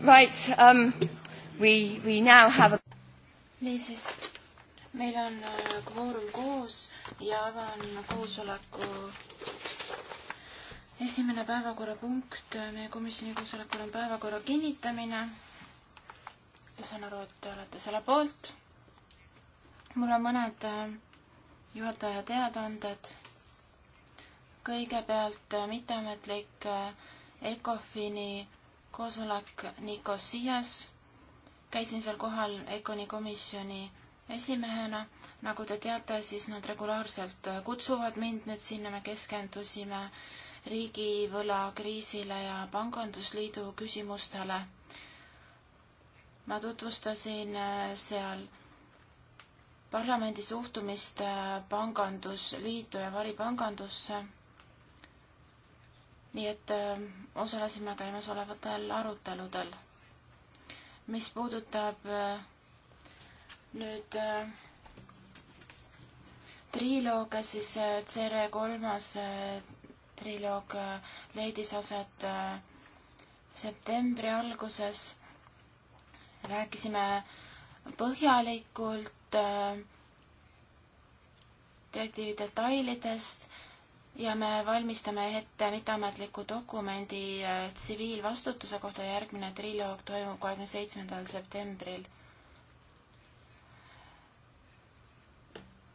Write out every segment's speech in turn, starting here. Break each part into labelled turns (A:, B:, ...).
A: Right, um, we, we now have a... niisiis, meil on äh, kvoorum koos ja avan koosoleku esimene päevakorrapunkt meie komisjoni koosolekul on päevakorra kinnitamine. ma saan aru, et te olete selle poolt. mul on mõned äh, juhataja teadaanded. kõigepealt äh, mitteametlik ECOFIN-i koosolek Nikosias. käisin seal kohal EKONi komisjoni esimehena. nagu te teate, siis nad regulaarselt äh, kutsuvad mind nüüd sinna, me keskendusime riigivõlakriisile ja pangandusliidu küsimustele. ma tutvustasin äh, seal parlamendi suhtumist äh, pangandusliitu ja varipangandusse nii et äh, osalesime käimasolevatel aruteludel. mis puudutab äh, nüüd äh, triloogia, siis CR kolmas triloog leidis aset septembri alguses. rääkisime põhjalikult direktiivi detailidest ja me valmistame ette mitteametliku dokumendi äh, tsiviilvastutuse kohta, järgmine triloog toimub kahekümne seitsmendal septembril.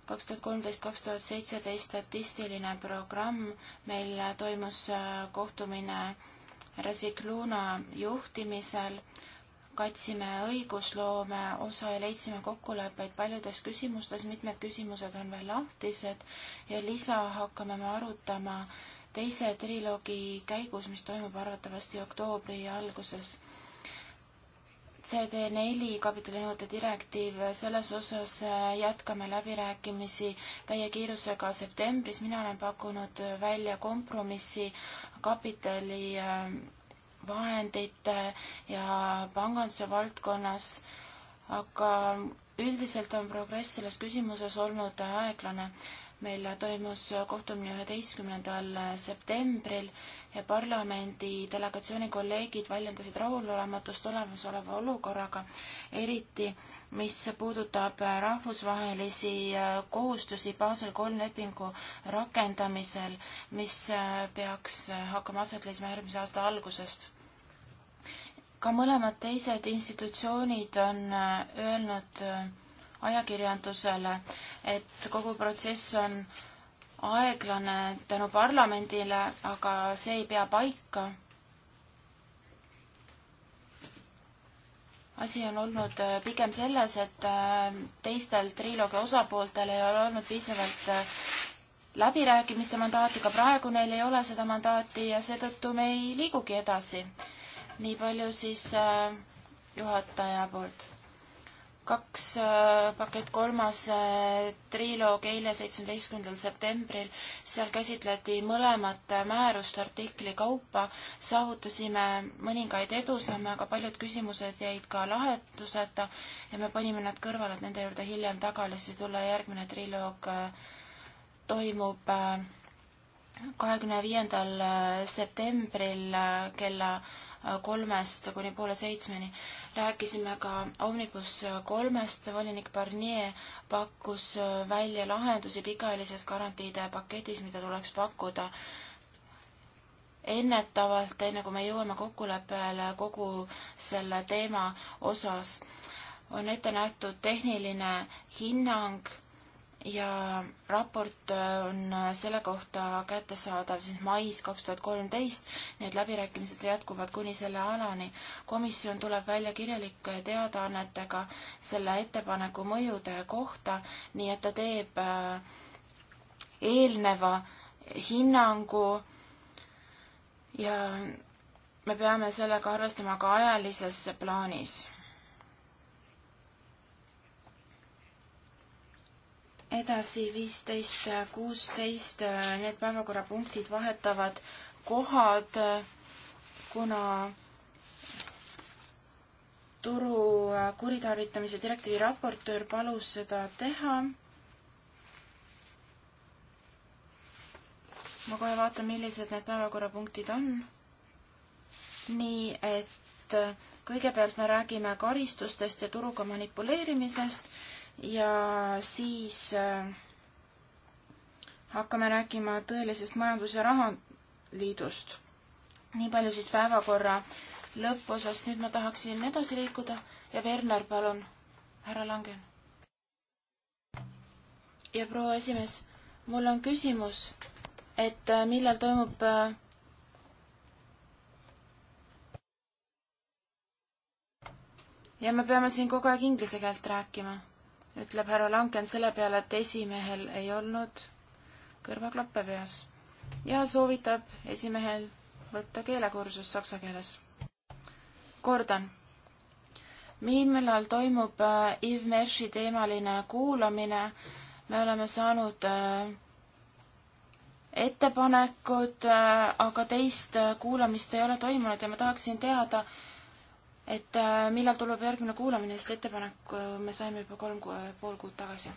A: kaks tuhat kolmteist, kaks tuhat seitseteist statistiline programm, meil äh, toimus äh, kohtumine Rasikluna juhtimisel, katsime õigusloome osa ja leidsime kokkuleppeid paljudes küsimustes, mitmed küsimused on veel lahtised ja lisa hakkame me arutama teise triloogi käigus, mis toimub arvatavasti oktoobri alguses. CD4 kapitalinõuete direktiiv, selles osas äh, jätkame läbirääkimisi täie kiirusega septembris, mina olen pakkunud välja kompromissi kapitali äh, vahendite äh, ja panganduse valdkonnas, aga üldiselt on progress selles küsimuses olnud aeglane. meil toimus kohtumine üheteistkümnendal septembril ja parlamendi delegatsiooni kolleegid väljendasid rahulolematust olemasoleva olukorraga, eriti mis puudutab rahvusvahelisi kohustusi Basel kolm lepingu rakendamisel, mis peaks hakkama aset leidma järgmise aasta algusest ka mõlemad teised institutsioonid on äh, öelnud äh, ajakirjandusele, et kogu protsess on aeglane tänu parlamendile, aga see ei pea paika. asi on olnud äh, pigem selles, et teistel triloogi osapooltel ei ole olnud piisavalt läbirääkimiste mandaati, ka praegu neil ei ole seda mandaati ja seetõttu me ei liigugi edasi nii palju siis äh, juhataja poolt. kaks äh, pakett, kolmas äh, triloog eile, seitsmeteistkümnendal septembril, seal käsitleti mõlemat määrust artikli kaupa, saavutasime mõningaid edusamme, aga paljud küsimused jäid ka lahenduseta ja me panime nad kõrvale, et nende juurde hiljem tagasi tulla, järgmine triloog toimub kahekümne viiendal septembril kella kolmest kuni poole seitsmeni. rääkisime ka Omnibus kolmest, volinik Barnier pakkus välja lahendusi pikaajalises garantiide paketis, mida tuleks pakkuda ennetavalt, enne kui me jõuame kokkuleppele kogu selle teema osas, on ette nähtud tehniline hinnang ja raport äh, on äh, selle kohta kättesaadav siis mais kaks tuhat kolmteist, nii et läbirääkimised jätkuvad kuni selle alani. komisjon tuleb välja kirjalike teadaannetega selle ettepaneku mõjude kohta, nii et ta teeb äh, eelneva hinnangu ja me peame sellega arvestama ka ajalises plaanis edasi viisteist, kuusteist, need päevakorrapunktid vahetavad kohad, kuna turu kuritarvitamise direktiivi raportöör palus seda teha. ma kohe vaatan, millised need päevakorrapunktid on. nii et kõigepealt me räägime karistustest ja turuga manipuleerimisest ja siis äh, hakkame rääkima tõelisest majandus- ja rahaliidust. nii palju siis päevakorra lõpuosast, nüüd ma tahaksin edasi liikuda ja Werner, palun, härra Langen. ja proua esimees, mul on küsimus, et äh, millal toimub äh, ja me peame siin kogu aeg inglise keelt rääkima ütleb härra Lanken selle peale, et esimehel ei olnud kõrvaklappe peas ja soovitab esimehel võtta keelekursust saksa keeles. kordan, millal toimub äh, Yves Mershi teemaline kuulamine, me oleme saanud äh, ettepanekud, äh, aga teist kuulamist ei ole toimunud ja ma tahaksin teada, et äh, millal tuleb järgmine kuulamine, sest ettepaneku äh, me saime juba kolm pool kuud tagasi.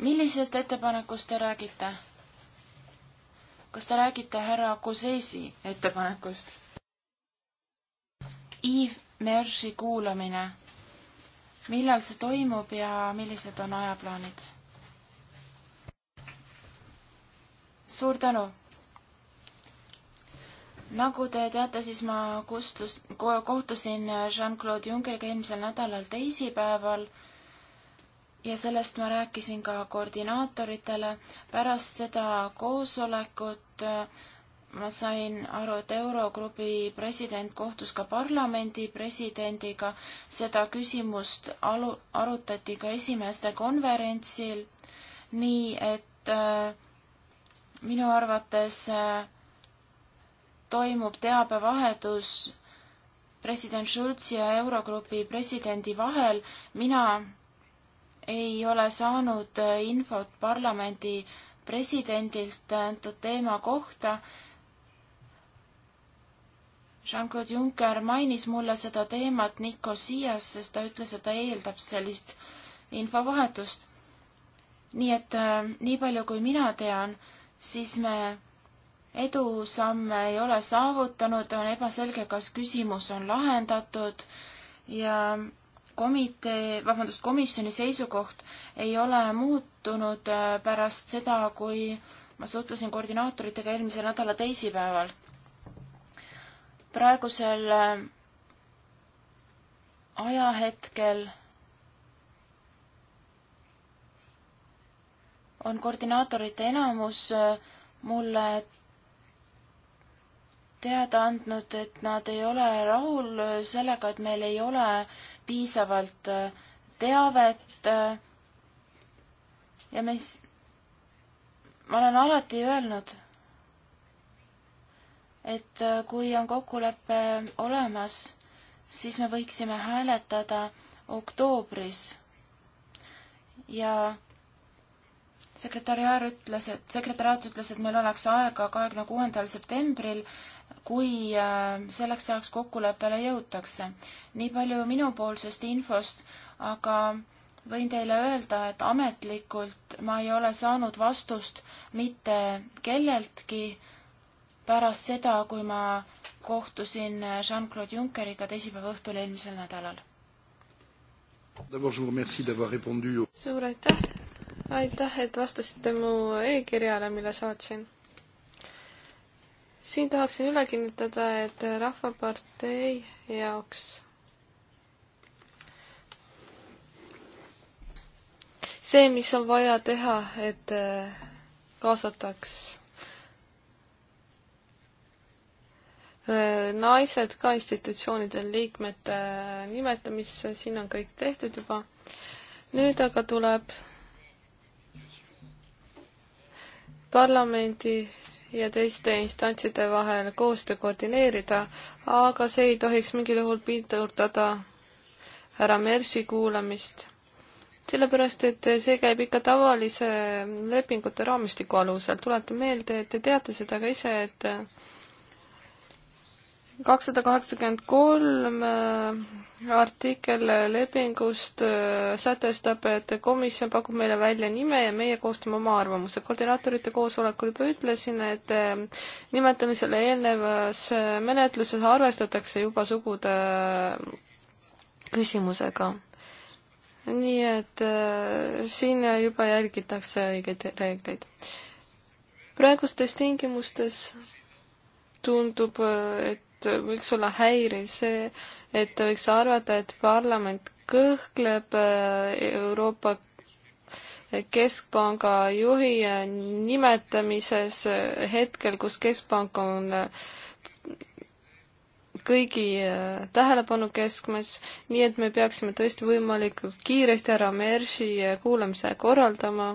A: millisest ettepanekust te räägite? kas te räägite härra Koseesi ettepanekust? Yves Mershi kuulamine. millal see toimub ja millised on ajaplaanid? suur tänu nagu te teate, siis ma kustus, kohtusin Jean-Claude Junckeriga eelmisel nädalal teisipäeval ja sellest ma rääkisin ka koordinaatoritele. pärast seda koosolekut äh, ma sain aru, et Eurogrupi president kohtus ka parlamendi presidendiga. seda küsimust alu-, arutati ka esimeeste konverentsil, nii et äh, minu arvates äh, toimub teabevahetus president Schulzi ja Eurogrupi presidendi vahel. mina ei ole saanud infot parlamendi presidendilt antud teema kohta. Jean-Claude Juncker mainis mulle seda teemat Nicosias, sest ta ütles, et ta eeldab sellist infovahetust. nii et äh, nii palju, kui mina tean, siis me edusamme ei ole saavutanud, on ebaselge, kas küsimus on lahendatud ja komitee, vabandust, komisjoni seisukoht ei ole muutunud äh, pärast seda, kui ma suhtlesin koordinaatoritega eelmise nädala teisipäeval. praegusel äh, ajahetkel on koordinaatorite enamus äh, mulle teada andnud, et nad ei ole rahul sellega, et meil ei ole piisavalt äh, teavet äh, ja mis, ma olen alati öelnud, et äh, kui on kokkulepe olemas, siis me võiksime hääletada oktoobris ja sekretäriaar ütles, et sekretäriaat ütles, et meil oleks aega kahekümne kuuendal septembril kui äh, selleks ajaks kokkuleppele jõutakse. nii palju minupoolsest infost, aga võin teile öelda, et ametlikult ma ei ole saanud vastust mitte kelleltki pärast seda, kui ma kohtusin Jean-Claude Junckeriga teisipäeva õhtul eelmisel nädalal. suur aitäh, aitäh,
B: et vastasite mu e-kirjale, mille saatsin siin tahaksin üle kinnitada, et Rahvapartei jaoks see, mis on vaja teha, et äh, kaasataks äh, naised ka institutsioonide liikmete äh, nimetamisse, siin on kõik tehtud juba. nüüd aga tuleb parlamendi ja teiste instantside vahel koostöö koordineerida, aga see ei tohiks mingil juhul pidurdada härra Mersi kuulamist. sellepärast, et see käib ikka tavalise lepingute raamistiku alusel, tuletan meelde, et te teate seda ka ise, et kakssada kaheksakümmend kolm äh, artikkel lepingust äh, sätestab, et komisjon pakub meile välja nime ja meie koostame oma arvamuse. koordinaatorite koosolekul juba ütlesin, et äh, nimetamisele eelnevas menetluses arvestatakse juba sugude küsimusega. nii et siin juba jälgitakse õigeid reegleid. praegustes tingimustes tundub, et võiks olla häiriv see, et võiks arvata, et parlament kõhkleb äh, Euroopa Keskpanga juhi äh, nimetamises äh, hetkel, kus Keskpank on kõigi tähelepanu keskmes, nii et me peaksime tõesti võimalikult kiiresti ära MERS-i kuulamise korraldama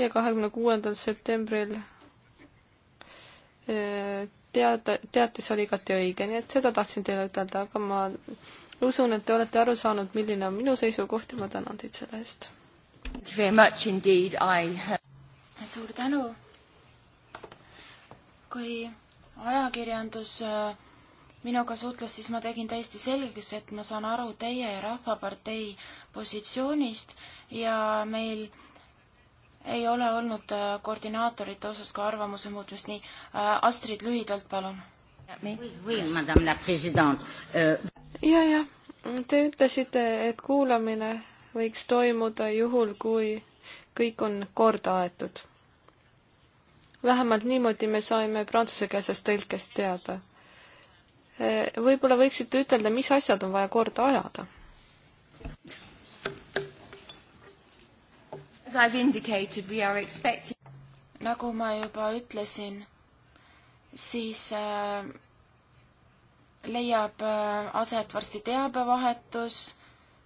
B: ja kahekümne kuuendal septembril teada, teatis oli igati õige, nii et seda tahtsin teile ütelda, aga ma usun, et te olete aru saanud, milline on minu seisukoht ja ma tänan teid selle eest.
A: suur tänu. kui ajakirjandus äh, minuga suhtles, siis ma tegin täiesti selgeks, et ma saan aru teie ja Rahvapartei positsioonist ja meil ei ole olnud äh, koordinaatorite osas ka arvamuse muutmist, nii äh, Astrid lühidalt, palun. Euh, ja, jah, te
B: ütlesite, et kuulamine võiks toimuda juhul, kui kõik on korda aetud. vähemalt niimoodi me saime prantsusekeelsest tõlkest teada. Äh, võib-olla võiksite ütelda, mis asjad on vaja korda ajada?
A: As I've indicated, we are expecting nagu ma juba ütlesin, siis äh, leiab äh, aset varsti teabevahetus,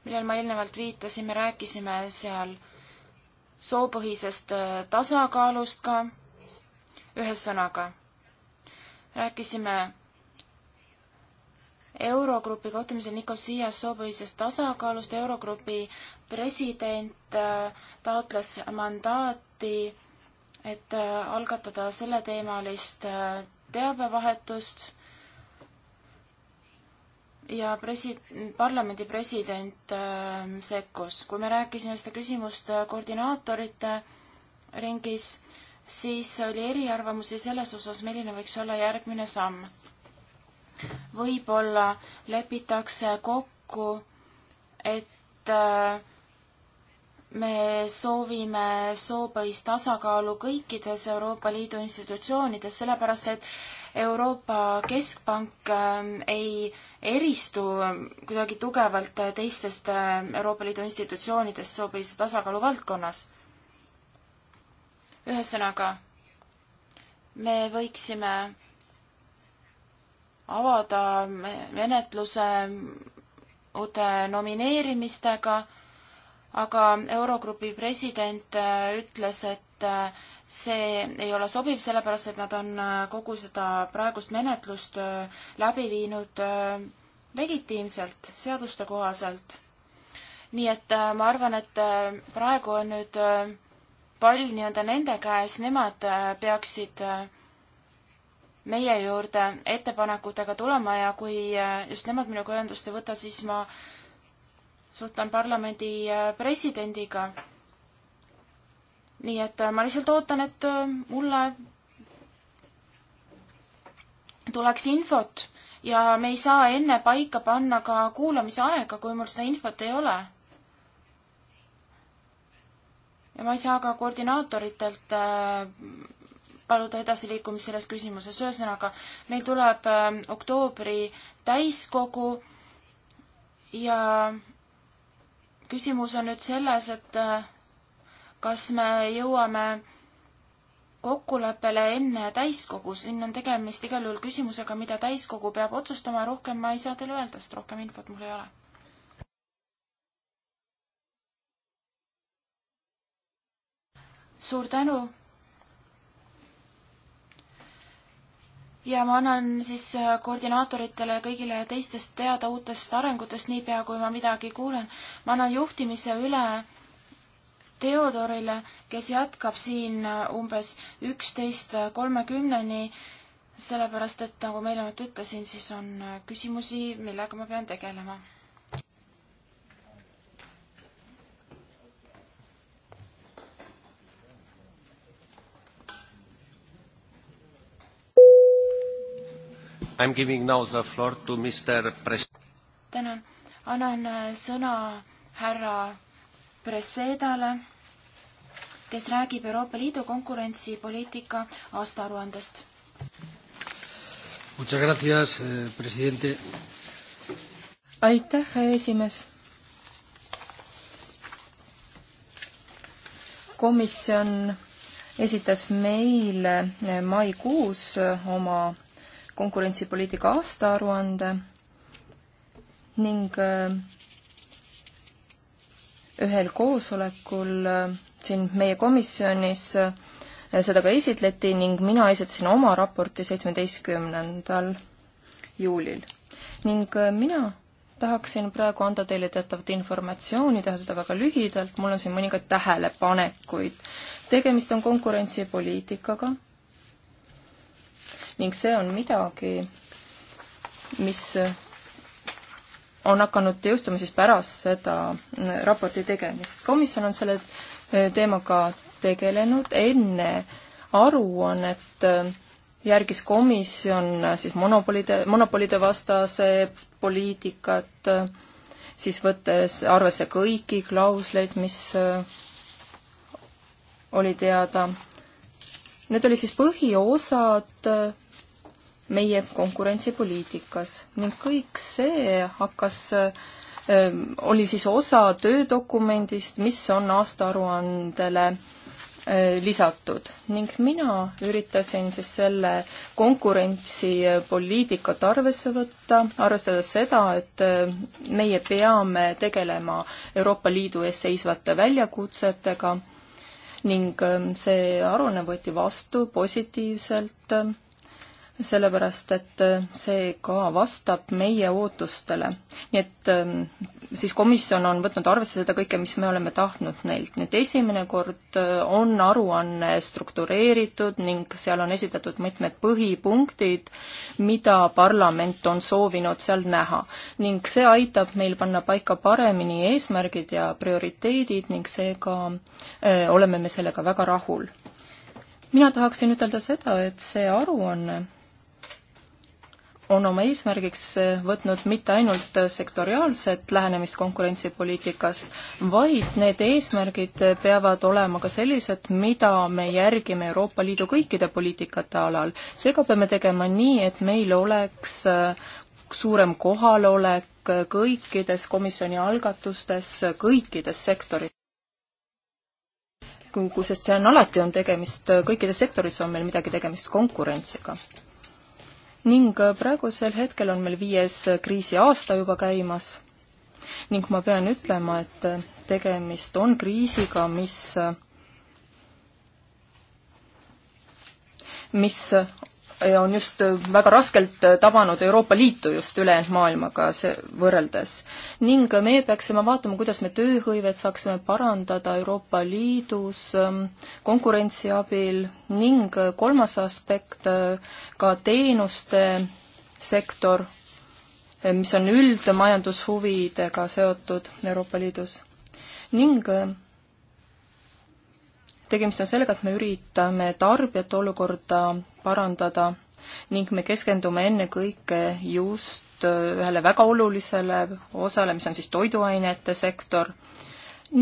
A: millel ma eelnevalt viitasin, me rääkisime seal soopõhisest äh, tasakaalust ka, ühesõnaga, rääkisime Eurogrupi kohtumisel Nikosias soopõhisest tasakaalust, Eurogrupi president äh, taotles mandaati, et äh, algatada selleteemalist äh, teabevahetust ja presi-, parlamendi president äh, sekkus. kui me rääkisime seda küsimust koordinaatorite ringis, siis oli eriarvamusi selles osas, milline võiks olla järgmine samm. võib-olla lepitakse kokku, et äh, me soovime soopõhist tasakaalu kõikides Euroopa Liidu institutsioonides, sellepärast et Euroopa Keskpank ähm, ei eristu ähm, kuidagi tugevalt äh, teistest ähm, Euroopa Liidu institutsioonidest soopõhise tasakaalu valdkonnas. ühesõnaga, me võiksime avada menetluse uute nomineerimistega aga Eurogrupi president äh, ütles, et äh, see ei ole sobiv, sellepärast et nad on äh, kogu seda praegust menetlust läbi viinud legitiimselt, seaduste kohaselt. nii et ma arvan, et praegu on nüüd pall nii-öelda nende käes, nemad peaksid meie juurde ettepanekutega tulema ja kui just nemad minuga ühendust ei võta, siis ma suhtlen parlamendi äh, presidendiga. nii et äh, ma lihtsalt ootan, et äh, mulle tuleks infot ja me ei saa enne paika panna ka kuulamise aega, kui mul seda infot ei ole. ja ma ei saa ka koordinaatoritelt paluda edasiliikumist selles küsimuses, ühesõnaga meil tuleb oktoobri täiskogu ja küsimus on nüüd selles, et äh, kas me jõuame kokkuleppele enne täiskogu, siin on tegemist igal juhul küsimusega, mida täiskogu peab otsustama, rohkem ma ei saa teile öelda, sest rohkem infot mul ei ole. suur tänu ja ma annan siis äh, koordinaatoritele ja kõigile teistest teada uutest arengutest, niipea kui ma midagi kuulen. ma annan juhtimise üle Theodorile, kes jätkab siin äh, umbes üksteist kolmekümneni, sellepärast et nagu ma eelnevalt ütlesin, siis on äh, küsimusi, millega ma pean tegelema
C: I am giving now the floor to Mr Pres-.
A: tänan, annan äh, sõna härra Presedale, kes räägib Euroopa Liidu konkurentsipoliitika aastaaruandest.
C: Muchas gracias, eh, presidente.
D: aitäh, esimees. komisjon esitas meile maikuus äh, oma konkurentsipoliitika aastaaruande ning äh, ühel koosolekul äh, siin meie komisjonis äh, seda ka esitleti ning mina esitasin oma raporti seitsmeteistkümnendal juulil. ning mina tahaksin praegu anda teile teatavat informatsiooni, teha seda väga lühidalt, mul on siin mõningaid tähelepanekuid. tegemist on konkurentsipoliitikaga, ning see on midagi, mis on hakanud jõustuma siis pärast seda äh, raporti tegemist. komisjon on selle äh, teemaga tegelenud, enne aruannet äh, järgis komisjon siis monopolide, monopolide vastase poliitikat, siis võttes arvesse kõiki klausleid, mis oli teada. Need olid siis põhiosad meie konkurentsipoliitikas ning kõik see hakkas ähm, oli siis osa töödokumendist, mis on aastaaruandele äh, lisatud ning mina üritasin siis selle konkurentsipoliitikat arvesse võtta, arvestades seda, et äh, meie peame tegelema Euroopa Liidu ees seisvate väljakutsetega ning ähm, see aruanne võeti vastu positiivselt äh, sellepärast et äh, see ka vastab meie ootustele. nii et ähm, siis komisjon on võtnud arvesse seda kõike, mis me oleme tahtnud neilt. nüüd esimene kord äh, on aruanne struktureeritud ning seal on esitatud mitmed põhipunktid, mida parlament on soovinud seal näha. ning see aitab meil panna paika paremini eesmärgid ja prioriteedid ning seega äh, oleme me sellega väga rahul mina tahaksin ütelda seda, et see aruanne on oma eesmärgiks eh, võtnud mitte ainult eh, sektoriaalset lähenemist konkurentsipoliitikas, vaid need eesmärgid eh, peavad olema ka sellised, mida me järgime Euroopa Liidu kõikide poliitikate alal. seega peame tegema nii, et meil oleks suurem kohalolek kõikides komisjoni algatustes, kõikides sektorites sest see on alati, on tegemist, kõikides sektorites on meil midagi tegemist konkurentsiga ning äh, praegusel hetkel on meil viies äh, kriisiaasta juba käimas ning ma pean ütlema, et äh, tegemist on kriisiga, mis mis on just väga raskelt tabanud Euroopa Liitu just ülejäänud maailmaga see, võrreldes. ning meie peaksime vaatama, kuidas me tööhõivet saaksime parandada Euroopa Liidus ähm, konkurentsi abil ning kolmas aspekt, äh, ka teenuste sektor, äh, mis on üldmajandushuvidega seotud Euroopa Liidus. ning äh, tegemist on sellega, et me üritame tarbijate olukorda parandada ning me keskendume ennekõike just äh, ühele väga olulisele osale, mis on siis toiduainete sektor,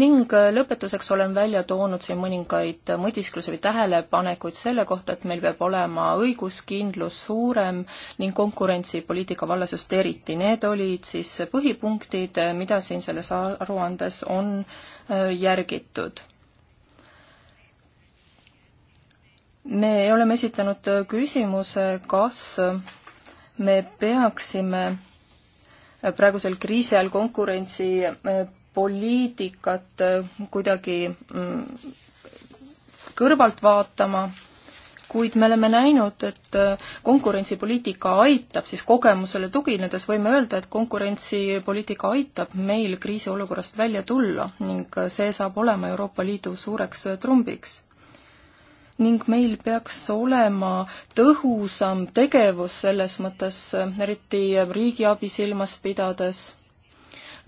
D: ning äh, lõpetuseks olen välja toonud siin mõningaid mõtisklusi või tähelepanekuid selle kohta, et meil peab olema õiguskindlus suurem ning konkurentsipoliitika vallas just eriti. Need olid siis põhipunktid, äh, mida siin selles aruandes on järgitud me oleme esitanud küsimuse, kas me peaksime praegusel kriisi ajal konkurentsipoliitikat äh, äh, kuidagi mm, kõrvalt vaatama, kuid me oleme näinud, et äh, konkurentsipoliitika aitab, siis kogemusele tuginedes võime öelda, et konkurentsipoliitika aitab meil kriisiolukorrast välja tulla ning see saab olema Euroopa Liidu suureks trumbiks ning meil peaks olema tõhusam tegevus selles mõttes, eriti riigiabi silmas pidades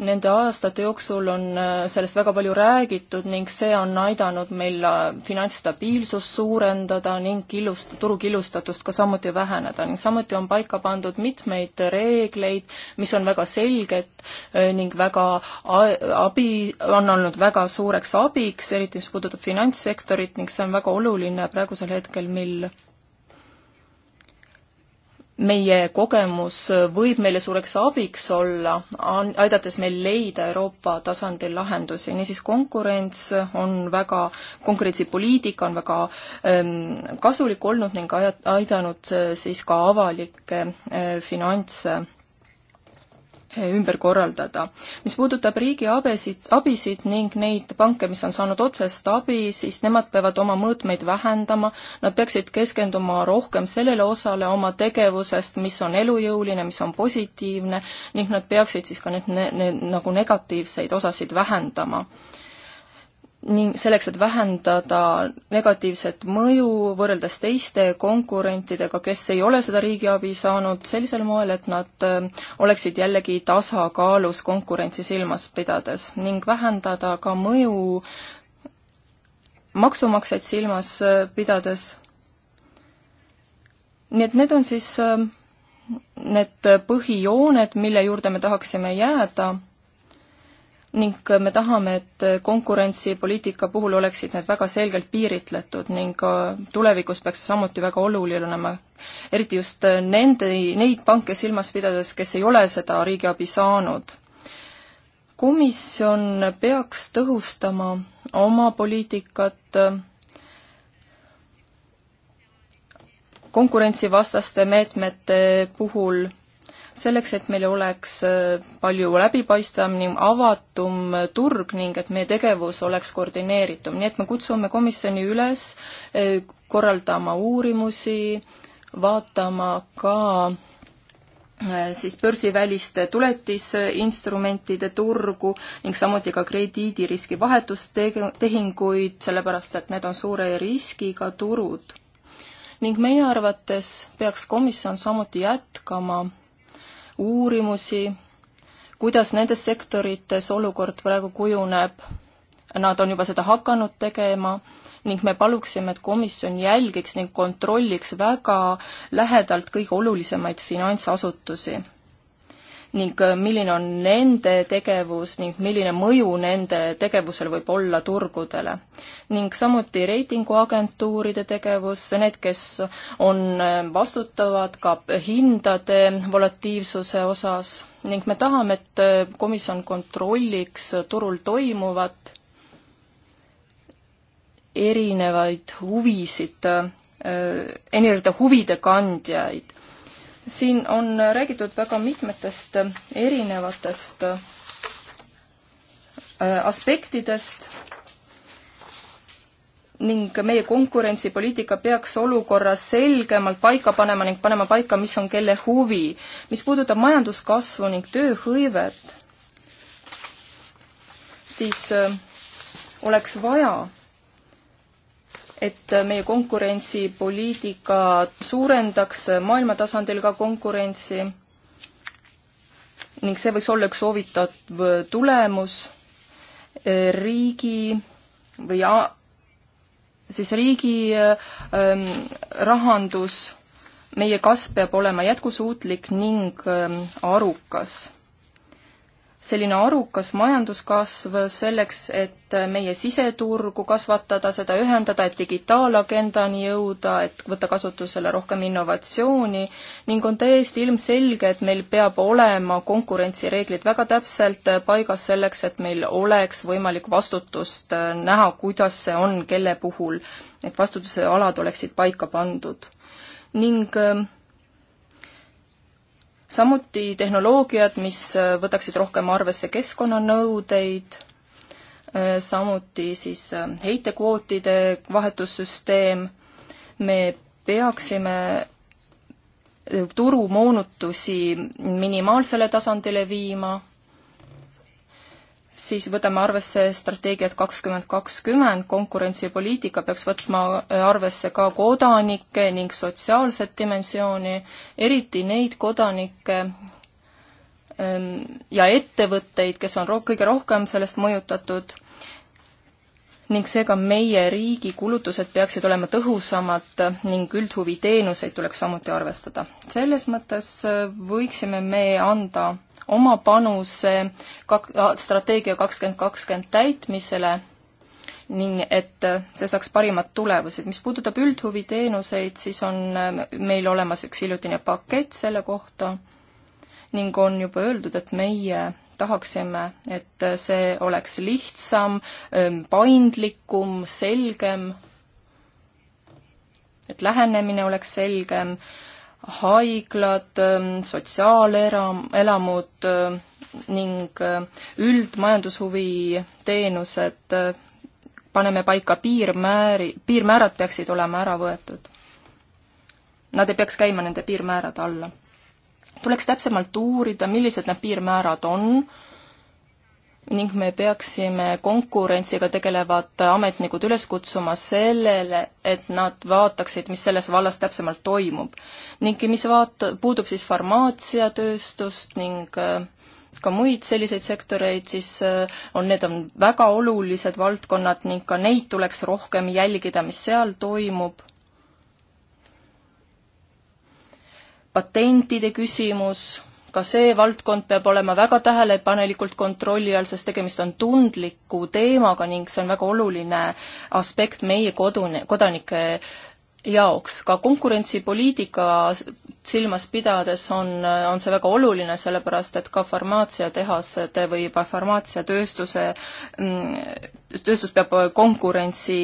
D: Nende aastate jooksul on äh, sellest väga palju räägitud ning see on aidanud meil äh, finantsstabiilsust suurendada ning killust, turu killustatust ka samuti väheneda ning samuti on paika pandud mitmeid reegleid, mis on väga selged äh, ning väga abi, on olnud väga suureks abiks, eriti mis puudutab finantssektorit ning see on väga oluline praegusel hetkel, mil meie kogemus võib meile suureks abiks olla, aidates meil leida Euroopa tasandil lahendusi, niisiis konkurents on väga, konkurentsipoliitika on väga ähm, kasulik olnud ning ajat-, aidanud äh, siis ka avalikke äh, finantse Eh, ümber korraldada. mis puudutab riigi abesid, abisid ning neid panke, mis on saanud otsest abi, siis nemad peavad oma mõõtmeid vähendama, nad peaksid keskenduma rohkem sellele osale oma tegevusest, mis on elujõuline, mis on positiivne, ning nad peaksid siis ka need, need, need nagu negatiivseid osasid vähendama ning selleks, et vähendada negatiivset mõju võrreldes teiste konkurentidega, kes ei ole seda riigiabi saanud, sellisel moel, et nad äh, oleksid jällegi tasakaalus konkurentsi silmas pidades ning vähendada ka mõju maksumaksjaid silmas äh, pidades. nii et need on siis äh, need põhijooned, mille juurde me tahaksime jääda ning me tahame, et konkurentsipoliitika puhul oleksid need väga selgelt piiritletud ning tulevikus peaks see samuti väga oluline olema. eriti just nende, neid panke silmas pidades, kes ei ole seda riigiabi saanud. komisjon peaks tõhustama oma poliitikat konkurentsivastaste meetmete puhul selleks, et meil oleks äh, palju läbipaistvam ning avatum äh, turg ning et meie tegevus oleks koordineeritum, nii et me kutsume komisjoni üles äh, korraldama uurimusi, vaatama ka siis börsiväliste tuletisinstrumentide turgu ning samuti ka krediidiriski vahetustehinguid, sellepärast et need on suure riskiga turud. ning meie arvates peaks komisjon samuti jätkama uurimusi, kuidas nendes sektorites olukord praegu kujuneb, nad on juba seda hakanud tegema ning me paluksime, et komisjon jälgiks ning kontrolliks väga lähedalt kõige olulisemaid finantsasutusi ning äh, milline on nende tegevus ning milline mõju nende tegevusel võib olla turgudele. ning samuti reitinguagentuuride tegevus, need, kes on äh, vastutavad ka hindade volatiivsuse osas ning me tahame, et äh, komisjon kontrolliks turul toimuvat, erinevaid huvisid, erinevate huvide kandjaid siin on räägitud väga mitmetest erinevatest äh, aspektidest ning meie konkurentsipoliitika peaks olukorra selgemalt paika panema ning panema paika, mis on kelle huvi. mis puudutab majanduskasvu ning tööhõivet, siis äh, oleks vaja et meie konkurentsipoliitika suurendaks maailma tasandil ka konkurentsi ning see võiks olla üks soovitav tulemus riigi või a-, siis riigi ähm, rahandus, meie kasv peab olema jätkusuutlik ning ähm, arukas selline arukas majanduskasv selleks, et meie siseturgu kasvatada, seda ühendada, et digitaalagendani jõuda, et võtta kasutusele rohkem innovatsiooni ning on täiesti ilmselge, et meil peab olema konkurentsireeglid väga täpselt paigas selleks, et meil oleks võimalik vastutust näha, kuidas see on, kelle puhul, et vastutuse alad oleksid paika pandud. ning samuti tehnoloogiad, mis äh, võtaksid rohkem arvesse keskkonnanõudeid, äh, samuti siis äh, heitekvootide vahetussüsteem, me peaksime turumoonutusi minimaalsele tasandile viima siis võtame arvesse strateegiat kakskümmend kakskümmend, konkurentsipoliitika peaks võtma äh, arvesse ka kodanikke ning sotsiaalset dimensiooni, eriti neid kodanikke ähm, ja ettevõtteid, kes on ro-, kõige rohkem sellest mõjutatud ning seega meie riigi kulutused peaksid olema tõhusamad ning üldhuviteenuseid tuleks samuti arvestada. selles mõttes äh, võiksime me anda oma panuse kak-, strateegia kakskümmend kakskümmend täitmisele ning et äh, see saaks parimad tulemused. mis puudutab üldhuviteenuseid, siis on äh, meil olemas üks hiljutine pakett selle kohta ning on juba öeldud, et meie tahaksime, et äh, see oleks lihtsam, ähm, paindlikum, selgem, et lähenemine oleks selgem haiglad, ähm, sotsiaalelamud ähm, ning äh, üldmajandushuvi teenused, äh, paneme paika piirmääri, piirmäärad peaksid olema ära võetud. Nad ei peaks käima nende piirmäärade alla. tuleks täpsemalt uurida, millised need piirmäärad on ning me peaksime konkurentsiga tegelevad ametnikud üles kutsuma sellele, et nad vaataksid, mis selles vallas täpsemalt toimub. ning mis vaat-, puudub siis farmaatsiatööstust ning äh, ka muid selliseid sektoreid, siis äh, on, need on väga olulised valdkonnad ning ka neid tuleks rohkem jälgida, mis seal toimub. patentide küsimus ka see valdkond peab olema väga tähelepanelikult kontrolli all, sest tegemist on tundliku teemaga ning see on väga oluline aspekt meie kodune, kodanike jaoks. ka konkurentsipoliitika silmas pidades on, on see väga oluline, sellepärast et ka farmaatsiatehased või farmaatsiatööstuse, mm, tööstus peab konkurentsi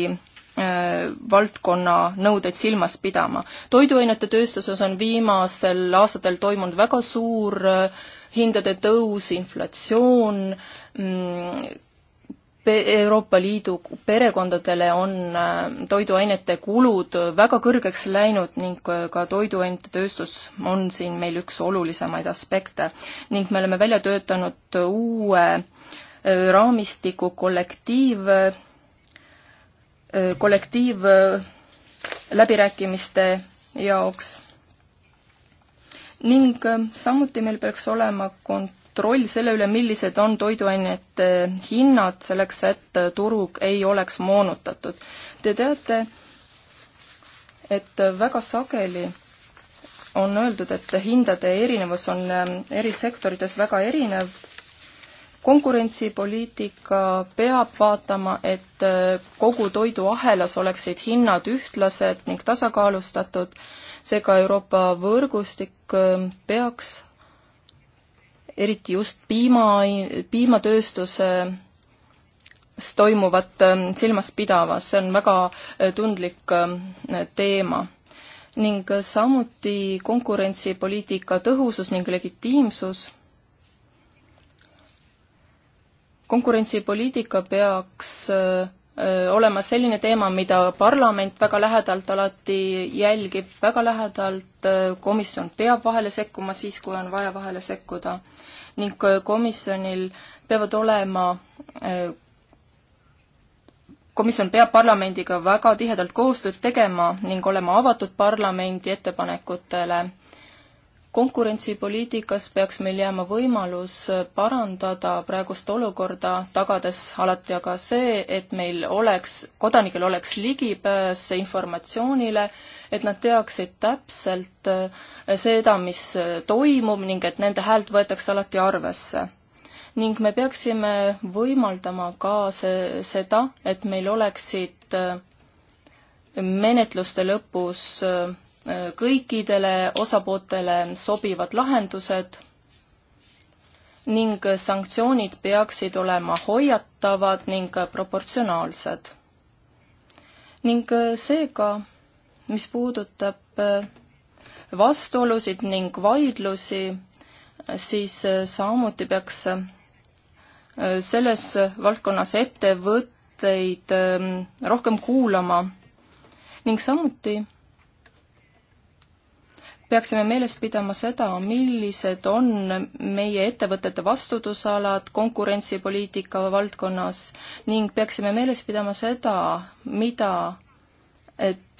D: valdkonna nõudeid silmas pidama. toiduainete tööstuses on viimasel aastatel toimunud väga suur äh, hindade tõus, inflatsioon, mm, Euroopa Liidu perekondadele on äh, toiduainete kulud väga kõrgeks läinud ning äh, ka toiduainete tööstus on siin meil üks olulisemaid aspekte. ning me oleme välja töötanud uue raamistiku kollektiiv- kollektiivläbirääkimiste jaoks. ning samuti meil peaks olema kontroll selle üle, millised on toiduainete hinnad, selleks et turg ei oleks moonutatud. Te teate, et väga sageli on öeldud, et hindade erinevus on eri sektorites väga erinev konkurentsipoliitika peab vaatama, et äh, kogu toiduahelas oleksid hinnad ühtlased ning tasakaalustatud, seega Euroopa võrgustik äh, peaks eriti just piima, piimatööstuses toimuvat ähm, silmas pidama, see on väga äh, tundlik ähm, teema. ning samuti konkurentsipoliitika tõhusus ning legitiimsus konkurentsipoliitika peaks äh, äh, olema selline teema, mida parlament väga lähedalt alati jälgib, väga lähedalt äh, komisjon peab vahele sekkuma siis, kui on vaja vahele sekkuda. ning komisjonil peavad olema, komisjon peab parlamendiga väga tihedalt koostööd tegema ning olema avatud parlamendi ettepanekutele konkurentsipoliitikas peaks meil jääma võimalus parandada praegust olukorda, tagades alati aga see, et meil oleks, kodanikel oleks ligipääs informatsioonile, et nad teaksid täpselt eh, seda, mis toimub ning et nende häält võetakse alati arvesse ning me peaksime võimaldama ka see, seda, et meil oleksid eh, menetluste lõpus äh, kõikidele osapooltele sobivad lahendused ning sanktsioonid peaksid olema hoiatavad ning proportsionaalsed. ning seega, mis puudutab äh, vastuolusid ning vaidlusi, siis äh, samuti peaks äh, selles valdkonnas ettevõtteid ähm, rohkem kuulama ning samuti peaksime meeles pidama seda, millised on meie ettevõtete vastutusalad konkurentsipoliitika valdkonnas ning peaksime meeles pidama seda, mida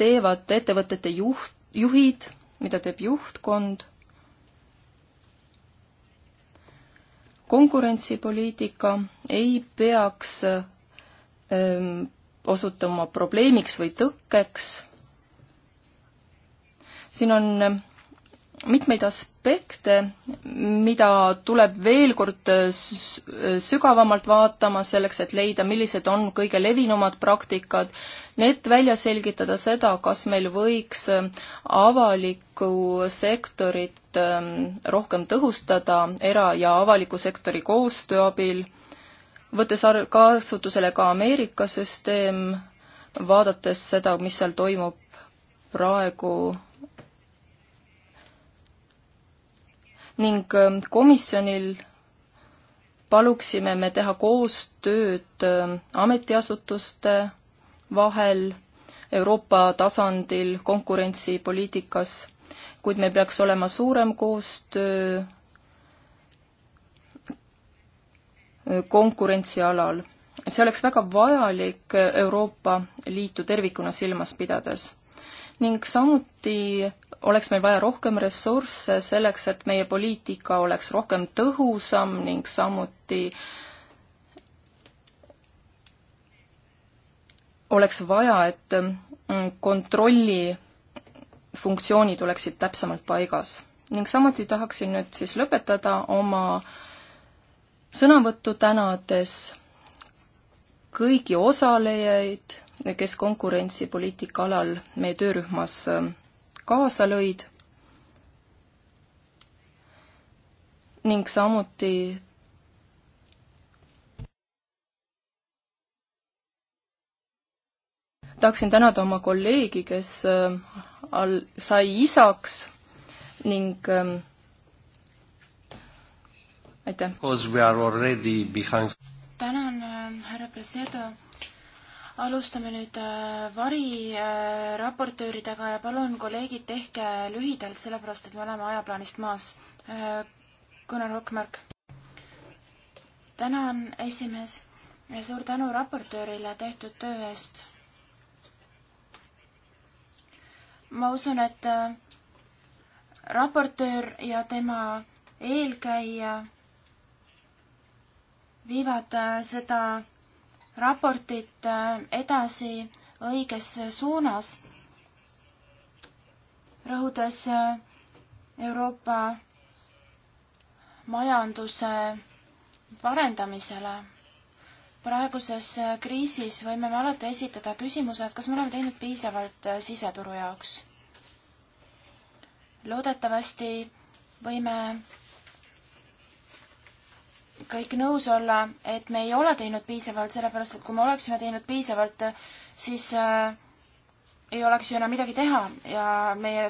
D: teevad ettevõtete juht, juhid, mida teeb juhtkond. konkurentsipoliitika ei peaks öö, ähm, osutuma probleemiks või tõkkeks. siin on mitmeid aspekte, mida tuleb veel kord sügavamalt vaatama selleks, et leida, millised on kõige levinumad praktikad, need välja selgitada seda, kas meil võiks avalikku sektorit ähm, rohkem tõhustada era- ja avaliku sektori koostöö abil, võttes kasutusele ka Ameerika süsteem, vaadates seda, mis seal toimub praegu ning ähm, komisjonil paluksime me teha koostööd ähm, ametiasutuste vahel Euroopa tasandil konkurentsipoliitikas, kuid meil peaks olema suurem koostöö äh, konkurentsialal. see oleks väga vajalik Euroopa Liitu tervikuna silmas pidades ning samuti oleks meil vaja rohkem ressursse selleks, et meie poliitika oleks rohkem tõhusam ning samuti oleks vaja, et mm, kontrolli funktsioonid oleksid täpsemalt paigas. ning samuti tahaksin nüüd siis lõpetada oma sõnavõttu tänades kõigi osalejaid kes konkurentsipoliitika alal meie töörühmas ähm, kaasa lõid ning samuti tahaksin tänada oma kolleegi, kes ähm, al-, sai isaks ning ähm,
A: aitäh! tänan, härra Presedo alustame nüüd äh, variraportööridega ja palun, kolleegid, tehke lühidalt, sellepärast et me oleme ajaplaanist maas. Äh, Gunnar Okmark. tänan, esimees ja suur tänu raportöörile tehtud töö eest. ma usun, et äh, raportöör ja tema eelkäija viivad seda raportit äh, edasi õiges suunas, rõhudes äh, Euroopa majanduse parendamisele. praeguses äh, kriisis võime me alati esitada küsimuse, et kas me oleme teinud piisavalt siseturu jaoks. loodetavasti võime kõik nõus olla, et me ei ole teinud piisavalt, sellepärast et kui me oleksime teinud piisavalt, siis äh, ei oleks ju enam midagi teha ja meie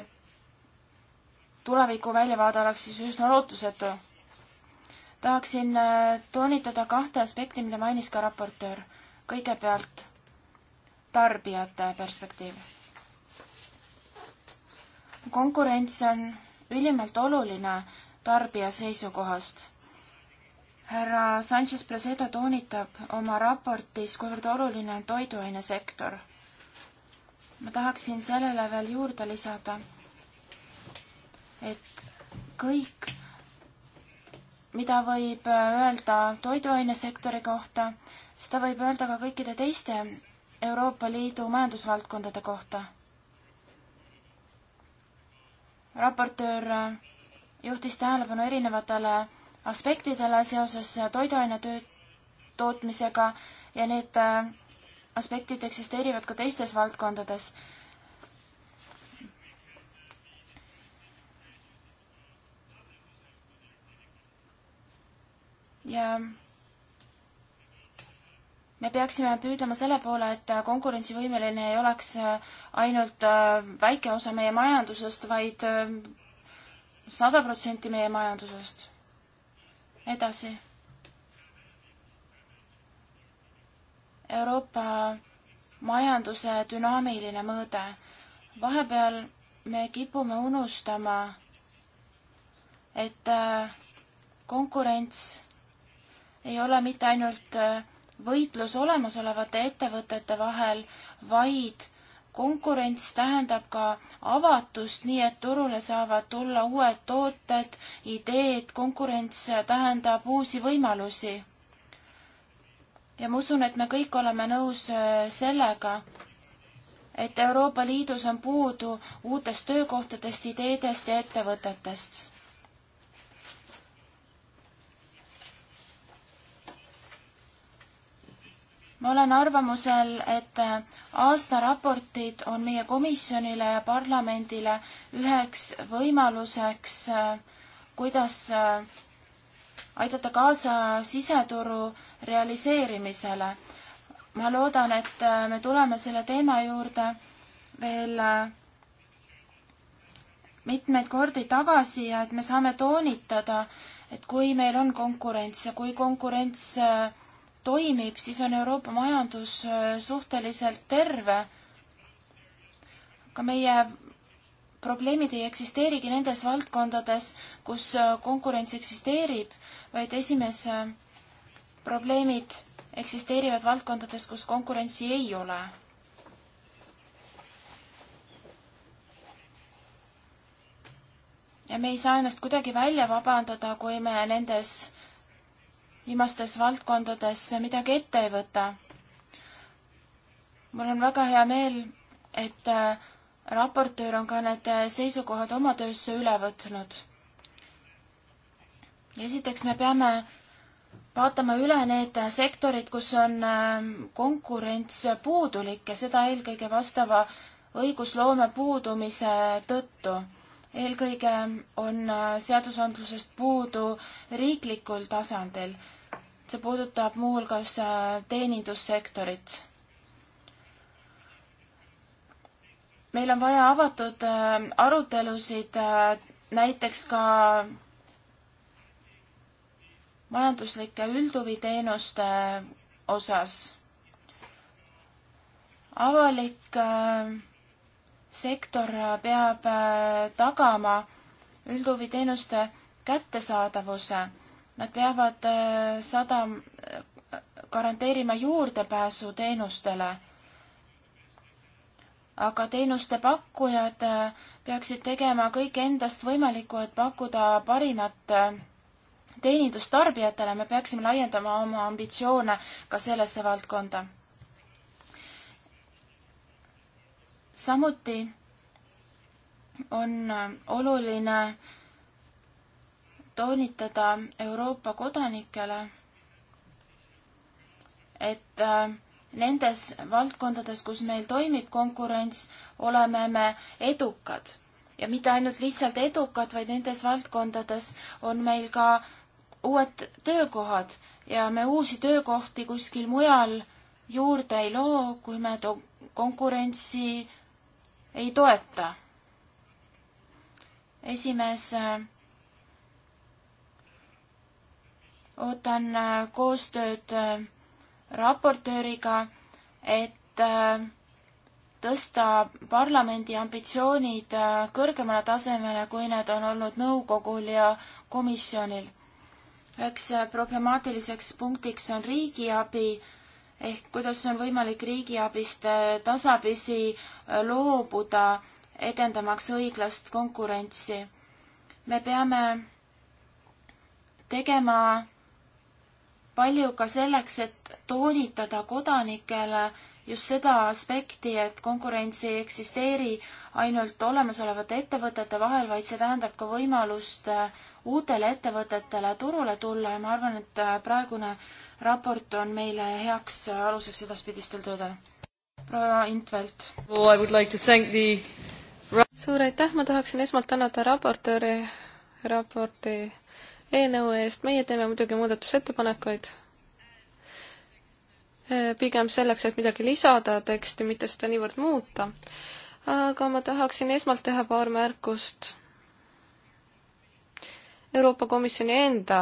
A: tuleviku väljavaade oleks siis üsna lootusetu. tahaksin äh, toonitada kahte aspekti, mida mainis ka raportöör. kõigepealt tarbijate perspektiiv. konkurents on ülimalt oluline tarbija seisukohast härra Sanchez Presedo toonitab oma raportis, kuivõrd oluline on toiduainesektor. ma tahaksin sellele veel juurde lisada, et kõik, mida võib öelda toiduainesektori kohta, seda võib öelda ka kõikide teiste Euroopa Liidu majandusvaldkondade kohta. raportöör juhtis tähelepanu erinevatele aspektidele seoses toiduainetöö tootmisega ja need äh, aspektid eksisteerivad ka teistes valdkondades. ja me peaksime püüdlema selle poole, et konkurentsivõimeline ei oleks äh, ainult äh, väike osa meie majandusest vaid, vaid sada protsenti meie majandusest edasi. Euroopa majanduse dünaamiline mõõde. vahepeal me kipume unustama, et äh, konkurents ei ole mitte ainult äh, võitlus olemasolevate ettevõtete vahel, vaid konkurents tähendab ka avatust, nii et turule saavad tulla uued tooted, ideed, konkurents tähendab uusi võimalusi. ja ma usun, et me kõik oleme nõus äh, sellega, et Euroopa Liidus on puudu uutest töökohtadest, ideedest ja ettevõtetest ma olen arvamusel, et äh, aastaraportid on meie komisjonile ja parlamendile üheks võimaluseks, äh, kuidas äh, aidata kaasa siseturu realiseerimisele. ma loodan, et me tuleme selle teema juurde veel mitmeid kordi tagasi ja et me saame toonitada, et kui meil on konkurents ja kui konkurents äh, toimib, siis on Euroopa majandus äh, suhteliselt terve. aga meie probleemid ei eksisteerigi nendes valdkondades, kus äh, konkurents eksisteerib, vaid esimes äh, probleemid eksisteerivad valdkondades, kus konkurentsi ei ole. ja me ei saa ennast kuidagi välja vabandada, kui me nendes viimastes valdkondades midagi ette ei võta. mul on väga hea meel, et äh, raportöör on ka need äh, seisukohad oma töösse üle võtnud. esiteks me peame vaatame üle need sektorid, kus on äh, konkurents puudulik ja seda eelkõige vastava õigusloome puudumise tõttu eelkõige on äh, seadusandlusest puudu riiklikul tasandil. see puudutab muuhulgas äh, teenindussektorit. meil on vaja avatud äh, arutelusid näiteks ka majanduslike üldhuviteenuste osas. avalik äh, sektor peab äh, tagama üldhuviteenuste kättesaadavuse. Nad peavad äh, sada, garanteerima juurdepääsu teenustele. aga teenuste pakkujad äh, peaksid tegema kõik endast võimalikku, et pakkuda parimat teenindust tarbijatele, me peaksime laiendama oma ambitsioone ka sellesse valdkonda samuti on äh, oluline toonitada Euroopa kodanikele, et äh, nendes valdkondades, kus meil toimib konkurents, oleme me edukad ja mitte ainult lihtsalt edukad, vaid nendes valdkondades on meil ka uued töökohad ja me uusi töökohti kuskil mujal juurde ei loo, kui me konkurentsi ei toeta. esimees, ootan äh, koostööd äh, raportööriga, et äh, tõsta parlamendi ambitsioonid kõrgemale tasemele, kui need on olnud nõukogul ja komisjonil. üheks problemaatiliseks punktiks on riigiabi ehk kuidas on võimalik riigiabist äh, tasapisi äh, loobuda, edendamaks õiglast konkurentsi. me peame tegema palju ka selleks, et toonitada kodanikele just seda aspekti, et konkurents ei eksisteeri ainult olemasolevate ettevõtete vahel, vaid see tähendab ka võimalust äh, uutele ettevõtetele turule tulla ja ma arvan, et äh, praegune raport on meile heaks äh, aluseks edaspidistel töödel. proua Intvelt well,. Like
E: the...
B: suur aitäh, ma tahaksin esmalt tänada raportööri raporti eelnõu eest, meie teeme muidugi muudatusettepanekuid, äh, pigem selleks, et midagi lisada teksti, mitte seda niivõrd muuta. aga ma tahaksin esmalt teha paar märkust Euroopa Komisjoni enda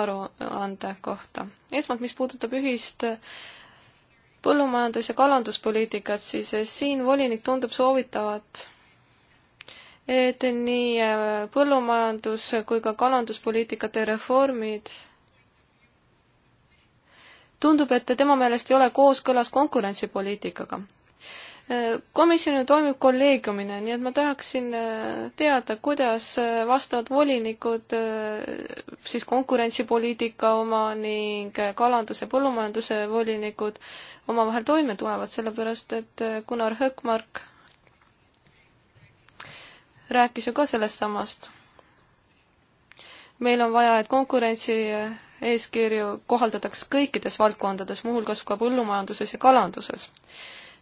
B: aruande kohta. esmalt, mis puudutab ühist põllumajandus- ja kalanduspoliitikat, siis eh, siin volinik tundub soovitavat, et nii eh, põllumajandus- kui ka kalanduspoliitikate reformid tundub, et tema meelest ei ole kooskõlas konkurentsipoliitikaga komisjon ju toimib kolleegiumina, nii et ma tahaksin äh, teada, kuidas äh, vastavad volinikud äh, siis konkurentsipoliitika oma ning kalanduse, põllumajanduse volinikud omavahel toime tulevad, sellepärast et Gunnar Höökmark rääkis ju ka sellest samast. meil on vaja, et konkurentsi eeskirju kohaldataks kõikides valdkondades, muuhulgas ka põllumajanduses ja kalanduses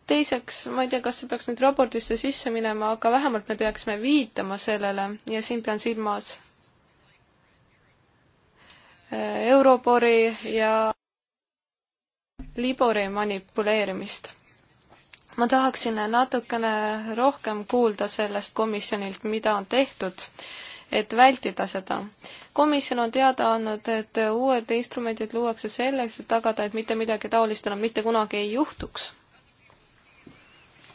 B: teiseks, ma ei tea, kas see peaks nüüd raportisse sisse minema, aga vähemalt me peaksime viitama sellele ja siin pean silmas äh, Eurobori ja Libori manipuleerimist. ma tahaksin natukene rohkem kuulda sellest komisjonilt, mida on tehtud, et vältida seda. komisjon on teada andnud, et uued instrumendid luuakse selleks, et tagada, et mitte midagi taolist enam mitte kunagi ei juhtuks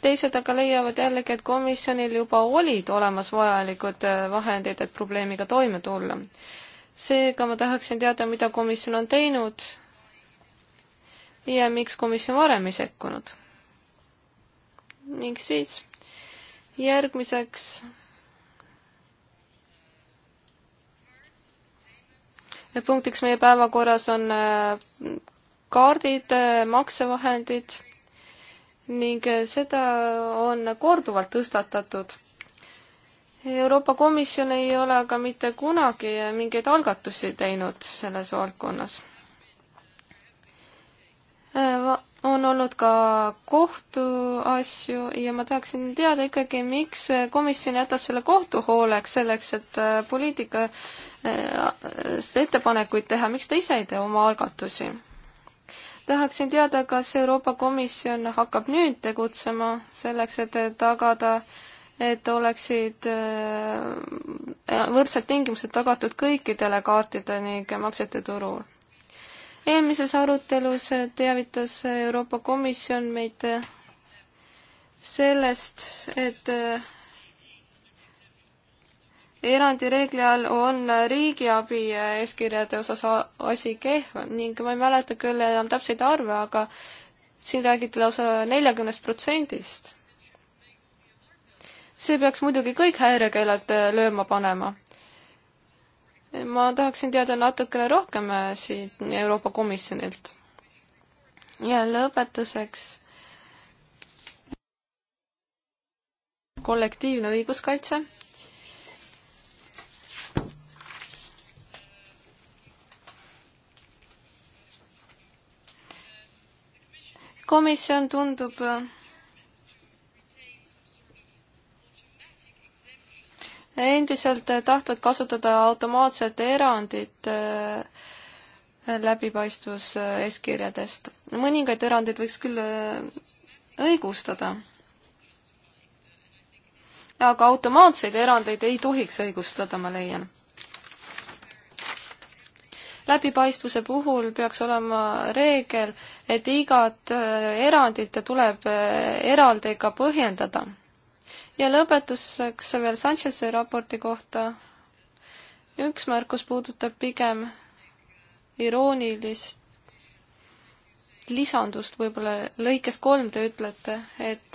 B: teised aga leiavad jällegi, et komisjonil juba olid olemas vajalikud äh, vahendid, et probleemiga toime tulla. seega ma tahaksin teada, mida komisjon on teinud ja miks komisjon varem ei sekkunud. ning siis järgmiseks punktiks meie päevakorras on äh, kaardid, äh, maksevahendid ning eh, seda on korduvalt tõstatatud. Euroopa Komisjon ei ole aga mitte kunagi mingeid algatusi teinud selles valdkonnas. Eh, on olnud ka kohtuasju ja ma tahaksin teada ikkagi, miks komisjon jätab selle kohtu hooleks, selleks et eh, poliitika ettepanekuid teha, miks ta ise ei tee oma algatusi? tahaksin teada, kas Euroopa Komisjon hakkab nüüd tegutsema selleks, et tagada, et oleksid äh, võrdsed tingimused tagatud kõikidele kaartide ning maksete turul. eelmises arutelus teavitas Euroopa Komisjon meid sellest, et äh, erandireegli all on riigiabi eeskirjade osas asi kehv ning ma ei mäleta küll enam täpseid arve, aga siin räägiti lausa neljakümnest protsendist. see peaks muidugi kõik häirekeeled äh, lööma panema. ma tahaksin teada natukene rohkem äh, siit Euroopa Komisjonilt. ja lõpetuseks kollektiivne õiguskaitse komisjon tundub endiselt tahtvat kasutada automaatset erandit äh, läbipaistvuseeskirjadest. Äh, mõningaid erandeid võiks küll äh, õigustada, aga automaatseid erandeid ei tohiks õigustada, ma leian läbipaistvuse puhul peaks olema reegel, et igat äh, erandit tuleb äh, eraldi ka põhjendada. ja lõpetuseks veel Sanchez'i raporti kohta. üks märkus puudutab pigem iroonilist lisandust võib-olla lõikest kolm te ütlete, et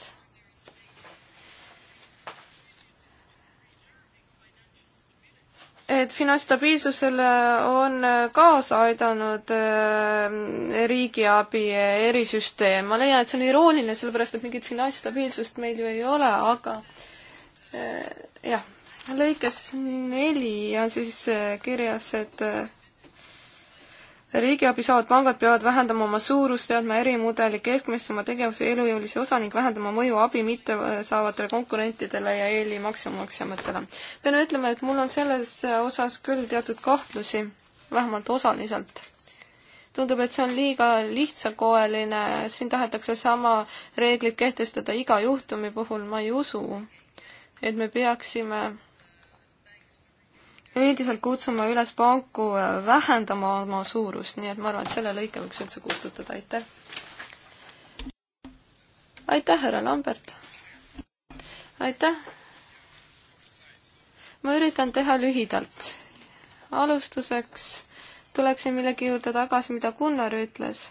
B: et finantsstabiilsusele on kaasa aidanud äh, riigiabi erisüsteem. ma leian, et see on irooniline, sellepärast et mingit finantsstabiilsust meil ju ei ole, aga äh, jah, lõikes neli on siis äh, kirjas, et riigiabi saavad pangad peavad vähendama oma suurust, seadma ärimudeli keskmesse oma tegevuse elujõulise osa ning vähendama mõju abi mittesaavatele konkurentidele ja eeli maksumaksjamatele. pean ütlema, et mul on selles osas küll teatud kahtlusi, vähemalt osaliselt. tundub, et see on liiga lihtsakoeline, siin tahetakse sama reeglid kehtestada iga juhtumi puhul, ma ei usu, et me peaksime üldiselt kutsume üles panku äh, vähendama oma suurust, nii et ma arvan, et selle lõike võiks üldse kustutada, aitäh. aitäh, härra Lambert. aitäh. ma üritan teha lühidalt. alustuseks tuleksin millegi juurde tagasi, mida Gunnar ütles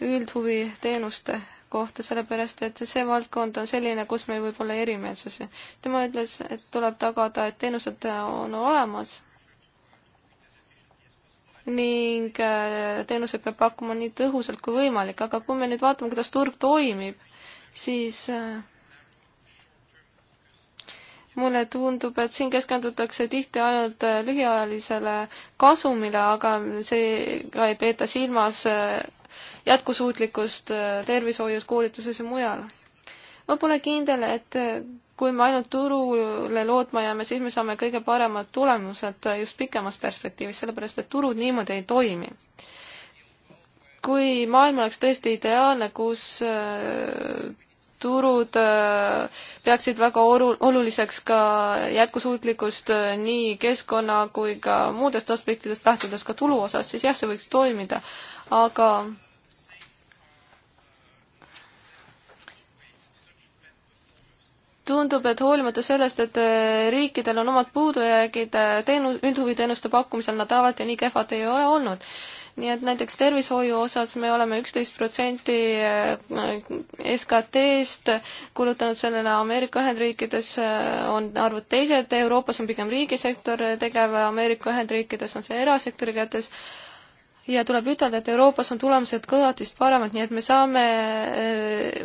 B: üldhuviteenuste kohta, sellepärast et see valdkond on selline, kus meil võib olla erimeelsusi. tema ütles, et tuleb tagada, et teenused on olemas ning äh, teenuseid peab pakkuma nii tõhusalt kui võimalik, aga kui me nüüd vaatame, kuidas turg toimib, siis äh, mulle tundub, et siin keskendutakse tihti ainult äh, lühiajalisele kasumile, aga see ka ei peeta silmas jätkusuutlikkust äh, tervishoius, koolituses ja mujal. ma pole kindel, et äh, kui me ainult turule lootma jääme, siis me saame kõige paremad tulemused äh, just pikemas perspektiivis, sellepärast et turud niimoodi ei toimi. kui maailm oleks tõesti ideaalne, kus turud peaksid väga oru-, oluliseks ka jätkusuutlikkust nii keskkonna kui ka muudest aspektidest lähtudes ka tulu osas, siis jah, see võiks toimida, aga tundub, et hoolimata sellest, et äh, riikidel on omad puudujäägid äh, teenu-, üldhuviteenuste pakkumisel, nad alati nii kehvad ei ole olnud. nii et näiteks tervishoiu osas me oleme üksteist protsenti äh, SKT-st kulutanud sellele Ameerika Ühendriikides on arvud teised, Euroopas on pigem riigisektor tegev, Ameerika Ühendriikides on see erasektori kätes ja tuleb ütelda, et Euroopas on tulemused kõvatist paremad, nii et me saame äh,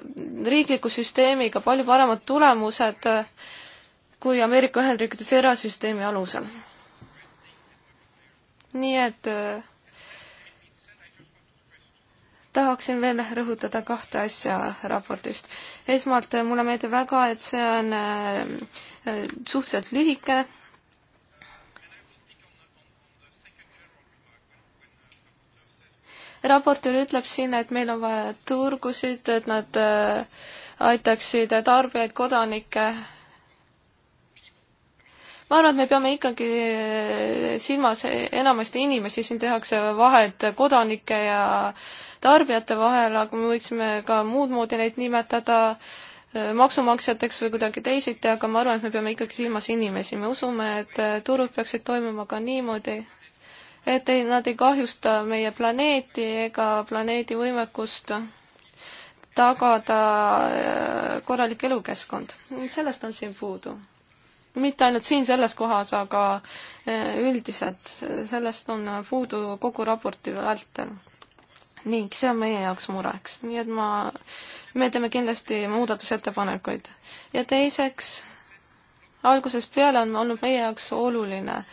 B: riikliku süsteemiga palju paremad tulemused äh, kui Ameerika Ühendriikides erasüsteemi alusel. nii et äh, tahaksin veel rõhutada kahte asja raportist. esmalt mulle meeldib väga, et see on suhteliselt lühike raportöör ütleb siin, et meil on vaja turgusid, et nad äh, aitaksid tarbijaid, kodanikke. ma arvan, et me peame ikkagi äh, silmas enamasti inimesi, siin tehakse vahet kodanike ja tarbijate vahel, aga me võiksime ka muud moodi neid nimetada äh, maksumaksjateks või kuidagi teisiti, aga ma arvan, et me peame ikkagi silmas inimesi, me usume, et turud peaksid toimima ka niimoodi, et ei, nad ei kahjusta meie planeeti ega planeedi võimekust tagada äh, korralik elukeskkond. sellest on siin puudu. mitte ainult siin selles kohas, aga äh, üldiselt, sellest on puudu kogu raporti vältel. ning see on meie jaoks mureks, nii et ma, me teeme kindlasti muudatusettepanekuid. ja teiseks, algusest peale on olnud meie jaoks oluline äh,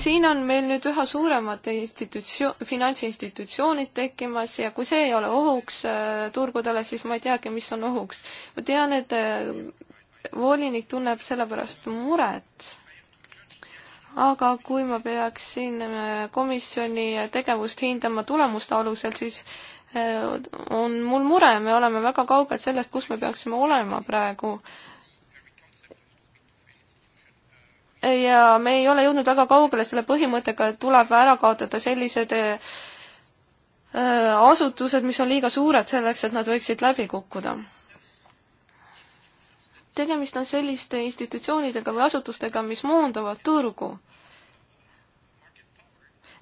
B: siin on meil nüüd üha suuremad institutsio-, finantsinstitutsioonid tekkimas ja kui see ei ole ohuks äh, turgudele, siis ma ei teagi, mis on ohuks. ma tean, et äh, volinik tunneb selle pärast muret. aga kui ma peaksin äh, komisjoni tegevust hindama tulemuste alusel, siis on mul mure, me oleme väga kaugel sellest, kus me peaksime olema praegu ja me ei ole jõudnud väga kaugele selle põhimõttega, et tuleb ära kaotada sellised äh, äh, asutused, mis on liiga suured selleks, et nad võiksid läbi kukkuda. tegemist on selliste institutsioonidega või asutustega, mis moonduvad turgu.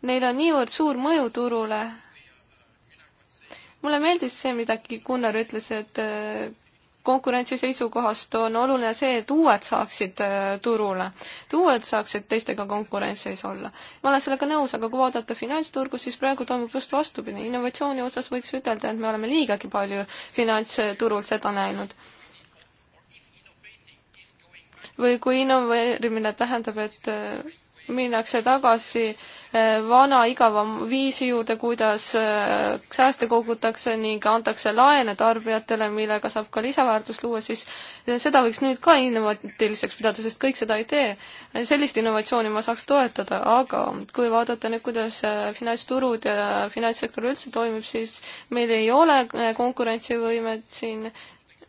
B: Neil on niivõrd suur mõju turule. mulle meeldis see, mida Gunnar ütles, et äh, konkurentsi seisukohast on oluline see, et uued saaksid äh, turule, et uued saaksid teistega konkurentsis olla. ma olen sellega nõus, aga kui vaadata finantsturgu, siis praegu toimub just vastupidi. innovatsiooni osas võiks ütelda, et me oleme liigagi palju finantsturul seda näinud. või kui innoveerimine tähendab, et äh, minnakse tagasi eh, vana igava viisi juurde, kuidas eh, sääste kogutakse ning antakse laene tarbijatele, millega saab ka lisaväärtust luua, siis eh, seda võiks nüüd ka innovatiivseks pidada, sest kõik seda ei tee. sellist innovatsiooni ma saaks toetada, aga kui vaadata nüüd, kuidas finantsturud ja finantssektor üldse toimib, siis meil ei ole konkurentsivõimet siin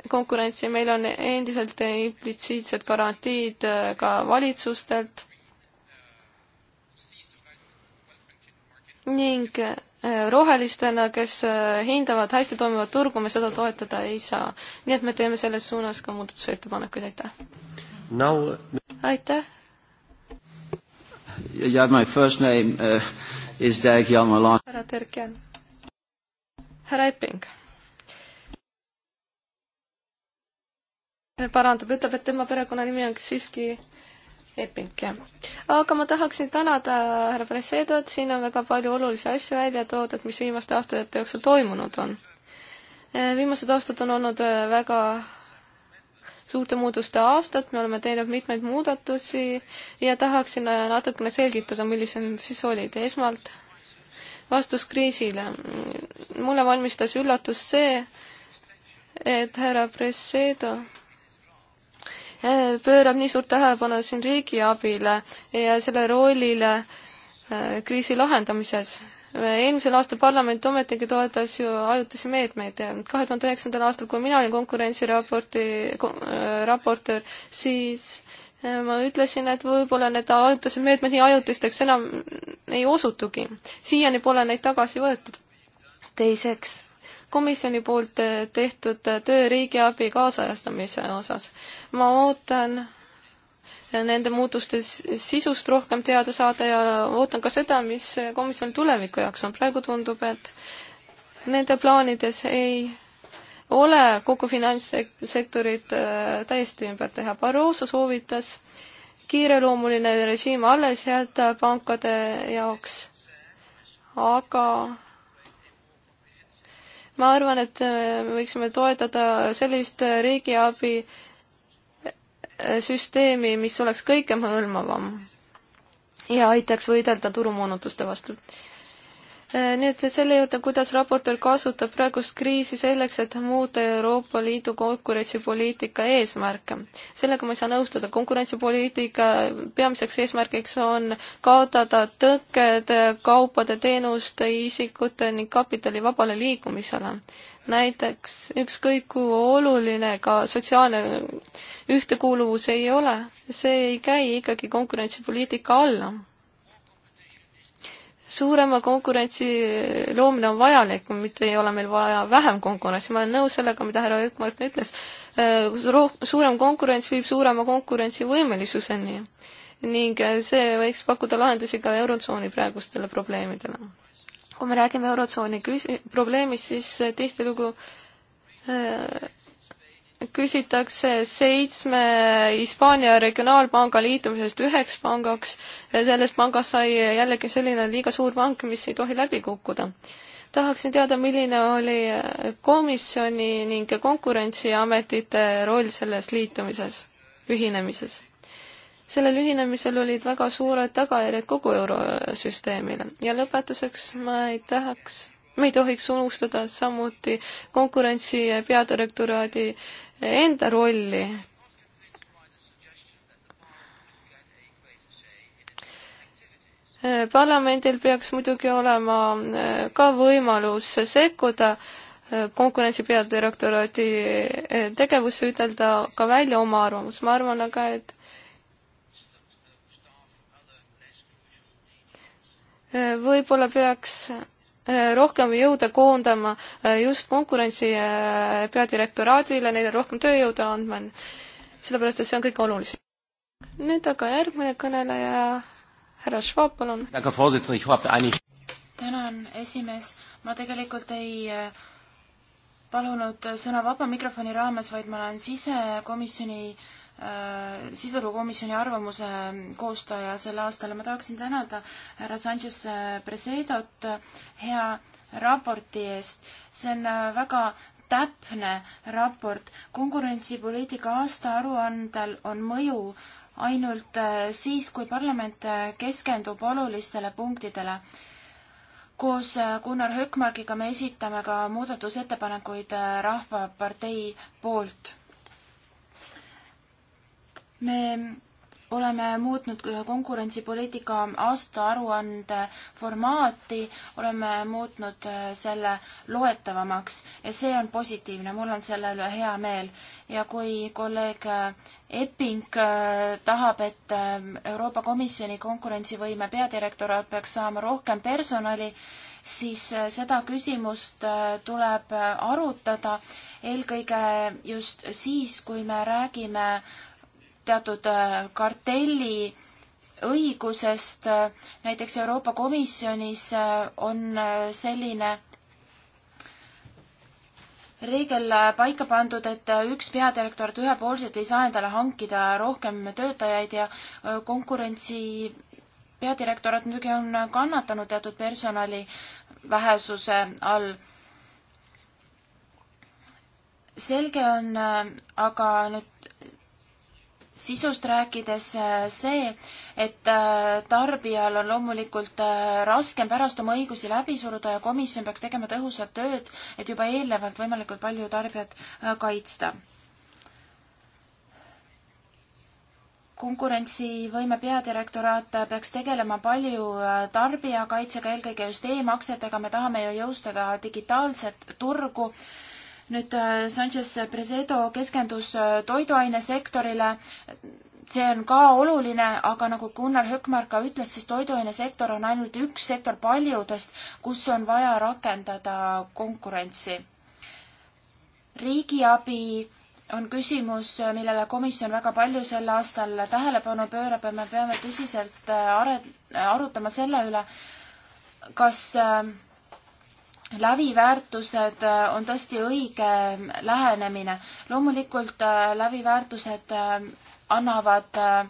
B: konkurentsi, meil on endiselt implitsiitsed garantiid ka valitsustelt ning äh, rohelistena, kes äh, hindavad hästi toimivat turgu, me seda toetada ei saa. nii et me teeme selles suunas ka muudatusettepanekuid, aitäh Now...! aitäh!
C: Yeah, my first name uh, is Dag Jan Malan.
B: härra Dirk Jan. härra Epping. parandab, ütleb, et tema perekonnanimi on siiski lepinge. aga ma tahaksin tänada härra Presedot, siin on väga palju olulisi asju välja toodud, mis viimaste aastate jooksul toimunud on. Äh, viimased aastad on olnud äh, väga suurte muutuste aastat, me oleme teinud mitmeid muudatusi ja tahaksin äh, natukene selgitada, millised need siis olid. esmalt vastus kriisile. mulle valmistas üllatust see, et härra Presedo pöörab nii suurt tähelepanu siin riigiabile ja selle rollile äh, kriisi lahendamises. eelmisel aastal parlament ometigi toetas ju ajutisi meetmeid. kahe tuhande üheksandal aastal, kui mina olin konkurentsiraporti äh, raportöör, siis äh, ma ütlesin, et võib-olla need ajutised meetmed nii ajutisteks enam ei osutugi. siiani pole neid tagasi võetud. teiseks komisjoni poolt eh, tehtud eh, töö riigiabi kaasajastamise osas. ma ootan eh, nende muutuste sisust rohkem teada saada ja ootan ka seda, mis komisjoni tuleviku jaoks on. praegu tundub, et nende plaanides ei ole kogu finantssektorit täiesti ümber teha. Barroso soovitas kiireloomuline režiim alles jätta pankade jaoks, aga ma arvan, et äh, me võiksime toetada sellist äh, riigiabi äh, süsteemi, mis oleks kõikehõlmavam ja aitaks võidelda turumoonutuste vastu. Äh, nüüd selle juurde, kuidas raportöör kasutab praegust kriisi selleks, et muuta Euroopa Liidu konkurentsipoliitika eesmärke. sellega ma ei saa nõustuda, konkurentsipoliitika peamiseks eesmärgiks on kaotada tõkked kaupade, teenuste, isikute ning kapitali vabale liikumisele. näiteks ükskõik kui oluline ka sotsiaalne ühtekuuluvus ei ole, see ei käi ikkagi konkurentsipoliitika alla suurema konkurentsi loomine on vajalik, mitte ei ole meil vaja vähem konkurentsi, ma olen nõus sellega, mida härra Ökmark ütles. Äh, suurem konkurents viib suurema konkurentsivõimelisuseni ning äh, see võiks pakkuda lahendusi ka Eurotsooni praegustele probleemidele. kui me räägime Eurotsooni küs-, probleemist, siis äh, tihtilugu äh, küsitakse seitsme Hispaania regionaalpanga liitumisest üheks pangaks ja sellest pangast sai jällegi selline liiga suur pank, mis ei tohi läbi kukkuda. tahaksin teada, milline oli komisjoni ning konkurentsiametite roll selles liitumises, ühinemises? sellel ühinemisel olid väga suured tagajärjed kogu eurosüsteemile ja lõpetuseks ma ei tahaks me ei tohiks unustada samuti konkurentsi peadirektoraadi enda rolli. parlamendil peaks muidugi olema e, ka võimalus sekkuda e, konkurentsi peadirektoraadi e, tegevusse, ütelda ka välja oma arvamus, ma arvan aga, et võib-olla peaks Äh, rohkem jõuda koondama äh, just konkurentsi äh, peadirektoraadile, neile rohkem tööjõudu andma, sellepärast et see on kõige olulisem. nüüd aga järgmine kõneleja,
A: härra Schwab, palun. tänan, esimees. ma tegelikult ei palunud sõna vaba mikrofoni raames, vaid ma olen sisekomisjoni äh, Äh, siseturukomisjoni arvamuse koostaja sel aastal ja ma tahaksin tänada härra Sanchez äh, Presedot äh, hea raporti eest. see on väga täpne raport. konkurentsipoliitika aastaaruandel on mõju ainult siis, kui parlament keskendub olulistele punktidele. koos Gunnar Hökmarkiga me esitame ka muudatusettepanekuid Rahvapartei poolt me oleme muutnud konkurentsipoliitika aastaaruande formaati, oleme muutnud äh, selle loetavamaks ja see on positiivne, mul on selle üle hea meel. ja kui kolleeg äh, Epping äh, tahab, et Euroopa Komisjoni konkurentsivõime peadirektoraat peaks saama rohkem personali, siis seda küsimust tuleb arutada eelkõige just siis, kui me räägime teatud äh, kartelli õigusest, äh, näiteks Euroopa Komisjonis äh, on selline reegel paika pandud, et üks peadirektor ühepoolselt ei saa endale hankida rohkem töötajaid ja konkurentsi peadirektorat muidugi on kannatanud teatud personali vähesuse all. selge on aga nüüd sisust rääkides äh, see, et äh, tarbijal on loomulikult äh, raskem pärast oma õigusi läbi suruda ja komisjon peaks tegema tõhusat tööd, et juba eelnevalt võimalikult palju tarbijat kaitsta. konkurentsivõime peadirektoraat peaks tegelema palju tarbijakaitsega, eelkõige just e-maksetega, me tahame ju jõustada digitaalset turgu nüüd äh, Sanchez Presedo keskendus äh, toiduainesektorile. see on ka oluline, aga nagu Gunnar Hökmar ka ütles, siis toiduainesektor on ainult üks sektor paljudest, kus on vaja rakendada konkurentsi. riigiabi on küsimus, millele komisjon väga palju sel aastal tähelepanu pöörab ja me peame tõsiselt äh, arutama selle üle, kas äh, läviväärtused äh, on tõesti õige ähm, lähenemine. loomulikult äh, läviväärtused ähm, annavad äh,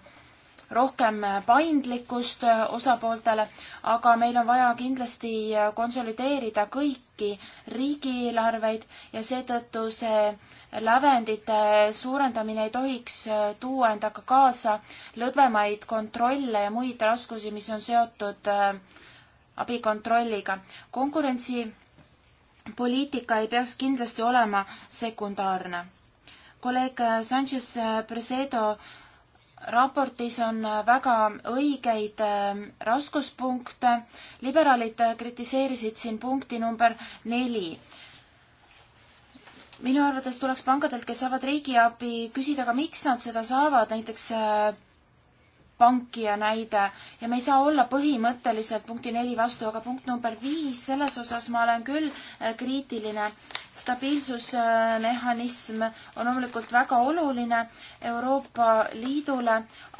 A: rohkem paindlikkust osapooltele, aga meil on vaja kindlasti konsolideerida kõiki riigieelarveid ja seetõttu see lävendite suurendamine ei tohiks tuua endaga kaasa lõdvemaid kontrolle ja muid raskusi, mis on seotud abikontrolliga. konkurentsi poliitika ei peaks kindlasti olema sekundaarne. kolleeg Sanchez Presedo raportis on väga õigeid ähm, raskuspunkte. liberaalid kritiseerisid siin punkti number neli. minu arvates tuleks pangadelt, kes saavad riigiabi, küsida ka, miks nad seda saavad, näiteks äh, pankija näide ja me ei saa olla põhimõtteliselt punkti neli vastu, aga punkt number viis, selles osas ma olen küll äh, kriitiline. stabiilsusmehhanism on loomulikult väga oluline Euroopa Liidule,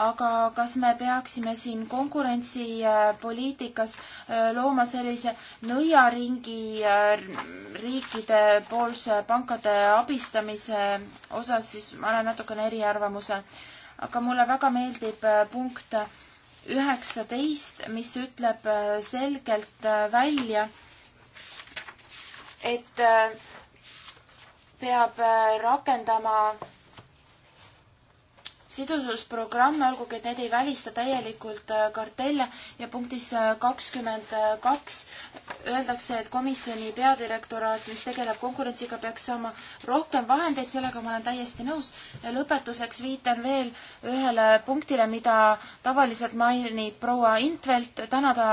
A: aga kas me peaksime siin konkurentsipoliitikas äh, äh, looma sellise nõiaringi riikide poolse pankade abistamise osas, siis ma olen natukene eriarvamusel aga mulle väga meeldib äh, punkt üheksateist, mis ütleb äh, selgelt äh, välja, et peab rakendama sidususprogramme, olgugi et need ei välista täielikult äh, kartelle ja punktis äh, kakskümmend kaks öeldakse, et komisjoni peadirektoraat, mis tegeleb konkurentsiga, peaks saama rohkem vahendeid, sellega ma olen täiesti nõus. ja lõpetuseks viitan veel ühele punktile, mida tavaliselt mainib proua Intvelt, täna ta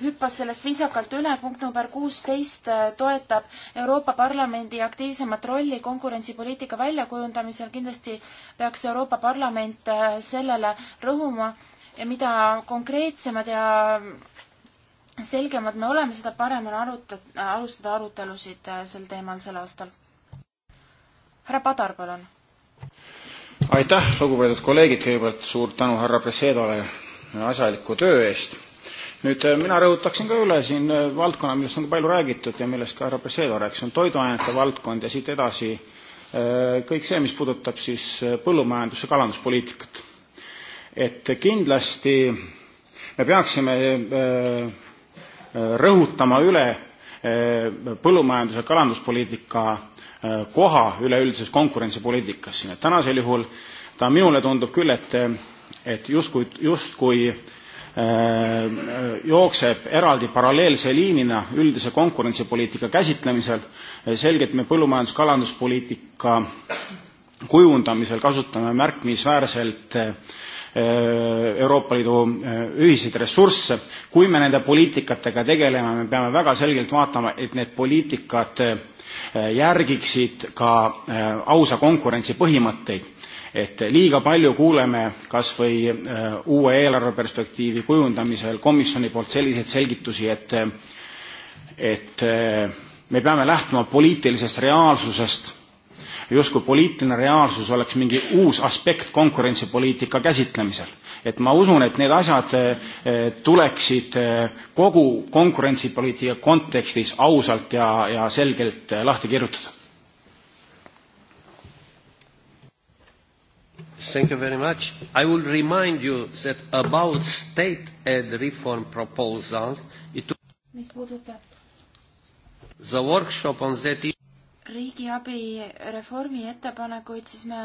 A: hüppas sellest viisakalt üle, punkt number kuusteist äh, toetab Euroopa Parlamendi aktiivsemat rolli konkurentsipoliitika väljakujundamisel, kindlasti peaks Euroopa Parlament äh, sellele rõhuma ja mida konkreetsemad ja selgemad me oleme, seda parem on aruta-, alustada arutelusid äh, sel teemal sel aastal. härra Padar, palun.
F: aitäh, lugupeetud kolleegid, kõigepealt suur tänu härra Presedole asjaliku töö eest nüüd äh, mina rõhutaksin ka üle siin äh, valdkonna, millest on ka palju räägitud ja millest ka härra Presedo rääkis, on toiduainete valdkond ja siit edasi äh, kõik see, mis puudutab siis põllumajandus- ja kalanduspoliitikat. et kindlasti me peaksime rõhutama üle põllumajandus- ja kalanduspoliitika koha üleüldises konkurentsipoliitikas siin, et tänasel juhul ta minule tundub küll, et et justkui, justkui Äh, jookseb eraldi paralleelse liinina üldise konkurentsipoliitika käsitlemisel. Äh, selgelt me põllumajandus-kalanduspoliitika kujundamisel kasutame märkimisväärselt äh, Euroopa Liidu ühiseid ressursse. kui me nende poliitikatega tegeleme, me peame väga selgelt vaatama, et need poliitikad järgiksid ka ausa konkurentsi põhimõtteid et liiga palju kuuleme kas või äh, uue eelarveperspektiivi kujundamisel komisjoni poolt selliseid selgitusi, et et äh, me peame lähtuma poliitilisest reaalsusest, justkui poliitiline reaalsus oleks mingi uus aspekt konkurentsipoliitika käsitlemisel et ma usun, et need asjad äh, tuleksid kogu konkurentsipoliitika kontekstis ausalt ja, ja selgelt lahti kirjutada.
C: Thank you very much. I will remind you that about state aid reform proposals it
A: mis puudutab
C: the workshop on that
A: riigiabi reformi ettepanekuid, siis me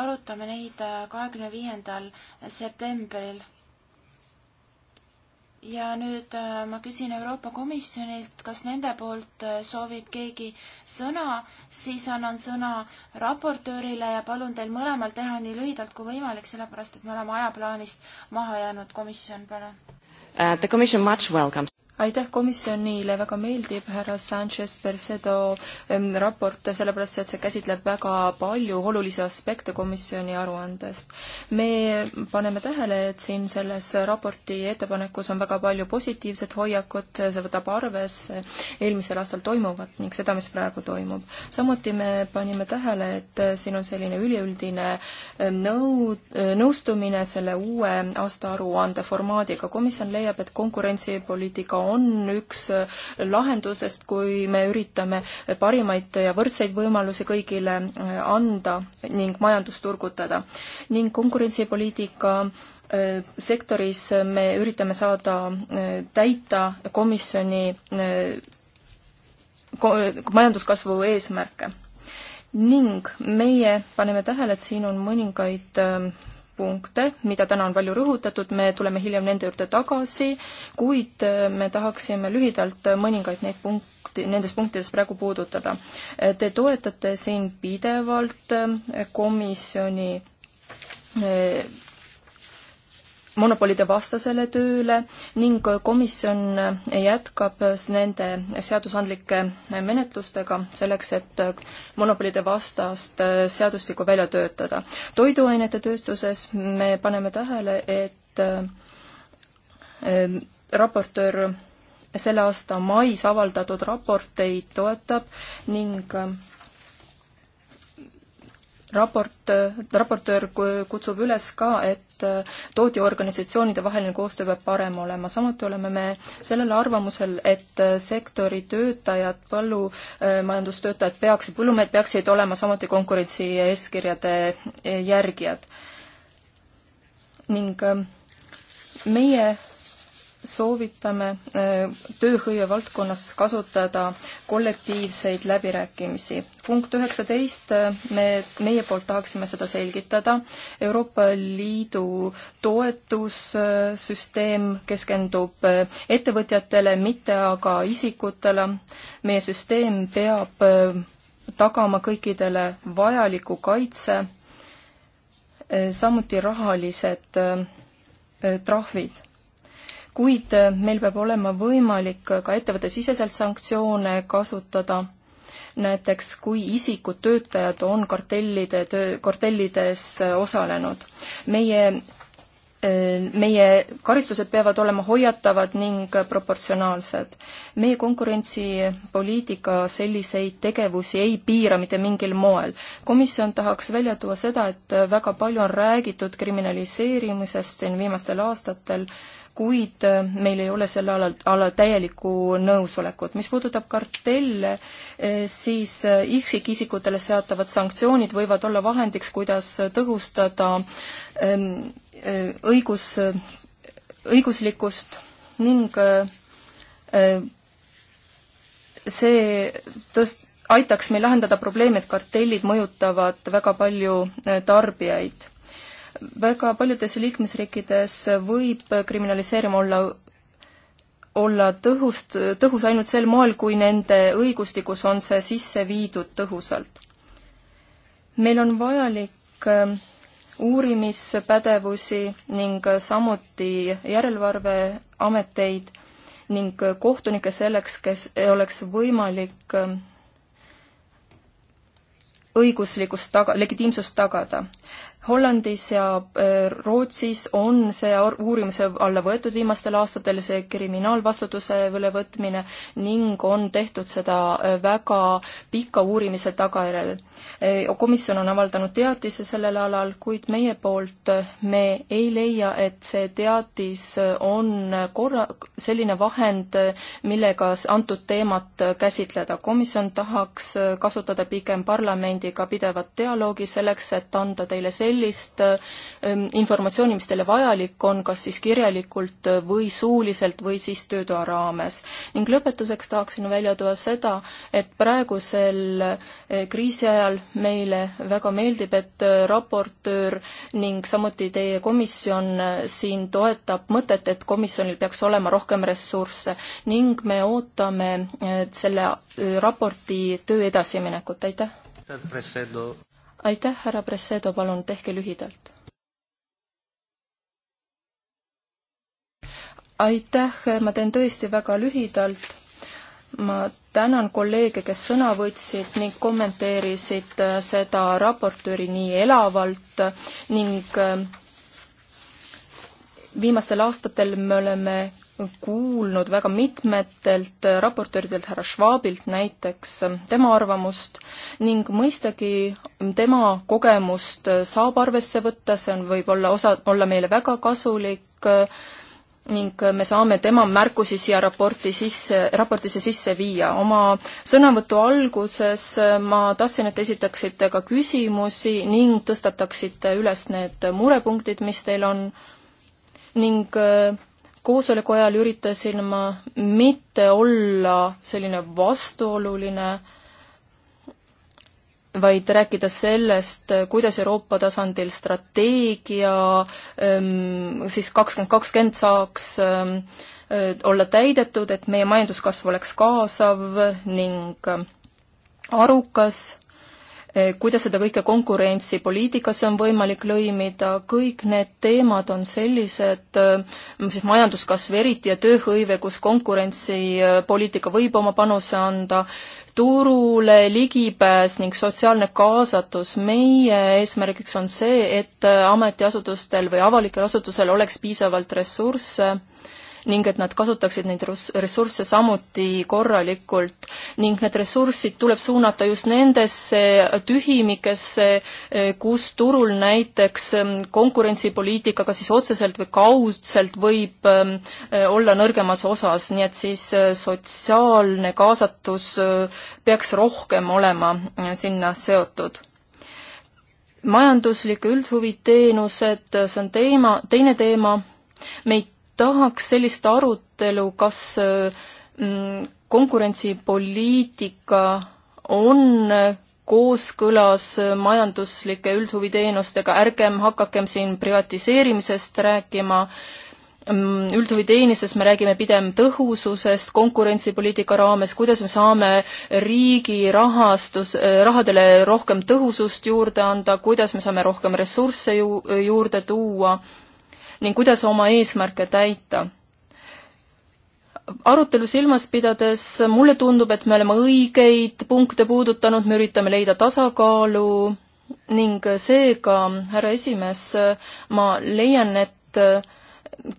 A: arutame neid äh, kahekümne viiendal septembril ja nüüd äh, ma küsin Euroopa Komisjonilt, kas nende poolt äh, soovib keegi sõna, siis annan sõna raportöörile ja palun teil mõlemal teha nii lühidalt kui võimalik, sellepärast et me oleme ajaplaanist maha jäänud, komisjon, palun
D: uh,. The commission much welcomes aitäh komisjonile, väga meeldib härra Sanchez Percedo raport, sellepärast et see käsitleb väga palju olulisi aspekte komisjoni aruandest. me paneme tähele, et siin selles raporti ettepanekus on väga palju positiivset hoiakut, see võtab arvesse eelmisel aastal toimuvat ning seda, mis praegu toimub. samuti me panime tähele, et siin on selline üliüldine nõu-, nõustumine selle uue aastaaruande formaadiga. komisjon leiab, et konkurentsipoliitika on üks äh, lahendusest, kui me üritame parimaid ja võrdseid võimalusi kõigile äh, anda ning majandust turgutada. ning konkurentsipoliitika äh, sektoris me üritame saada täita komisjoni majanduskasvu eesmärke ning meie paneme tähele, et siin on mõningaid punkte, mida täna on palju rõhutatud, me tuleme hiljem nende juurde tagasi, kuid äh, me tahaksime lühidalt äh, mõningaid neid punkti, nendes punktides praegu puudutada. Äh, te toetate siin pidevalt komisjoni monopolide vastasele tööle ning komisjon jätkab nende seadusandlike menetlustega selleks, et monopolide vastast seadustikku välja töötada. toiduainete tööstuses me paneme tähele, et äh, raportöör selle aasta mais avaldatud raporteid toetab ning äh, raport, raportöör kutsub üles ka, et äh, tootjaorganisatsioonide vaheline koostöö peab parem olema, samuti oleme me sellel arvamusel, et äh, sektori töötajad, põllumajandustöötajad äh, peaks, põllumehed peaksid olema samuti konkurentsieeskirjade järgijad. ning meie soovitame äh, tööhõive valdkonnas kasutada kollektiivseid läbirääkimisi. punkt üheksateist, äh, me, meie poolt tahaksime seda selgitada. Euroopa Liidu toetussüsteem keskendub äh, ettevõtjatele, mitte aga isikutele. meie süsteem peab tagama kõikidele vajaliku kaitse, samuti rahalised trahvid kuid äh, meil peab olema võimalik ka ettevõttesiseselt sanktsioone kasutada, näiteks kui isikud, töötajad on kartellide töö, kartellides äh, osalenud. meie, äh, meie karistused peavad olema hoiatavad ning proportsionaalsed. meie konkurentsipoliitika selliseid tegevusi ei piira mitte mingil moel. komisjon tahaks välja tuua seda, et väga palju on räägitud kriminaliseerimisest siin viimastel aastatel, kuid äh, meil ei ole selle alal, alal täielikku nõusolekut. mis puudutab kartelle, äh, siis äh, üksikisikutele seatavad sanktsioonid võivad olla vahendiks, kuidas tõhustada ähm, õigus, õiguslikkust ning see tõst-, aitaks meil lahendada probleeme, et kartellid mõjutavad väga palju tarbijaid väga paljudes liikmesriikides võib kriminaliseerima olla olla tõhust, tõhus ainult sel moel, kui nende õigustikus on see sisse viidud tõhusalt. meil on vajalik äh, uurimispädevusi ning samuti järelevalveameteid ning kohtunikke selleks, kes oleks võimalik äh, õiguslikust taga, legitiimsust tagada. Hollandis ja äh, Rootsis on see uurimise alla võetud viimastel aastatel, see kriminaalvastutuse ülevõtmine ning on tehtud seda äh, väga pika uurimise tagajärjel. Äh, komisjon on avaldanud teatise sellel alal, kuid meie poolt me ei leia, et see teatis on korra, selline vahend, millega antud teemat käsitleda. komisjon tahaks kasutada pigem parlamendiga pidevat dialoogi selleks, et anda teile selge sellist äh, ähm, informatsiooni, mis teile vajalik on, kas siis kirjalikult äh, või suuliselt või siis töötoa raames. ning lõpetuseks tahaksin välja tuua seda, et praegusel äh, kriisi ajal meile väga meeldib, et raportöör ning samuti teie komisjon siin toetab mõtet, et komisjonil peaks olema rohkem ressursse ning me ootame selle raporti töö edasiminekut, aitäh! aitäh, härra Presedo, palun tehke lühidalt. aitäh, ma teen tõesti väga lühidalt. ma tänan kolleege, kes sõna võtsid ning kommenteerisid äh, seda raportööri nii elavalt ning äh, viimastel aastatel me oleme kuulnud väga mitmetelt raportööridelt, härra Schwabilt näiteks, tema arvamust ning mõistagi tema kogemust saab arvesse võtta, see on võib-olla osa, olla meile väga kasulik ning me saame tema märkusi siia raporti sisse, raportisse sisse viia. oma sõnavõtu alguses ma tahtsin, et esitaksite ka küsimusi ning tõstataksite üles need murepunktid, mis teil on ning koosoleku ajal üritasin ma mitte olla selline vastuoluline, vaid rääkida sellest, kuidas Euroopa tasandil strateegia ähm, siis kakskümmend kakskümmend saaks ähm, äh, olla täidetud, et meie majanduskasv oleks kaasav ning äh, arukas Eh, kuidas seda kõike konkurentsipoliitikasse on võimalik lõimida, kõik need teemad on sellised, eh, siis majanduskasv eriti ja tööhõive, kus konkurentsipoliitika võib oma panuse anda, turule ligipääs ning sotsiaalne kaasatus, meie eesmärgiks on see, et ametiasutustel või avalikel asutusel oleks piisavalt ressursse ning et nad kasutaksid neid ressursse samuti korralikult. ning need ressursid tuleb suunata just nendesse tühimikesse, eh, kus turul näiteks mm, konkurentsipoliitikaga siis otseselt või kaudselt võib mm, eh, olla nõrgemas osas, nii et siis eh, sotsiaalne kaasatus peaks rohkem olema mm, sinna seotud majanduslik üldhuvi teenused, see on teema, teine teema, me ei tahaks sellist arutelu, kas mm, konkurentsipoliitika on kooskõlas majanduslike üldhuviteenustega, ärgem hakakem siin privatiseerimisest rääkima, mm, üldhuviteenises me räägime pigem tõhususest konkurentsipoliitika raames, kuidas me saame riigi rahastus, rahadele rohkem tõhusust juurde anda, kuidas me saame rohkem ressursse ju, juurde tuua ning kuidas oma eesmärke täita. arutelu silmas pidades mulle tundub, et me oleme õigeid punkte puudutanud, me üritame leida tasakaalu ning seega, härra esimees, ma leian, et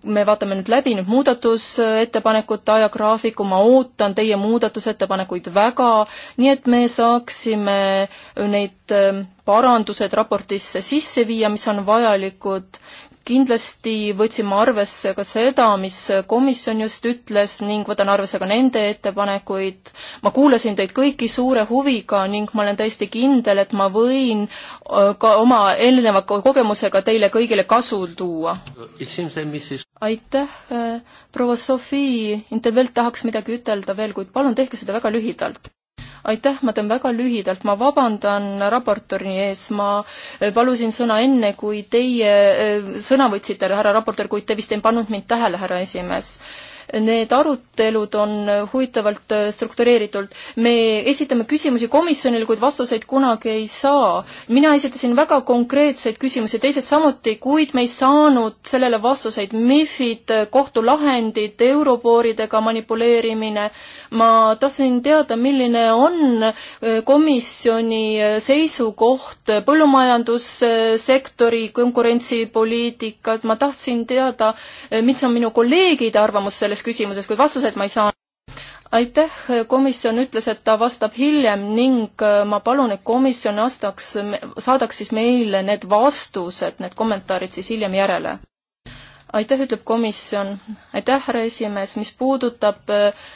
D: me vaatame nüüd läbi nüüd muudatusettepanekute ajagraafiku, ma ootan teie muudatusettepanekuid väga, nii et me saaksime neid parandused raportisse sisse viia, mis on vajalikud, kindlasti võtsin ma arvesse ka seda, mis komisjon just ütles ning võtan arvesse ka nende ettepanekuid. ma kuulasin teid kõiki suure huviga ning ma olen täiesti kindel, et ma võin ka oma eelneva kogemusega teile kõigile kasu tuua. aitäh, proua Sofii, Intervelt tahaks midagi ütelda veel, kuid palun tehke seda väga lühidalt aitäh, ma teen väga lühidalt, ma vabandan raportööri ees, ma äh, palusin sõna enne, kui teie äh, sõna võtsite, härra raportöör, kuid te vist ei pannud mind tähele, härra esimees need arutelud on huvitavalt äh, struktureeritud. me esitame küsimusi komisjonile, kuid vastuseid kunagi ei saa. mina esitasin väga konkreetseid küsimusi, teised samuti, kuid me ei saanud sellele vastuseid. MIFID, äh, kohtulahendid, eurobooridega manipuleerimine. ma tahtsin teada, milline on äh, komisjoni seisukoht põllumajandussektori konkurentsipoliitikas, ma tahtsin teada, mis on minu kolleegide arvamus selles küsimuses, kuid vastused ma ei saanud aitäh, komisjon ütles, et ta vastab hiljem ning äh, ma palun, et komisjon astaks, saadaks siis meile need vastused, need kommentaarid siis hiljem järele. aitäh, ütleb komisjon. aitäh, härra esimees, mis puudutab äh,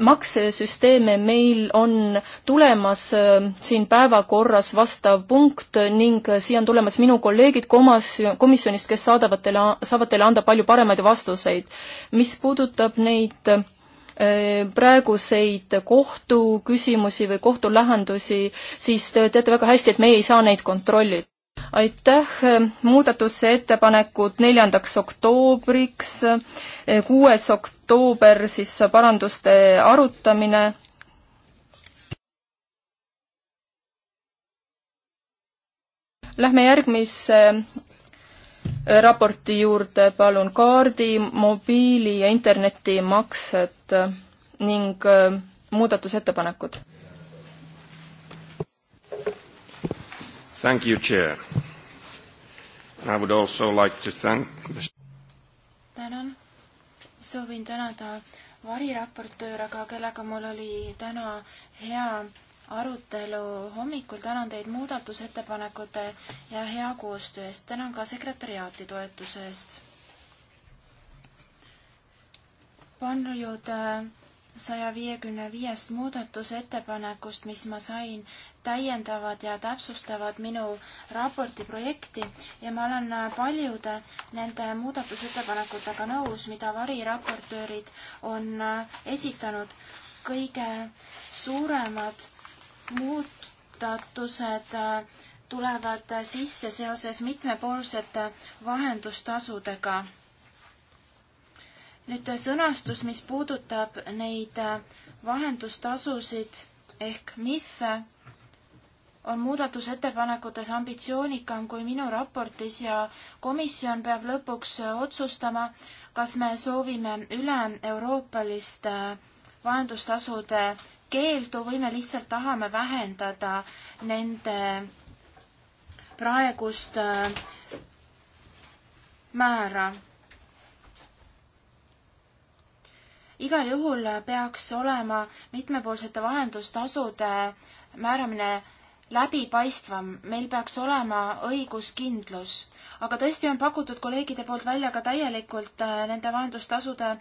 D: maksesüsteeme meil on tulemas äh, siin päevakorras vastav punkt ning äh, siia on tulemas minu kolleegid komas-, komisjonist, kes saadavad teile, saavad teile anda palju paremaid vastuseid. mis puudutab neid äh, praeguseid kohtuküsimusi või kohtulahendusi, siis te teate väga hästi, et meie ei saa neid kontrollida. aitäh, muudatusettepanekud neljandaks oktoobriks, kuues oktoobriks, oktoober siis paranduste arutamine. Lähme järgmise äh, raporti juurde, palun, kaardi, mobiili ja internetimaksed ning äh, muudatusettepanekud.
E: Thank you, Chair. I would also like to thank the...
A: tänan soovin tänada variraportöör, aga kellega mul oli täna hea arutelu hommikul. tänan teid muudatusettepanekute ja hea koostöö eest. tänan ka sekretäriaati toetuse eest. paljud äh, saja viiekümne viiest muudatusettepanekust, mis ma sain, täiendavad ja täpsustavad minu raporti projekti ja ma olen paljude nende muudatusettepanekutega nõus, mida variraportöörid on esitanud. kõige suuremad muudatused tulevad sisse seoses mitmepoolsete vahendustasudega nüüd äh, sõnastus, mis puudutab neid äh, vahendustasusid ehk MIF-e, on muudatusettepanekutes ambitsioonikam kui minu raportis ja komisjon peab lõpuks äh, otsustama, kas me soovime üle-euroopalist vahendustasude keeldu või me lihtsalt tahame vähendada nende praegust määra igal juhul peaks olema mitmepoolsete vahendustasude äh, määramine läbipaistvam, meil peaks olema õiguskindlus. aga tõesti on pakutud kolleegide poolt välja ka täielikult äh, nende vahendustasude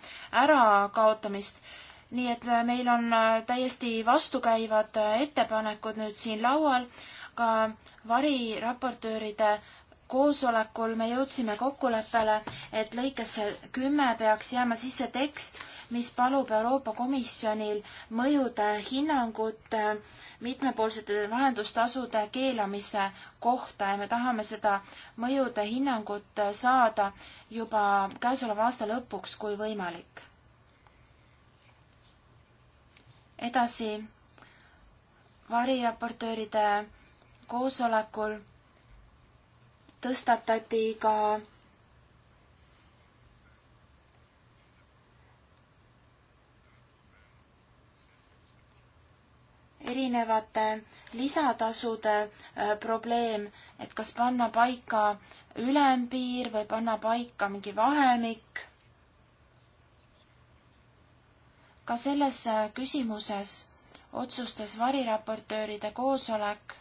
A: ärakaotamist. nii et äh, meil on täiesti vastukäivad ettepanekud nüüd siin laual, ka variraportööride koosolekul me jõudsime kokkuleppele, et lõikesse kümme peaks jääma sisse tekst, mis palub Euroopa Komisjonil mõjude hinnangut äh, mitmepoolsete vahendustasude keelamise kohta ja me tahame seda mõjude hinnangut äh, saada juba käesoleva aasta lõpuks, kui võimalik. edasi, variraportööride koosolekul tõstatati ka erinevate lisatasude äh, probleem, et kas panna paika ülempiir või panna paika mingi vahemik. ka selles äh, küsimuses otsustas variraportööride koosolek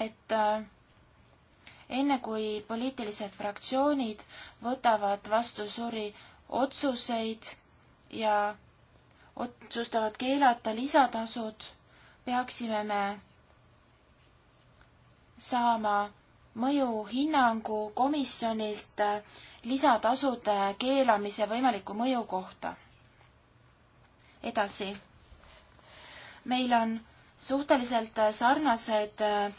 A: et äh, enne kui poliitilised fraktsioonid võtavad vastu suuri otsuseid ja otsustavad keelata lisatasud, peaksime me saama mõjuhinnangu komisjonilt äh, lisatasude keelamise võimaliku mõju kohta. edasi. meil on suhteliselt sarnased äh,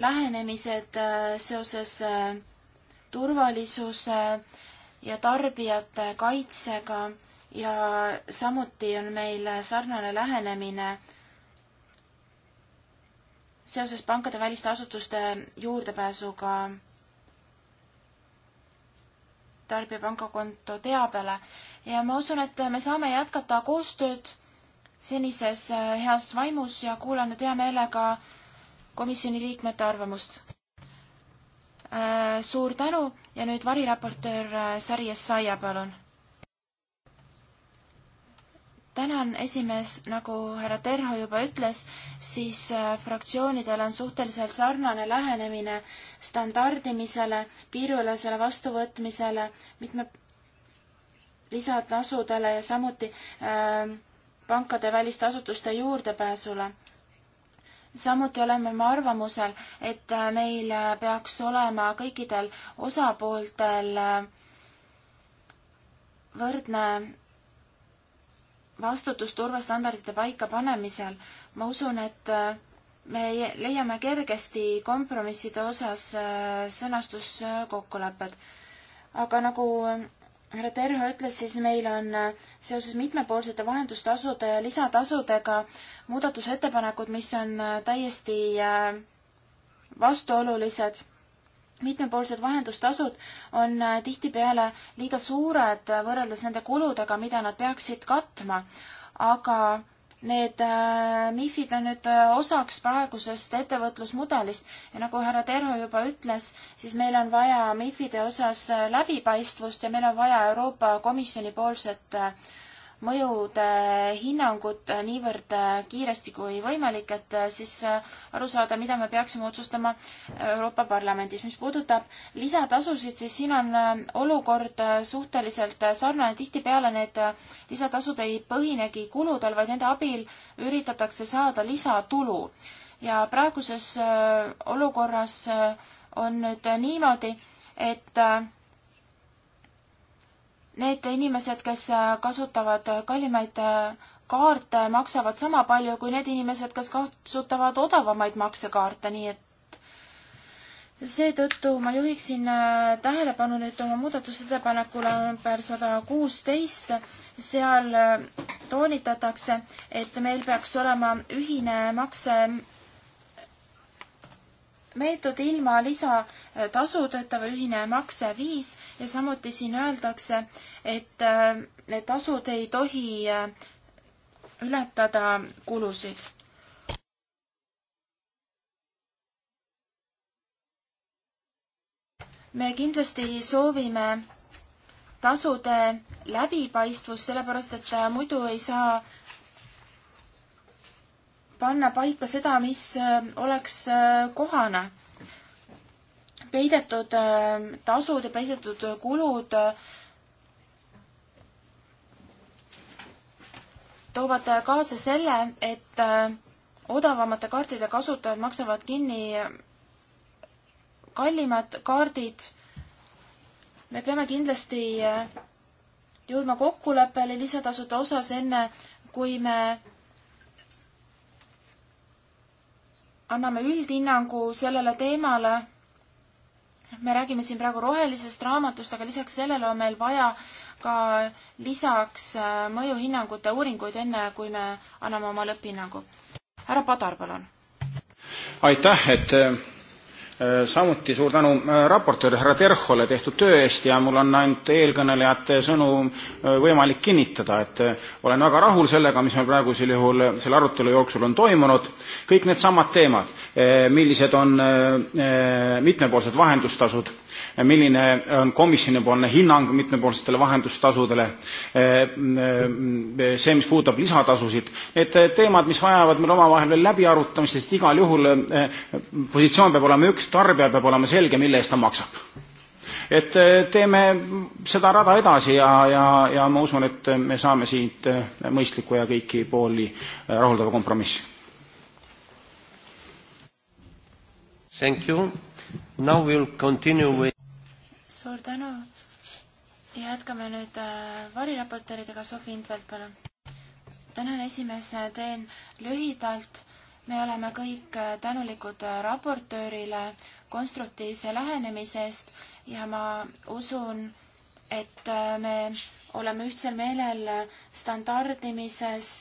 A: lähenemised äh, seoses äh, turvalisuse äh, ja tarbijate kaitsega ja samuti on meil sarnane lähenemine seoses pankade väliste asutuste juurdepääsuga tarbija pangakonto teabele ja ma usun, et me saame jätkata koostööd senises heas vaimus ja kuulan nüüd hea meelega äh, komisjoni liikmete arvamust? Äh, suur tänu ja nüüd variraportöör äh, Sari Essaia, palun. tänan, esimees, nagu härra Terho juba ütles, siis äh, fraktsioonidel on suhteliselt sarnane lähenemine standardimisele, piiriülesele vastuvõtmisele, mitme lisatasudele ja samuti äh, pankade väliste asutuste juurdepääsule samuti oleme me arvamusel, et äh, meil äh, peaks olema kõikidel osapooltel äh, võrdne vastutus turvastandardite paikapanemisel. ma usun, et me leiame kergesti kompromisside osas sõnastuskokkulepped. aga nagu härra Terho ütles, siis meil on äh, seoses mitmepoolsete vahendustasude ja lisatasudega muudatusettepanekud, mis on äh, täiesti äh, vastuolulised. mitmepoolsed vahendustasud on tihtipeale liiga suured võrreldes nende kuludega, mida nad peaksid katma, aga Need äh, MIFid on nüüd äh, osaks praegusest ettevõtlusmudelist ja nagu härra Terho juba ütles, siis meil on vaja MIFide osas äh, läbipaistvust ja meil on vaja Euroopa Komisjoni poolset mõjude hinnangut niivõrd kiiresti kui võimalik, et siis aru saada, mida me peaksime otsustama Euroopa Parlamendis. mis puudutab lisatasusid, siis siin on olukord suhteliselt sarnane, tihtipeale need lisatasud ei põhinegi kuludel, vaid nende abil üritatakse saada lisatulu. ja praeguses olukorras on nüüd niimoodi, et Need inimesed, kes äh, kasutavad äh, kallimaid äh, kaarte, maksavad sama palju kui need inimesed, kes kasutavad odavamaid maksekaarte, nii et seetõttu ma juhiksin tähelepanu nüüd oma muudatusettepanekule number sada kuusteist. seal toonitatakse, et meil peaks olema ühine makse meetod ilma lisatasudeta või ühine makseviis ja samuti siin öeldakse, et äh, need tasud ei tohi äh, ületada kulusid. me kindlasti soovime tasude läbipaistvust, sellepärast et äh, muidu ei saa panna paika seda, mis äh, oleks äh, kohane. peidetud äh, tasud ja peidetud kulud toovad kaasa selle, et odavamate kaartide kasutajad maksavad kinni kallimad kaardid. me peame kindlasti jõudma kokkuleppele lisatasude osas, enne kui me anname üldhinnangu sellele teemale. me räägime siin praegu rohelisest raamatust, aga lisaks sellele on meil vaja ka lisaks äh, mõjuhinnangute uuringuid, enne kui me anname oma lõpphinnangu. härra Padar, palun.
F: aitäh, et äh, Äh, samuti suur tänu äh, raportöör härra Terhole tehtud töö eest ja mul on ainult eelkõnelejate sõnu äh, võimalik kinnitada, et olen väga rahul sellega, mis meil praegusel juhul selle arutelu jooksul on toimunud. kõik needsamad teemad, millised on mitmepoolsed vahendustasud, milline on komisjonipoolne hinnang mitmepoolsetele vahendustasudele, äh, äh, see, mis puudutab lisatasusid, need äh, teemad, mis vajavad meil omavahel veel läbiarutamist, sest igal juhul positsioon peab olema üks, tarbijal peab olema selge, mille eest ta maksab et teeme seda rada edasi ja, ja, ja ma usun, et me saame siit mõistliku ja kõiki pooli rahuldava kompromissi. Thank you. Now we'll continue with...
A: suur tänu. jätkame nüüd äh, variraportööridega, Sofi Intvelt, palun. tänan, esimees, teen lühidalt. me oleme kõik äh, tänulikud äh, raportöörile konstruktiivse lähenemise eest ja ma usun, et me oleme ühtsel meelel standardimises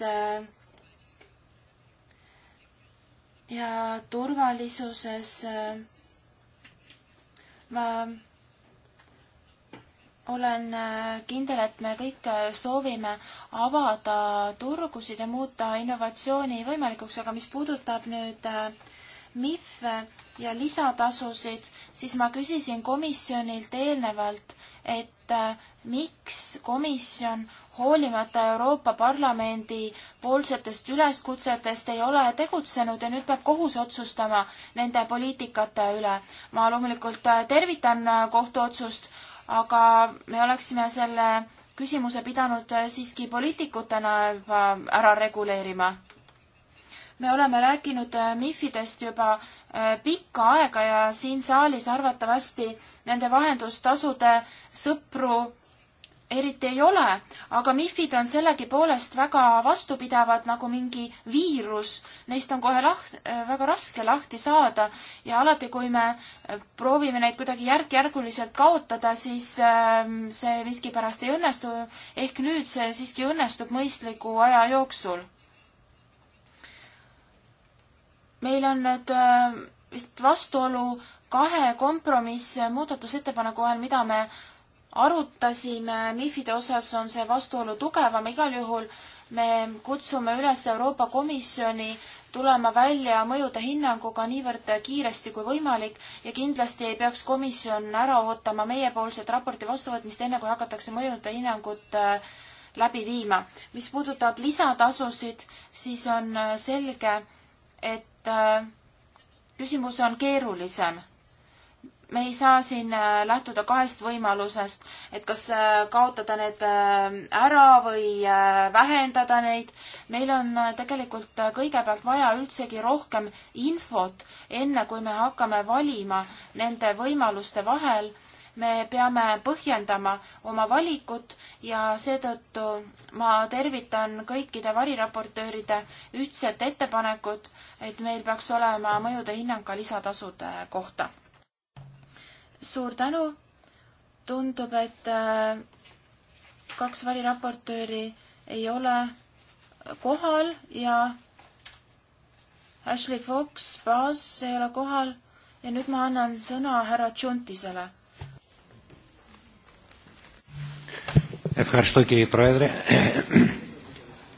A: ja turvalisuses äh, ma olen äh, kindel, et me kõik äh, soovime avada turgusid ja muuta innovatsiooni võimalikuks, aga mis puudutab nüüd äh, MIF-e ja lisatasusid, siis ma küsisin komisjonilt eelnevalt, et äh, miks komisjon hoolimata Euroopa Parlamendi poolsetest üleskutsetest ei ole tegutsenud ja nüüd peab kohus otsustama nende poliitikate üle. ma loomulikult äh, tervitan äh, kohtuotsust, aga me oleksime selle küsimuse pidanud siiski poliitikutena juba ära reguleerima me oleme rääkinud äh, MIFidest juba äh, pikka aega ja siin saalis arvatavasti nende vahendustasude sõpru eriti ei ole, aga MIFid on sellegipoolest väga vastupidavad nagu mingi viirus, neist on kohe laht-, äh, väga raske lahti saada ja alati, kui me proovime neid kuidagi järk-järguliselt kaotada, siis ähm, see miskipärast ei õnnestu, ehk nüüd see siiski õnnestub mõistliku aja jooksul meil on nüüd äh, vist vastuolu kahe kompromissmuudatusettepaneku vahel, mida me arutasime, MIFide osas on see vastuolu tugevam, igal juhul me kutsume üles Euroopa Komisjoni tulema välja mõjude hinnanguga niivõrd kiiresti kui võimalik ja kindlasti ei peaks komisjon ära ootama meiepoolset raporti vastuvõtmist, enne kui hakatakse mõjude hinnangut äh, läbi viima. mis puudutab lisatasusid, siis on äh, selge, et et äh, küsimus on keerulisem. me ei saa siin äh, lähtuda kahest võimalusest, et kas äh, kaotada need ära või vähendada neid. meil on tegelikult kõigepealt vaja üldsegi rohkem infot, enne kui me hakkame valima nende võimaluste vahel me peame põhjendama oma valikut ja seetõttu ma tervitan kõikide variraportööride ühtset ettepanekut, et meil peaks olema mõjude hinnang ka lisatasude kohta. suur tänu, tundub, et äh, kaks variraportööri ei ole kohal ja Ashley Fox, baas, ei ole kohal ja nüüd ma annan sõna härra Tšuntisele
C: Ευχαριστώ κύριε Πρόεδρε.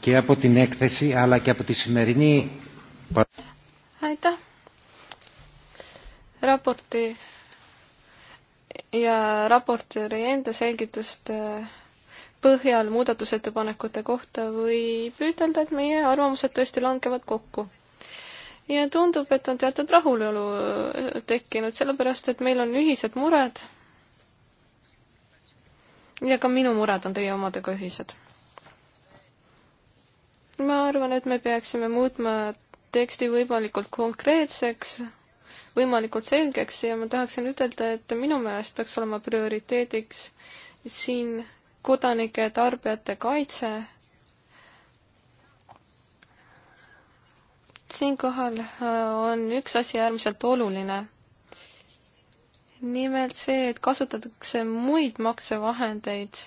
C: και από την έκθεση αλλά και από τη σημερινή...
B: Aitäh! raporti ja raportööri enda selgituste põhjal muudatusettepanekute kohta võib ütelda, et meie arvamused tõesti langevad kokku. ja tundub, et on teatud rahulolu tekkinud, sellepärast et meil on ühised mured ja ka minu mured on teie omadega ühised. ma arvan, et me peaksime muutma teksti võimalikult konkreetseks, võimalikult selgeks ja ma tahaksin ütelda, et minu meelest peaks olema prioriteediks siin kodanike ja tarbijate kaitse. siinkohal äh, on üks asi äärmiselt oluline nimelt see, et kasutatakse muid maksevahendeid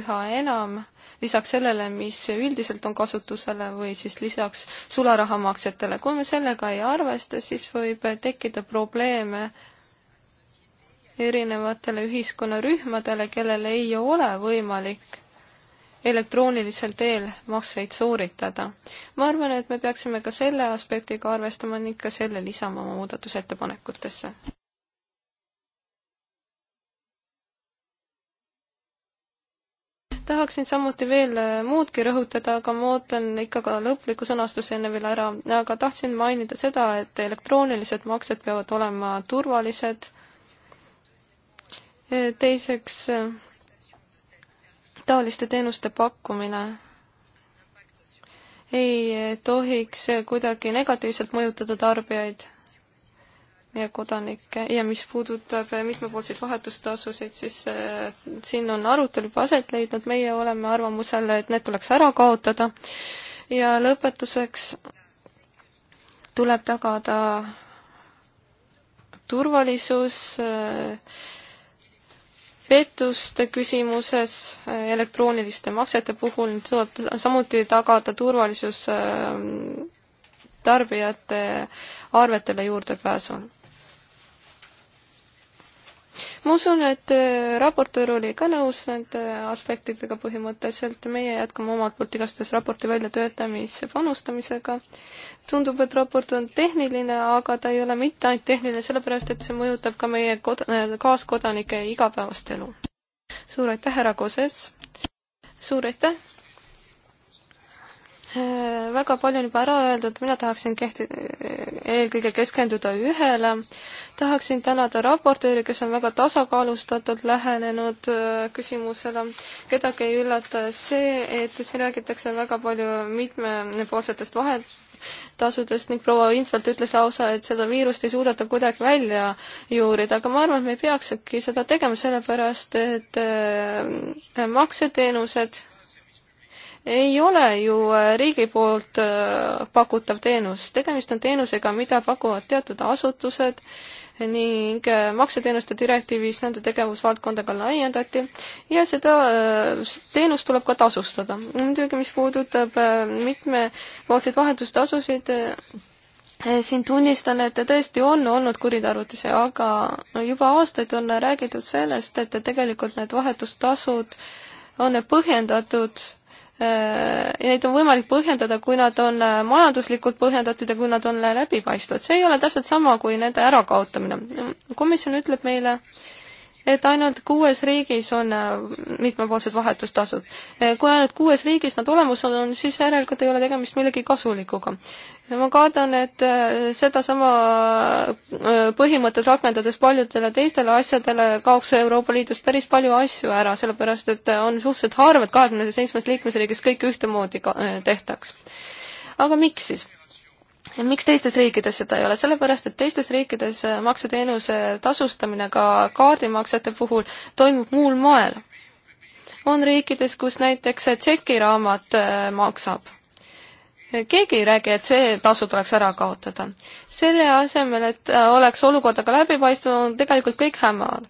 B: üha enam, lisaks sellele, mis üldiselt on kasutusele või siis lisaks sularahamaksetele. kui me sellega ei arvesta, siis võib tekkida probleeme erinevatele ühiskonnarühmadele, kellel ei ole võimalik elektroonilisel teel makseid sooritada. ma arvan, et me peaksime ka selle aspektiga arvestama ning ka selle lisama oma muudatusettepanekutesse. tahaksin samuti veel äh, muudki rõhutada, aga ma ootan ikka ka lõpliku sõnastuse enne veel ära, aga tahtsin mainida seda, et elektroonilised maksed peavad olema turvalised. Äh, teiseks, äh, taoliste teenuste pakkumine ei tohiks kuidagi negatiivselt mõjutada tarbijaid kodanikke ja mis puudutab eh, mitmepoolseid vahetustasusid, siis eh, siin on arutelu juba aset leidnud, meie oleme arvamusel, et need tuleks ära kaotada ja lõpetuseks tuleb tagada turvalisus eh, pettuste küsimuses elektrooniliste maksete puhul tuleb samuti tagada turvalisus tarbijate arvetele juurdepääsul ma usun, et äh, raportöör oli ka nõus nende äh, aspektidega põhimõtteliselt, meie jätkame omalt poolt igastahes raporti väljatöötamisse panustamisega. tundub, et raport on tehniline, aga ta ei ole mitte ainult tehniline, sellepärast et see mõjutab ka meie kod-, äh, kaaskodanike igapäevast elu. suur aitäh, härra Koses! suur aitäh! Äh, väga palju on juba ära öeldud, mina tahaksin kehti-, eelkõige keskenduda ühele. tahaksin tänada raportööri, kes on väga tasakaalustatult lähenenud äh, küsimusele. kedagi ei üllata see, et siin räägitakse väga palju mitmepoolsetest vahetasudest ning proua Infelt ütles lausa, et seda viirust ei suudeta kuidagi välja juurida, aga ma arvan, et me ei peakski seda tegema, sellepärast et äh, makseteenused ei ole ju äh, riigi poolt äh, pakutav teenus, tegemist on teenusega, mida pakuvad teatud asutused ning äh, makseteenuste direktiivis nende tegevusvaldkonda ka laiendati ja seda teenust tuleb ka tasustada. muidugi, mis puudutab mitmepoolseid vahetustasusid, siin tunnistan, et tõesti on olnud kuritarvitusi, aga juba aastaid on räägitud sellest, et tegelikult need vahetustasud on põhjendatud Äh, ja neid on võimalik põhjendada, kui nad on äh, majanduslikult põhjendatud ja kui nad on läbipaistvad. see ei ole täpselt sama kui nende ärakaotamine. komisjon ütleb meile, et ainult kuues riigis on äh, mitmepoolsed vahetustasud. Äh, kui ainult kuues riigis nad olemas on, on, siis järelikult ei ole tegemist millegi kasulikuga. ma kardan, et äh, sedasama põhimõtet rakendades paljudele teistele asjadele kaoks Euroopa Liidus päris palju asju ära, sellepärast et on suhteliselt harv, et kahekümne seitsmest liikmesriigist kõike ühtemoodi tehtaks. aga miks siis? miks teistes riikides seda ei ole? sellepärast, et teistes riikides äh, makseteenuse tasustamine ka kaardimaksete puhul toimub muul moel. on riikides, kus näiteks tšekiraamat äh, maksab. keegi ei räägi, et see tasu tuleks ära kaotada. selle asemel, et äh, oleks olukord aga läbipaistev, on tegelikult kõik hämar.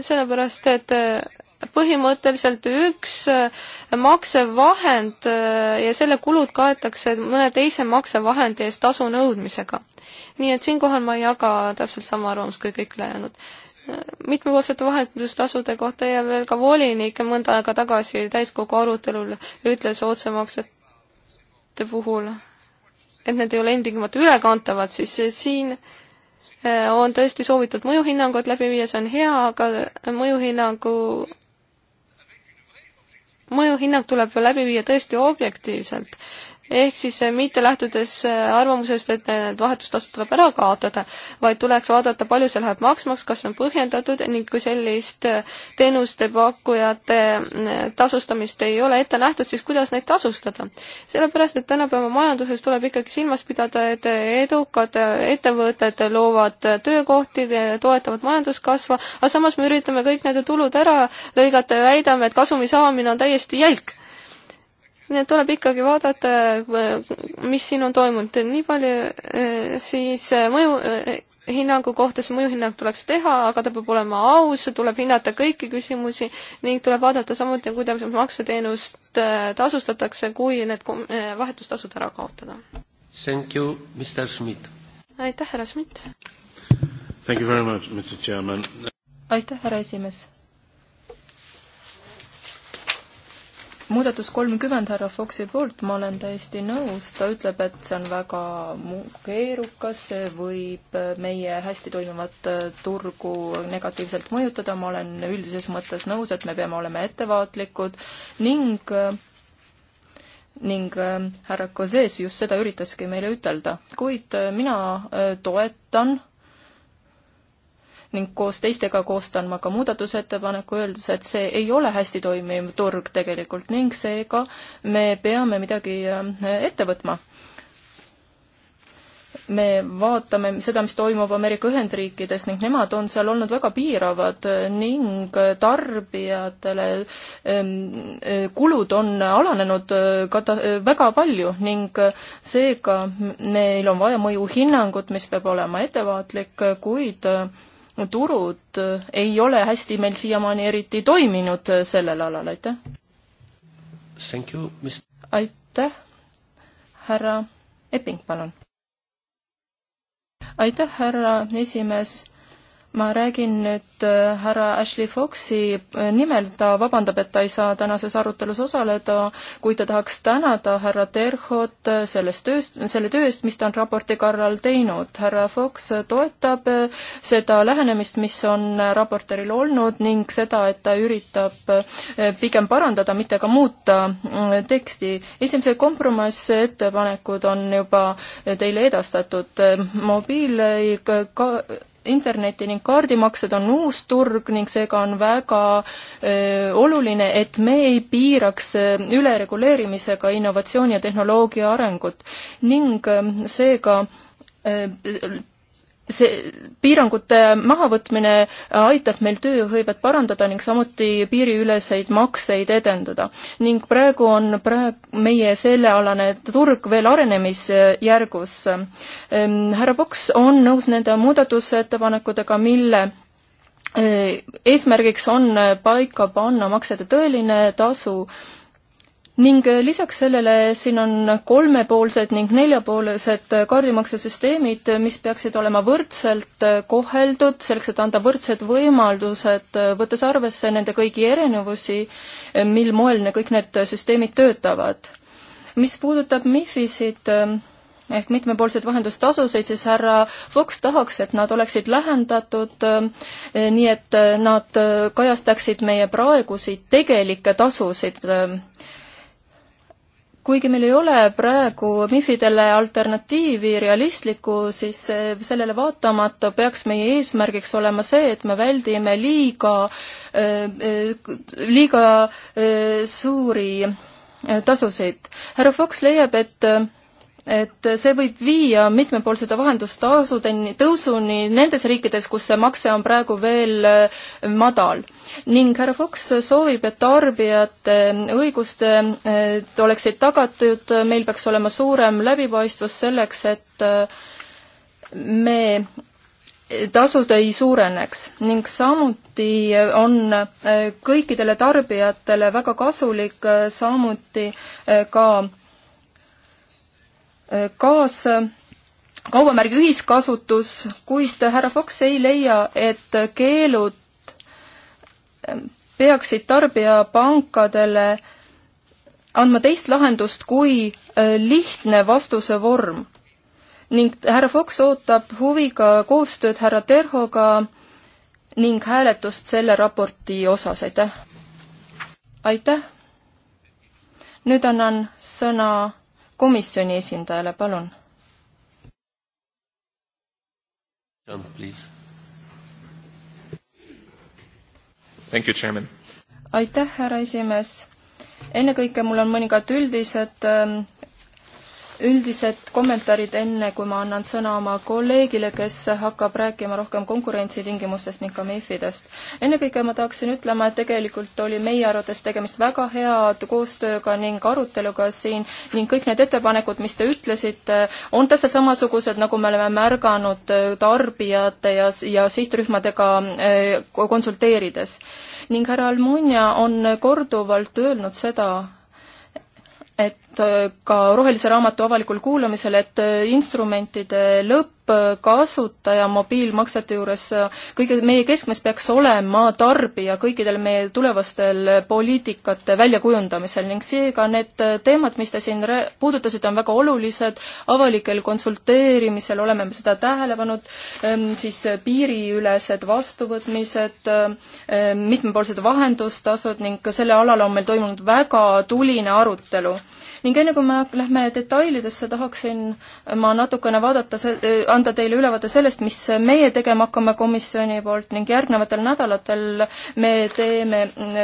B: sellepärast, et põhimõtteliselt üks äh, maksevahend äh, ja selle kulud kaetakse mõne teise maksevahendi eest tasu nõudmisega. nii et siinkohal ma ei jaga täpselt sama arvamust kui kõik ülejäänud. Äh, mitmepoolsete vahendustasude kohta ja veel ka volinik mõnda aega tagasi täiskogu arutelul ütles otsemaksete puhul, et need ei ole ilmtingimata ülekantavad, siis siin on tõesti soovitud mõjuhinnangut läbi viia, see on hea, aga mõjuhinnangu mõjuhinnang tuleb läbi viia tõesti objektiivselt ehk siis eh, mitte lähtudes eh, arvamusest, et need vahetustasud tuleb ära kaotada, vaid tuleks vaadata, palju see läheb maksmaks, kas on põhjendatud ning kui sellist eh, teenuste pakkujate tasustamist ei ole ette nähtud, siis kuidas neid tasustada. sellepärast, et tänapäeva majanduses tuleb ikkagi silmas pidada, et edukad ettevõtted loovad töökohti, toetavad majanduskasva, aga samas me üritame kõik need tulud ära lõigata ja väidame, et kasumi saamine on täiesti jälk nii et tuleb ikkagi vaadata, mis siin on toimunud, nii palju eh, siis eh, mõju, eh, hinnangu kohta see mõjuhinnang tuleks teha, aga ta peab olema aus, tuleb hinnata kõiki küsimusi ning tuleb vaadata samuti, kuidas makseteenust tasustatakse, kui need vahetustasud ära kaotada.
E: Thank you, Mr Schmidt.
B: aitäh, härra Schmidt.
E: Thank you very much, Mr Chairman.
D: aitäh, härra esimees muudatus kolmkümmend härra Foxi poolt, ma olen täiesti nõus, ta ütleb, et see on väga keerukas, see võib meie hästi toimivat äh, turgu negatiivselt mõjutada, ma olen üldises mõttes nõus, et me peame olema ettevaatlikud ning äh, ning äh, härra Kozes just seda üritaski meile ütelda, kuid mina toetan ning koos teistega koostan ma ka muudatusettepaneku, öeldes, et see ei ole hästi toimiv turg tegelikult ning seega me peame midagi äh, ette võtma. me vaatame seda, mis toimub Ameerika Ühendriikides ning nemad on seal olnud väga piiravad äh, ning tarbijatele ähm, äh, kulud on alanenud kata-, väga palju ning seega neil on vaja mõjuhinnangut, mis peab olema ettevaatlik, kuid turud äh, ei ole hästi meil siiamaani eriti toiminud äh, sellel alal, aitäh! aitäh, härra Epping, palun! aitäh, härra esimees ma räägin nüüd äh, härra Ashley Foxi äh, nimel, ta vabandab, et ta ei saa tänases arutelus osaleda, kuid ta tahaks tänada härra Terhot äh, sellest tööst, selle töö eest, mis ta on raporti korral teinud. härra Fox toetab seda lähenemist, mis on raportööril olnud ning seda, et ta üritab pigem parandada, mitte ka muuta teksti. esimesed kompromissettepanekud on juba teile edastatud. mobiil ka interneti ning kaardimaksed on uus turg ning seega on väga öö, oluline, et me ei piiraks ülereguleerimisega innovatsiooni ja tehnoloogia arengut ning seega see piirangute mahavõtmine aitab meil tööhõivet parandada ning samuti piiriüleseid makseid edendada. ning praegu on praegu meie sellealane turg veel arenemisjärgus. Ehm, härra Poks on nõus nende muudatusettepanekutega, mille ehm, eesmärgiks on paika panna maksete tõeline tasu ning lisaks sellele siin on kolmepoolsed ning neljapoolsed kaardimaksesüsteemid, mis peaksid olema võrdselt koheldud, selleks et anda võrdsed võimalused, võttes arvesse nende kõigi erinevusi, mil moel ne kõik need süsteemid töötavad. mis puudutab MIFIsid, ehk mitmepoolseid vahendustasusid, siis härra Fox tahaks, et nad oleksid lähendatud nii, et nad kajastaksid meie praegusi tegelikke tasusid kuigi meil ei ole praegu MIFidele alternatiivi realistlikku, siis eh, sellele vaatamata peaks meie eesmärgiks olema see, et me väldime liiga, eh, eh, liiga suuri tasusid. härra Fox leiab, et et see võib viia mitmepoolsete vahendustasudeni, tõusuni nendes riikides, kus see makse on praegu veel madal ning härra Fox soovib, et tarbijate õigused eh, oleksid tagatud, meil peaks olema suurem läbipaistvus selleks, et eh, me tasud ei suureneks ning samuti on eh, kõikidele tarbijatele väga kasulik samuti ka kaas kaubamärgi ühiskasutus, kuid härra Fox ei leia, et keelud peaksid tarbijapankadele andma teist lahendust kui äh, lihtne vastuse vorm. ning härra Fox ootab huviga koostööd härra Terhoga ning hääletust selle raporti osas, aitäh! aitäh! nüüd annan sõna komisjoni esindajale, palun.
G: Please. aitäh,
D: härra esimees! ennekõike mul on mõningad üldised ähm, üldised kommentaarid enne, kui ma annan sõna oma kolleegile, kes hakkab rääkima rohkem konkurentsitingimustest ning ka MIFidest. ennekõike ma tahaksin ütlema, et tegelikult oli meie arvates tegemist väga head koostööga ning aruteluga siin ning kõik need ettepanekud, mis te ütlesite, on täpselt samasugused, nagu me oleme märganud tarbijate ja, ja sihtrühmadega eh, konsulteerides. ning härra Almunia on korduvalt öelnud seda, et Äh, ka Rohelise Raamatu avalikul kuulamisel, et äh, instrumentide lõppkasutaja äh, mobiilmaksete juures kõige, meie keskmes peaks olema tarbija kõikidel meie tulevastel poliitikate väljakujundamisel ning seega need teemad, mis te siin puudutasite, on väga olulised, avalikel konsulteerimisel oleme me seda tähele pannud, ähm, siis piiriülesed vastuvõtmised, mitmepoolsed vahendustasud ning selle alal on meil toimunud väga tuline arutelu ning enne kui me lähme detailidesse, tahaksin ma natukene vaadata, anda teile ülevaate sellest, mis meie tegema hakkame komisjoni poolt ning järgnevatel nädalatel me teeme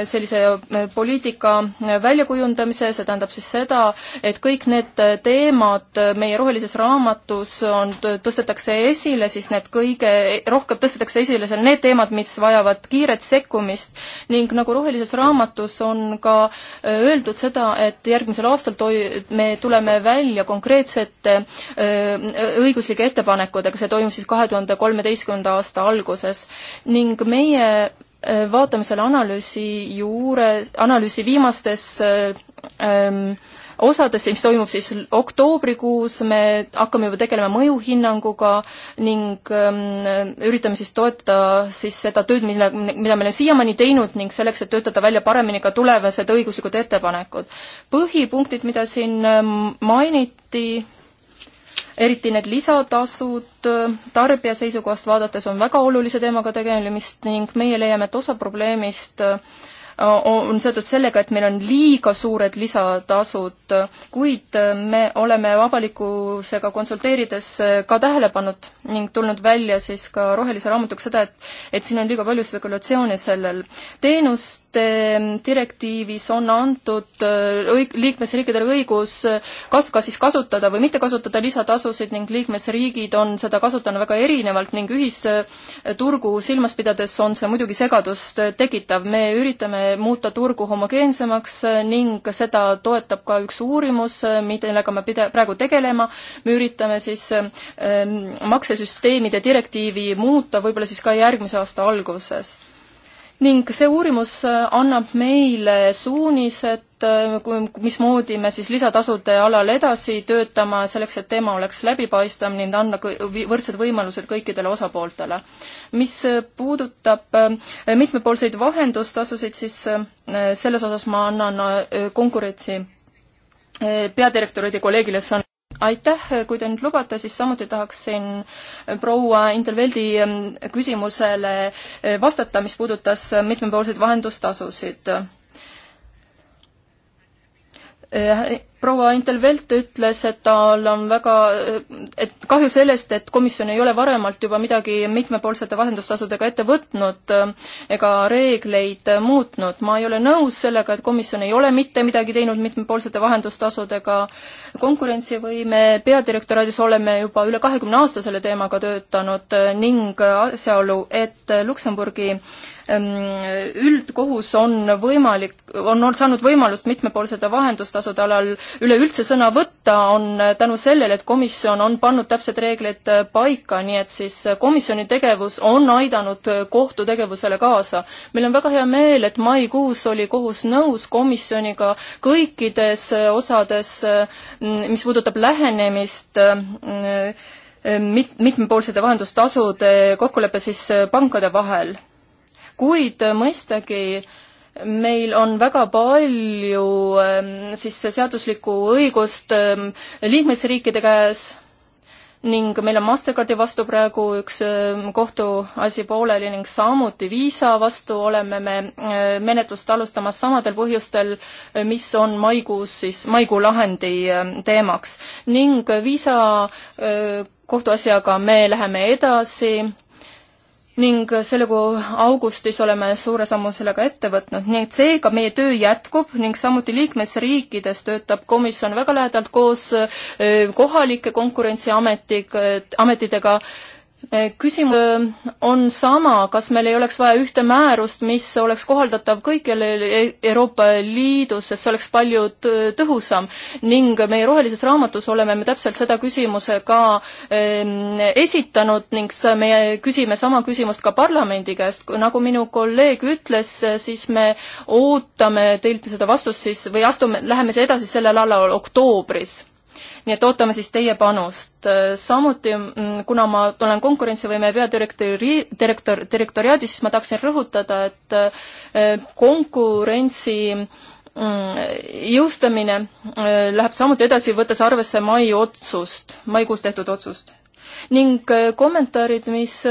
D: sellise äh, poliitika väljakujundamise, see tähendab siis seda, et kõik need teemad meie rohelises raamatus on, tõstetakse esile siis need kõige, rohkem tõstetakse esile seal need teemad, mis vajavad kiiret sekkumist ning nagu rohelises raamatus on ka äh, öeldud seda, et järgmisel aastal toi-, me tuleme välja konkreetsete õiguslike ettepanekutega, see toimus siis kahe tuhande kolmeteistkümnenda aasta alguses ning meie vaatame selle analüüsi juures, analüüsi viimastes ähm, osadesse, mis toimub siis oktoobrikuus, me hakkame juba tegelema mõjuhinnanguga ning ähm, üritame siis toetada siis seda tööd, mille, mida me oleme siiamaani teinud ning selleks, et töötada välja paremini ka tulevased õiguslikud ettepanekud. põhipunktid, mida siin ähm, mainiti, eriti need lisatasud äh, tarbija seisukohast vaadates on väga olulise teemaga tegelemist ning meie leiame, et osa probleemist äh, on seotud sellega, et meil on liiga suured lisatasud, kuid me oleme avalikkusega konsulteerides ka tähele pannud ning tulnud välja siis ka rohelise raamatuga seda, et et siin on liiga palju spekulatsioone sellel. teenuste direktiivis on antud äh, õig-, liikmesriikidele õigus äh, kas, kas siis kasutada või mitte kasutada lisatasusid ning liikmesriigid on seda kasutanud väga erinevalt ning ühisturgu silmas pidades on see muidugi segadust tekitav. me üritame muuta turgu homogeensemaks ning seda toetab ka üks uurimus, millega me pide-, praegu tegelema, me üritame siis ähm, maksesüsteemide direktiivi muuta võib-olla siis ka järgmise aasta alguses ning see uurimus äh, annab meile suunised Äh, mismoodi me siis lisatasude alal edasi töötama, selleks et teema oleks läbipaistvam ning anda võrdsed võimalused kõikidele osapooltele. mis äh, puudutab äh, mitmepoolseid vahendustasusid, siis selles osas ma annan konkurentsi peadirektoraadi kolleegile San- aitäh, kui te nüüd lubate, siis samuti tahaksin proua Interveldi küsimusele vastata, mis puudutas mitmepoolseid vahendustasusid. Eh, proua Intelvelt ütles, et tal on väga, et kahju sellest, et komisjon ei ole varemalt juba midagi mitmepoolsete vahendustasudega ette võtnud eh, ega reegleid muutnud. ma ei ole nõus sellega, et komisjon ei ole mitte midagi teinud mitmepoolsete vahendustasudega. konkurentsivõime peadirektoraadis oleme juba üle kahekümne aasta selle teemaga töötanud eh, ning asjaolu, et Luksemburgi Ehm, üldkohus on võimalik, on saanud võimalust mitmepoolsete vahendustasude alal üleüldse sõna võtta, on tänu sellele, et komisjon on pannud täpsed reeglid äh, paika, nii et siis äh, komisjoni tegevus on aidanud äh, kohtu tegevusele kaasa. meil on väga hea meel, et maikuus oli kohus nõus komisjoniga kõikides osades, mis puudutab lähenemist mit-, mitmepoolsete vahendustasude kokkulepe siis pankade vahel kuid mõistagi meil on väga palju ähm, siis seaduslikku õigust ähm, liikmesriikide käes ning meil on Mastercardi vastu praegu üks ähm, kohtuasi pooleli ning samuti Visa vastu oleme me äh, menetlust alustamas samadel põhjustel, mis on maikuus siis, maikuu lahendi teemaks. ning Visa äh, kohtuasjaga me läheme edasi ning selle kuu augustis oleme suure sammu sellega ette võtnud, nii et seega meie töö jätkub ning samuti liikmesriikides töötab komisjon väga lähedalt koos kohalike konkurentsiametiga, ametitega Eh, küsimus eh, on sama, kas meil ei oleks vaja ühte määrust, mis oleks kohaldatav kõigile e-, Euroopa Liidus, sest see oleks palju tõhusam. ning meie Rohelises Raamatus oleme me täpselt seda küsimuse ka ehm, esitanud ning me küsime sama küsimust ka parlamendi käest. nagu minu kolleeg ütles, siis me ootame teilt seda vastust siis või astume, läheme edasi sellel alal oktoobris nii et ootame siis teie panust. samuti, mm, kuna ma olen konkurentsivõime peadirektori, direktor, direktoriaadis, siis ma tahaksin rõhutada, et eh, konkurentsi mm, jõustamine eh, läheb samuti edasi, võttes arvesse mai otsust, maikuus tehtud otsust. ning eh, kommentaarid, mis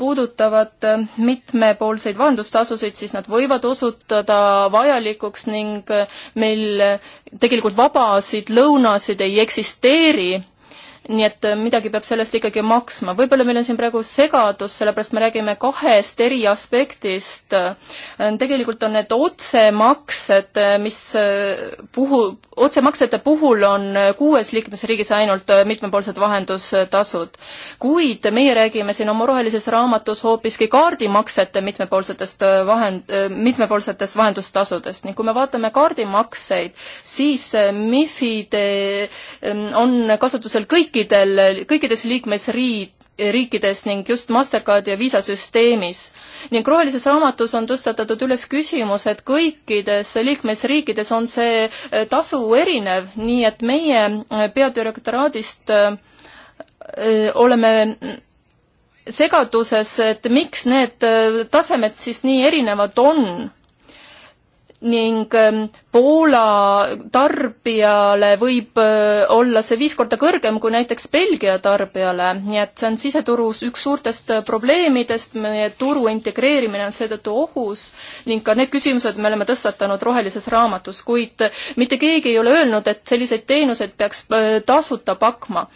D: puudutavad mitmepoolseid vahendustasusid, siis nad võivad osutuda vajalikuks ning meil tegelikult vabasid lõunasid ei eksisteeri nii et äh, midagi peab sellest ikkagi maksma. võib-olla meil on siin praegu segadus, sellepärast me räägime kahest eri aspektist. Äh, tegelikult on need otsemaksed, äh, mis puhu, otsemaksete puhul on kuues liikmesriigis ainult mitmepoolsed vahendustasud. kuid meie räägime siin oma rohelises raamatus hoopiski kaardimaksete mitmepoolsetest vahend, mitmepoolsetest vahendustasudest ning kui me vaatame kaardimakseid, siis MIFID on kasutusel kõiki kõikidel, kõikides liikmesriik, riikides ning just Mastercardi ja Visa süsteemis. ning Rohelises Raamatus on tõstatatud üles küsimus, et kõikides liikmesriikides on see äh, tasu erinev, nii et meie äh, peadirektoraadist äh, oleme mm, segaduses, et miks need tasemed siis nii erinevad on ning ähm, Poola tarbijale võib äh, olla see viis korda kõrgem kui näiteks Belgia tarbijale, nii et see on siseturus üks suurtest äh, probleemidest, meie turu integreerimine on seetõttu ohus ning ka need küsimused me oleme tõstatanud Rohelises Raamatus, kuid mitte keegi ei ole öelnud, et selliseid teenuseid peaks äh, tasuta pakma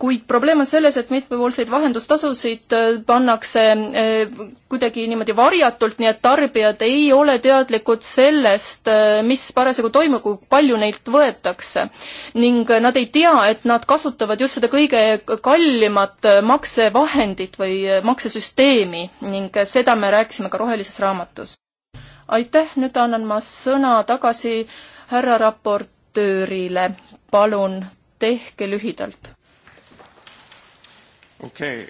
D: kuid probleem on selles, et mitmepoolseid vahendustasusid äh, pannakse äh, kuidagi niimoodi varjatult, nii et tarbijad ei ole teadlikud sellest, äh, mis parasjagu toimub, kui palju neilt võetakse. ning nad ei tea, et nad kasutavad just seda kõige kallimat maksevahendit või maksesüsteemi ning seda me rääkisime ka Rohelises raamatus. aitäh, nüüd annan ma sõna tagasi härra raportöörile, palun tehke lühidalt okay..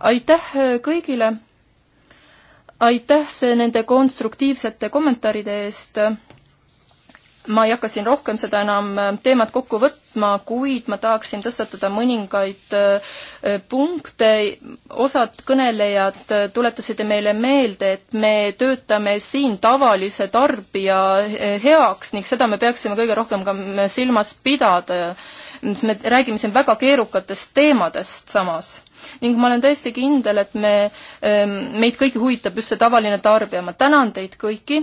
D: aitäh äh, kõigile. aitäh see nende konstruktiivsete kommentaaride eest. ma ei hakka siin rohkem seda enam äh, teemat kokku võtma, kuid ma tahaksin tõstatada mõningaid äh, punkte. osad kõnelejad tuletasid meile meelde, et me töötame siin tavalise tarbija heaks ning seda me peaksime kõige rohkem ka silmas pidada siis me räägime siin väga keerukatest teemadest samas. ning ma olen täiesti kindel, et me, ehm, meid kõiki huvitab just see tavaline tarbija, ma tänan teid kõiki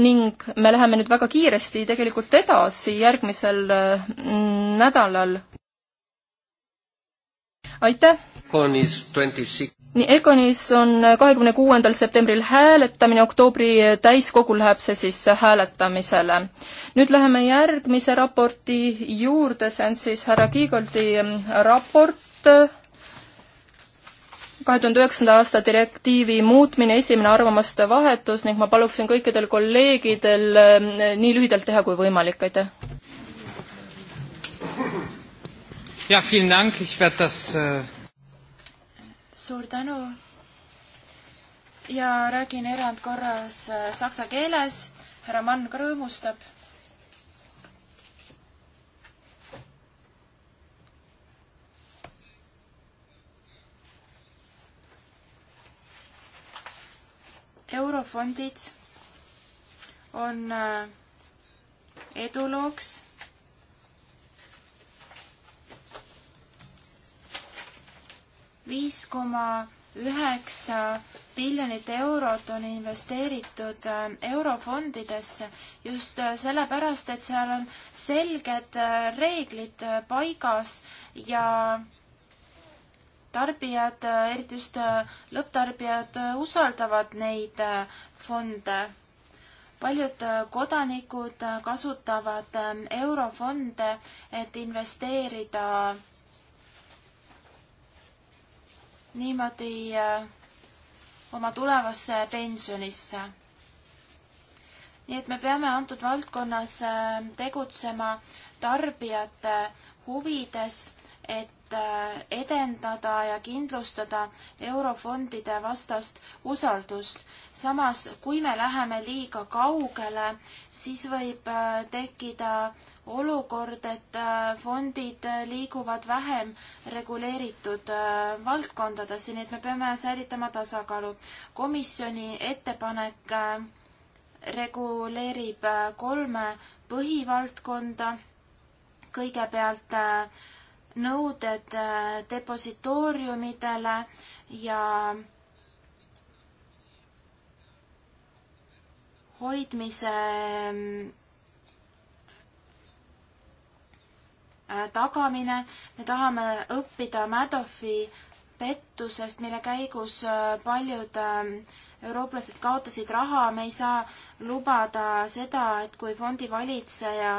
D: ning me läheme nüüd väga kiiresti tegelikult edasi järgmisel mm, nädalal. aitäh! nii, Econis on kahekümne kuuendal septembril hääletamine, oktoobri täiskogul läheb see siis hääletamisele. nüüd läheme järgmise raporti juurde, see on siis härra Kiigoldi ähm, raport, kahe tuhande üheksanda aasta direktiivi muutmine, esimene arvamuste vahetus ning ma paluksin kõikidel kolleegidel ähm, nii lühidalt teha kui võimalik, aitäh!
C: jah, vielen Dank, ich werde das äh
A: suur tänu ja räägin erandkorras äh, saksa keeles. härra Mann ka rõõmustab. eurofondid on äh, edulooks viis koma üheksa miljonit eurot on investeeritud äh, eurofondidesse just äh, sellepärast, et seal on selged äh, reeglid paigas ja tarbijad, eriti just lõpptarbijad, usaldavad neid fonde. paljud kodanikud kasutavad eurofonde, et investeerida niimoodi äh, oma tulevasse pensionisse. nii et me peame antud valdkonnas äh, tegutsema tarbijate huvides, et Äh, edendada ja kindlustada eurofondide vastast usaldust. samas, kui me läheme liiga kaugele, siis võib äh, tekkida olukord, et äh, fondid liiguvad vähem reguleeritud valdkondadesse, nii et me peame säilitama tasakaalu. komisjoni ettepanek reguleerib kolme põhivaldkonda. kõigepealt äh, nõuded äh, depositooriumidele ja hoidmise ähm, äh, tagamine, me tahame õppida Madoffi pettusest, mille käigus äh, paljud ähm, eurooplased kaotasid raha, me ei saa lubada seda, et kui fondivalitseja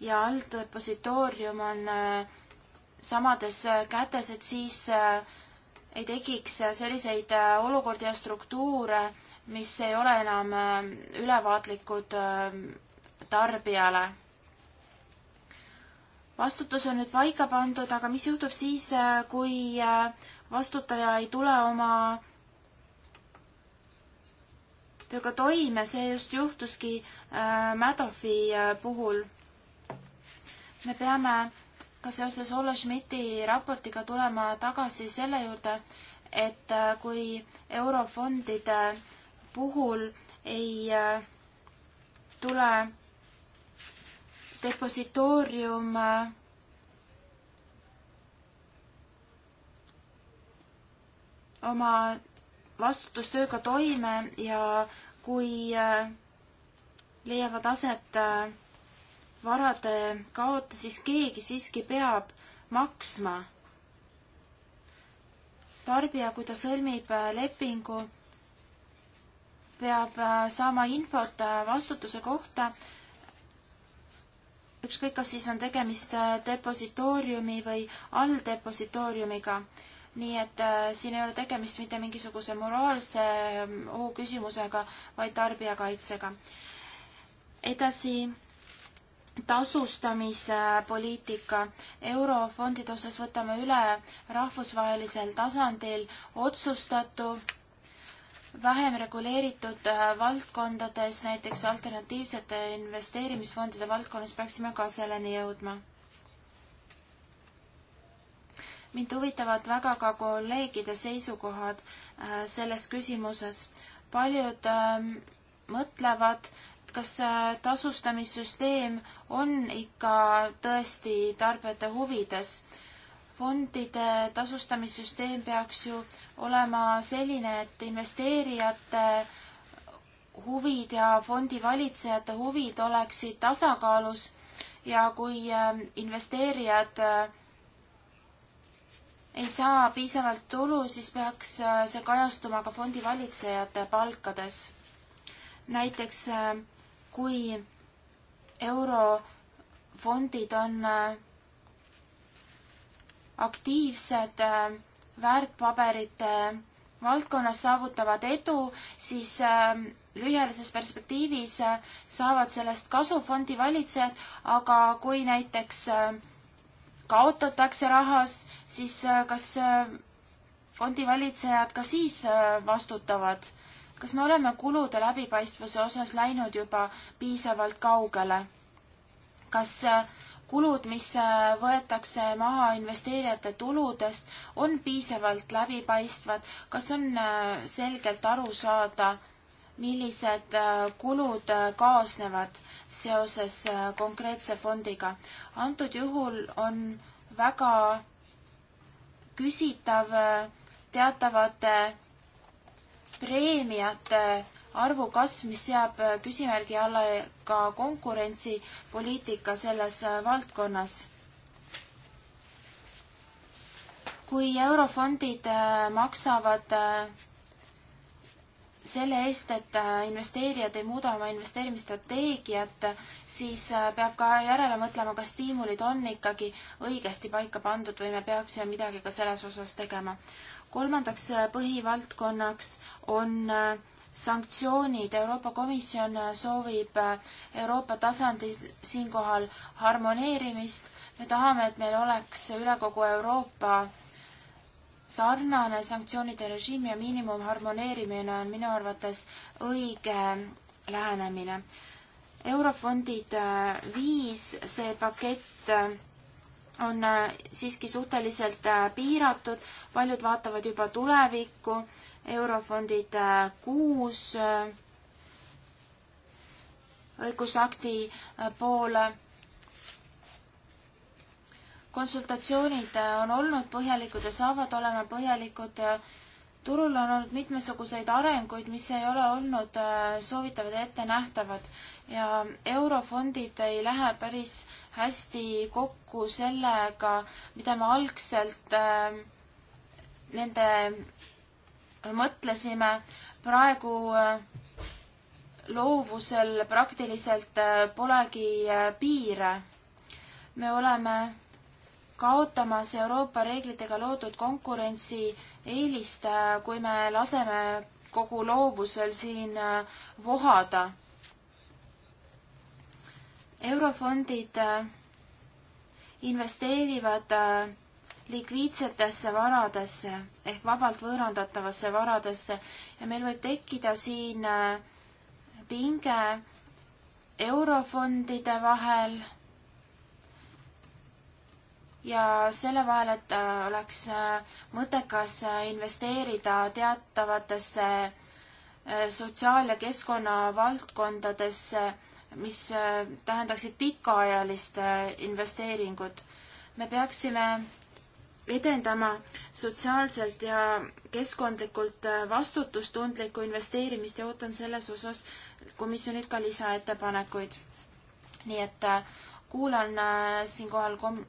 A: ja alldepositoorium on samades äh, kätes, et siis äh, ei tekiks äh, selliseid olukordi ja struktuure, mis ei ole enam ülevaatlikud tarbijale. vastutus on nüüd paika pandud, aga mis juhtub siis, kui vastutaja ei tule oma tööga toime, see just juhtuski Madoffi puhul. me peame ka seoses Ollo Schmidti raportiga tulema tagasi selle juurde, et äh, kui eurofondide äh, puhul ei äh, tule depositoorium oma vastutustööga toime ja kui leiavad aset äh, varade kaote, siis keegi siiski peab maksma. tarbija, kui ta sõlmib äh, lepingu, peab äh, saama infot äh, vastutuse kohta, ükskõik, kas siis on tegemist depositooriumi või alldepositooriumiga. nii et äh, siin ei ole tegemist mitte mingisuguse moraalse ähm, ohu küsimusega, vaid tarbijakaitsega. edasi tasustamispoliitika. eurofondide osas võtame üle rahvusvahelisel tasandil otsustatu vähem reguleeritud äh, valdkondades, näiteks alternatiivsete investeerimisfondide valdkonnas peaksime ka selleni jõudma. mind huvitavad väga ka kolleegide seisukohad äh, selles küsimuses. paljud ähm, mõtlevad, kas äh, tasustamissüsteem on ikka tõesti tarbijate huvides. fondide tasustamissüsteem peaks ju olema selline, et investeerijate huvid ja fondi valitsejate huvid oleksid tasakaalus ja kui ähm, investeerijad äh, ei saa piisavalt tulu, siis peaks äh, see kajastuma ka fondi valitsejate palkades. näiteks äh, kui eurofondid on äh, aktiivsed äh, väärtpaberite valdkonnas saavutavad edu, siis ähm, lühiajalises perspektiivis äh, saavad sellest kasu fondi valitsejad, aga kui näiteks kaotatakse rahas, siis kas fondi valitsejad ka siis vastutavad kas me oleme kulude läbipaistvuse osas läinud juba piisavalt kaugele? kas äh, kulud, mis äh, võetakse maha investeerijate tuludest, on piisavalt läbipaistvad, kas on äh, selgelt aru saada, millised kulud kaasnevad seoses konkreetse fondiga. antud juhul on väga küsitav teatavate preemiate arvu kasv, mis seab küsimärgi alla ka konkurentsipoliitika selles valdkonnas. kui eurofondid äh, maksavad äh, selle eest, et äh, investeerijad ei muuda oma investeerimisstrateegiat, siis peab ka järele mõtlema, kas stiimulid on ikkagi õigesti paika pandud või me peaksime midagi ka selles osas tegema kolmandaks äh, põhivaldkonnaks on äh, sanktsioonid. Euroopa Komisjon äh, soovib Euroopa tasandil siinkohal harmoneerimist. me tahame, et meil oleks üle kogu Euroopa sarnane sanktsioonide režiim ja miinimumharmoneerimine on minu arvates õige lähenemine. eurofondid viis, see pakett on äh, siiski suhteliselt äh, piiratud, paljud vaatavad juba tulevikku, eurofondid äh, kuus õigusakti poole. konsultatsioonid on olnud põhjalikud ja saavad olema põhjalikud turul on olnud mitmesuguseid arenguid, mis ei ole olnud äh, soovitavad ja ettenähtavad ja eurofondid ei lähe päris hästi kokku sellega, mida me algselt äh, nende mõtlesime. praegu äh, loovusel praktiliselt polegi piire. me oleme kaotamas Euroopa reeglitega loodud konkurentsieelist, äh, kui me laseme kogu loovusel siin äh, vohada. eurofondid äh, investeerivad likviidsetesse varadesse ehk vabalt võõrandatavasse varadesse ja meil võib tekkida siin pinge eurofondide vahel ja selle vahel, et äh, oleks äh, mõttekas äh, investeerida teatavatesse sotsiaal- ja keskkonnavaldkondadesse, mis tähendaksid pikaajalist investeeringut. me peaksime edendama sotsiaalselt ja keskkondlikult vastutustundlikku investeerimist ja ootan selles osas komisjonilt ka lisaettepanekuid. nii et kuulan siinkohal kom-,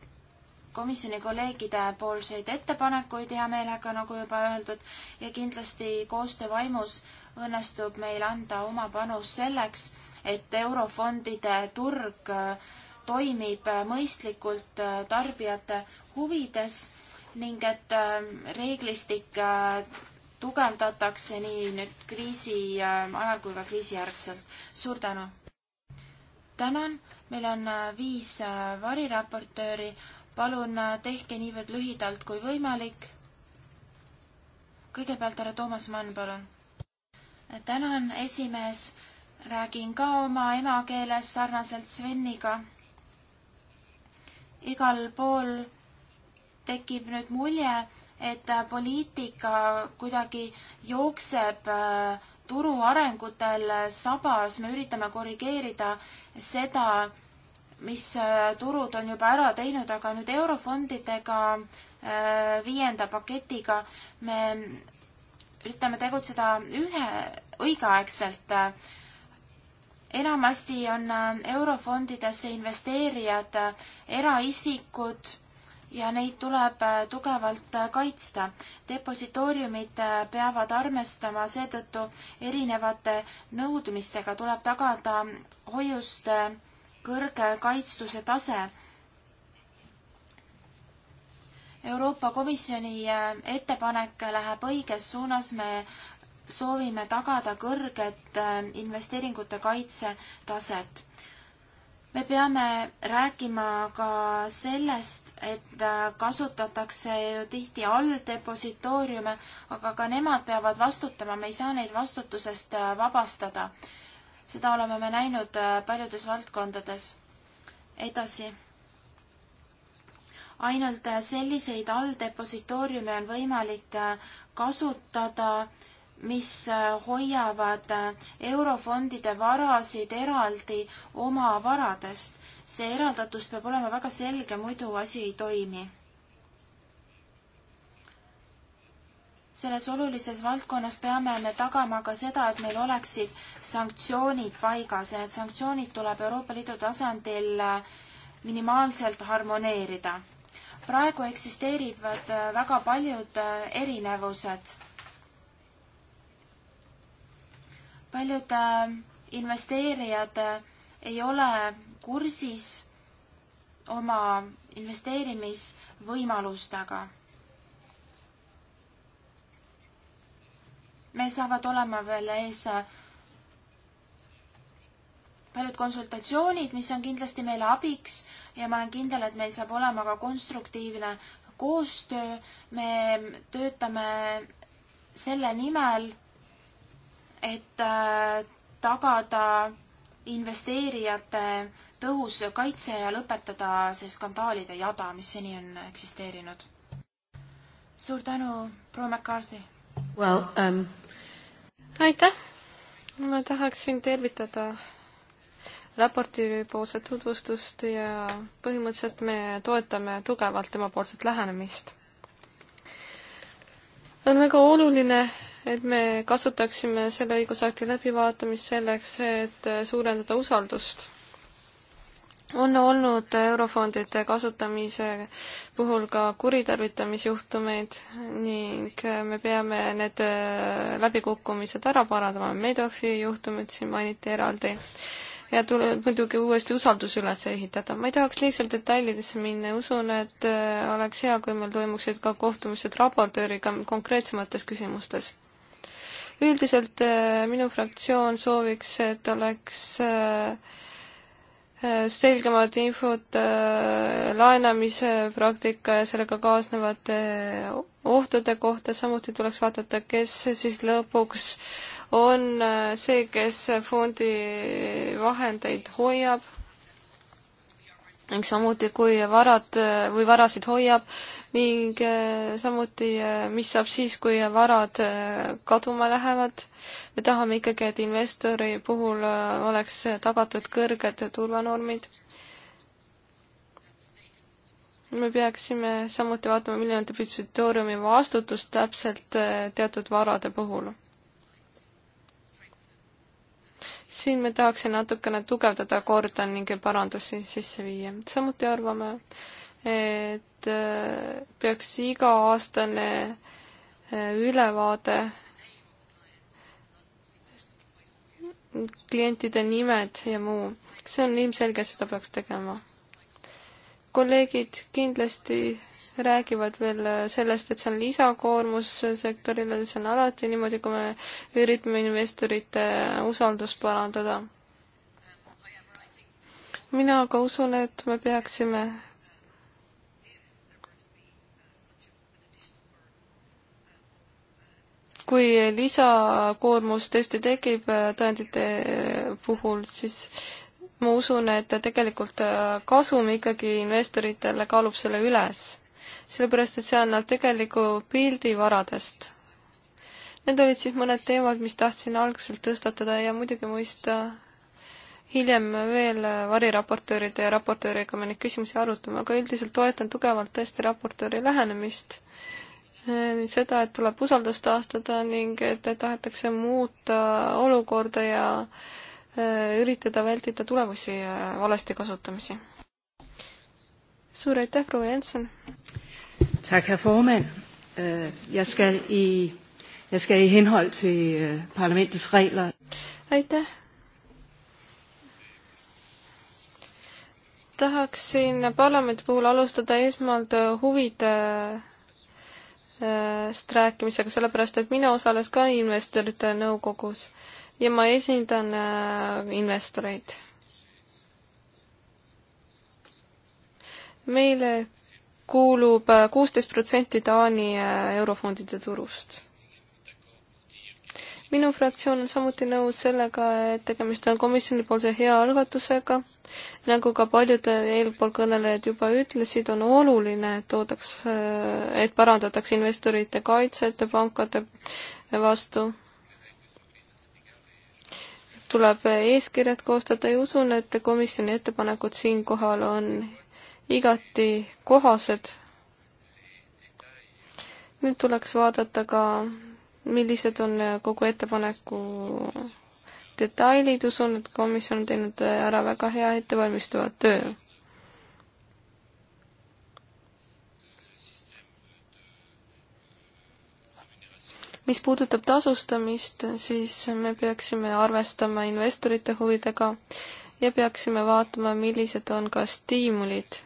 A: komisjoni kolleegide poolseid ettepanekuid hea meelega, nagu juba öeldud, ja kindlasti koostöö vaimus õnnestub meil anda oma panus selleks, et eurofondide turg äh, toimib äh, mõistlikult äh, tarbijate huvides ning et reeglistik tugevdatakse nii nüüd kriisi ajal kui ka kriisijärgselt. suur tänu! tänan, meil on viis variraportööri, palun äh, tehke niivõrd lühidalt kui võimalik. kõigepealt härra Toomas Mann, palun. Äh, tänan, esimees. räägin ka oma emakeeles sarnaselt Sveniga. igal pool tekib nüüd mulje, et äh, poliitika kuidagi jookseb turu arengutel sabas, me üritame korrigeerida seda, mis äh, turud on juba ära teinud, aga nüüd eurofondidega, äh, viienda paketiga me üritame tegutseda ühe, õigeaegselt. enamasti on äh, eurofondidesse investeerijad eraisikud ja neid tuleb tugevalt kaitsta. depositooriumid peavad armestama seetõttu erinevate nõudmistega, tuleb tagada hoiuste kõrge kaitstuse tase. Euroopa Komisjoni äh, ettepanek läheb õiges suunas, me soovime tagada kõrget äh, investeeringute kaitsetaset. me peame rääkima ka sellest, et äh, kasutatakse ju tihti alldepositooriume, aga ka nemad peavad vastutama, me ei saa neid vastutusest vabastada seda oleme me näinud äh, paljudes valdkondades. edasi. ainult äh, selliseid alldepositooriume on võimalik äh, kasutada, mis hoiavad eurofondide varasid eraldi oma varadest. see eraldatus peab olema väga selge, muidu asi ei toimi selles olulises valdkonnas peame me tagama ka seda, et meil oleksid sanktsioonid paigas ja need sanktsioonid tuleb Euroopa Liidu tasandil äh, minimaalselt harmoneerida. praegu eksisteerivad äh, väga paljud äh, erinevused. paljud investeerijad ei ole kursis oma investeerimisvõimalustega meil saavad olema veel ees äh, paljud konsultatsioonid, mis on kindlasti meile abiks ja ma olen kindel, et meil saab olema ka konstruktiivne koostöö. me töötame selle nimel, et äh, tagada investeerijate tõhus kaitse ja lõpetada see skandaalide jada, mis seni on eksisteerinud. suur tänu, proua McCarthy! Well um,
B: aitäh! ma tahaksin tervitada raporti poolset tutvustust ja põhimõtteliselt me toetame tugevalt temapoolset lähenemist. on väga oluline, et me kasutaksime selle õigusakti läbivaatamist selleks, et suurendada usaldust on olnud eurofondide kasutamise puhul ka kuritarvitamisjuhtumeid ning me peame need äh, läbikukkumised ära parandama. Medofi juhtumit siin mainiti eraldi ja tuleb muidugi uuesti usaldus üles ehitada. ma ei tahaks lihtsalt detailidesse minna, usun, et äh, oleks hea, kui meil toimuksid ka kohtumised raportööriga konkreetsemates küsimustes üldiselt äh, minu fraktsioon sooviks, et oleks äh, Äh, selgemat infot äh, laenamise praktika ja sellega kaasnevate ohtude kohta, samuti tuleks vaadata, kes siis lõpuks on äh, see, kes fondi vahendeid hoiab ning samuti, kui varad või varasid hoiab ning eh, samuti, eh, mis saab siis, kui varad eh, kaduma lähevad. me tahame ikkagi, et investori puhul oleks tagatud kõrged turvanormid. me peaksime samuti vaatama, milline on depositooriumi vastutus täpselt teatud varade puhul siin me tahaksin natukene tugevdada korda ning parandusi sisse viia. samuti arvame, et äh, peaks iga-aastane äh, ülevaade klientide nimed ja muu. see on ilmselge, seda peaks tegema. kolleegid kindlasti räägivad veel sellest, et see on lisakoormus sektorile, see on alati niimoodi, kui me üritame investorite usaldust parandada. mina aga usun, et me peaksime kui lisakoormus tõesti tekib tõendite puhul, siis ma usun, et tegelikult kasum ikkagi investoritele kaalub selle üles sellepärast et see annab tegeliku pildi varadest. Need olid siis mõned teemad, mis tahtsin algselt tõstatada ja muidugi mõista hiljem veel variraportööride ja raportööriga me neid küsimusi arutame, aga üldiselt toetan tugevalt tõesti raportööri lähenemist. seda, et tuleb usaldust taastada ning et tahetakse muuta olukorda ja äh, üritada vältida tulevusi äh, valesti kasutamisi. suur aitäh, proua Jensen!
A: Tak, herr formand.
D: Øh,
B: jeg skal i, jeg skal i henhold til øh, parlamentets regler. Aitäh. tahaksin parlamendi puhul alustada esmalt äh, huvide sest äh, rääkimisega, sellepärast et mina osales ka investorite nõukogus ja ma esindan äh, investoreid. meile kuulub kuusteist protsenti Taani äh, eurofondide turust. minu fraktsioon on samuti nõus sellega, et tegemist on komisjonipoolse hea algatusega. nagu ka paljud eelpool kõnelejad juba ütlesid, on oluline, et toodaks, äh, et parandataks investorite kaitset pankade vastu tuleb eeskirjad koostada ja usun, et komisjoni ettepanekud siinkohal on igati kohased. nüüd tuleks vaadata ka, millised on kogu ettepaneku detailid, usun, et komisjon on teinud ära väga hea ettevalmistava töö. mis puudutab tasustamist, siis me peaksime arvestama investorite huvidega ja peaksime vaatama, millised on ka stiimulid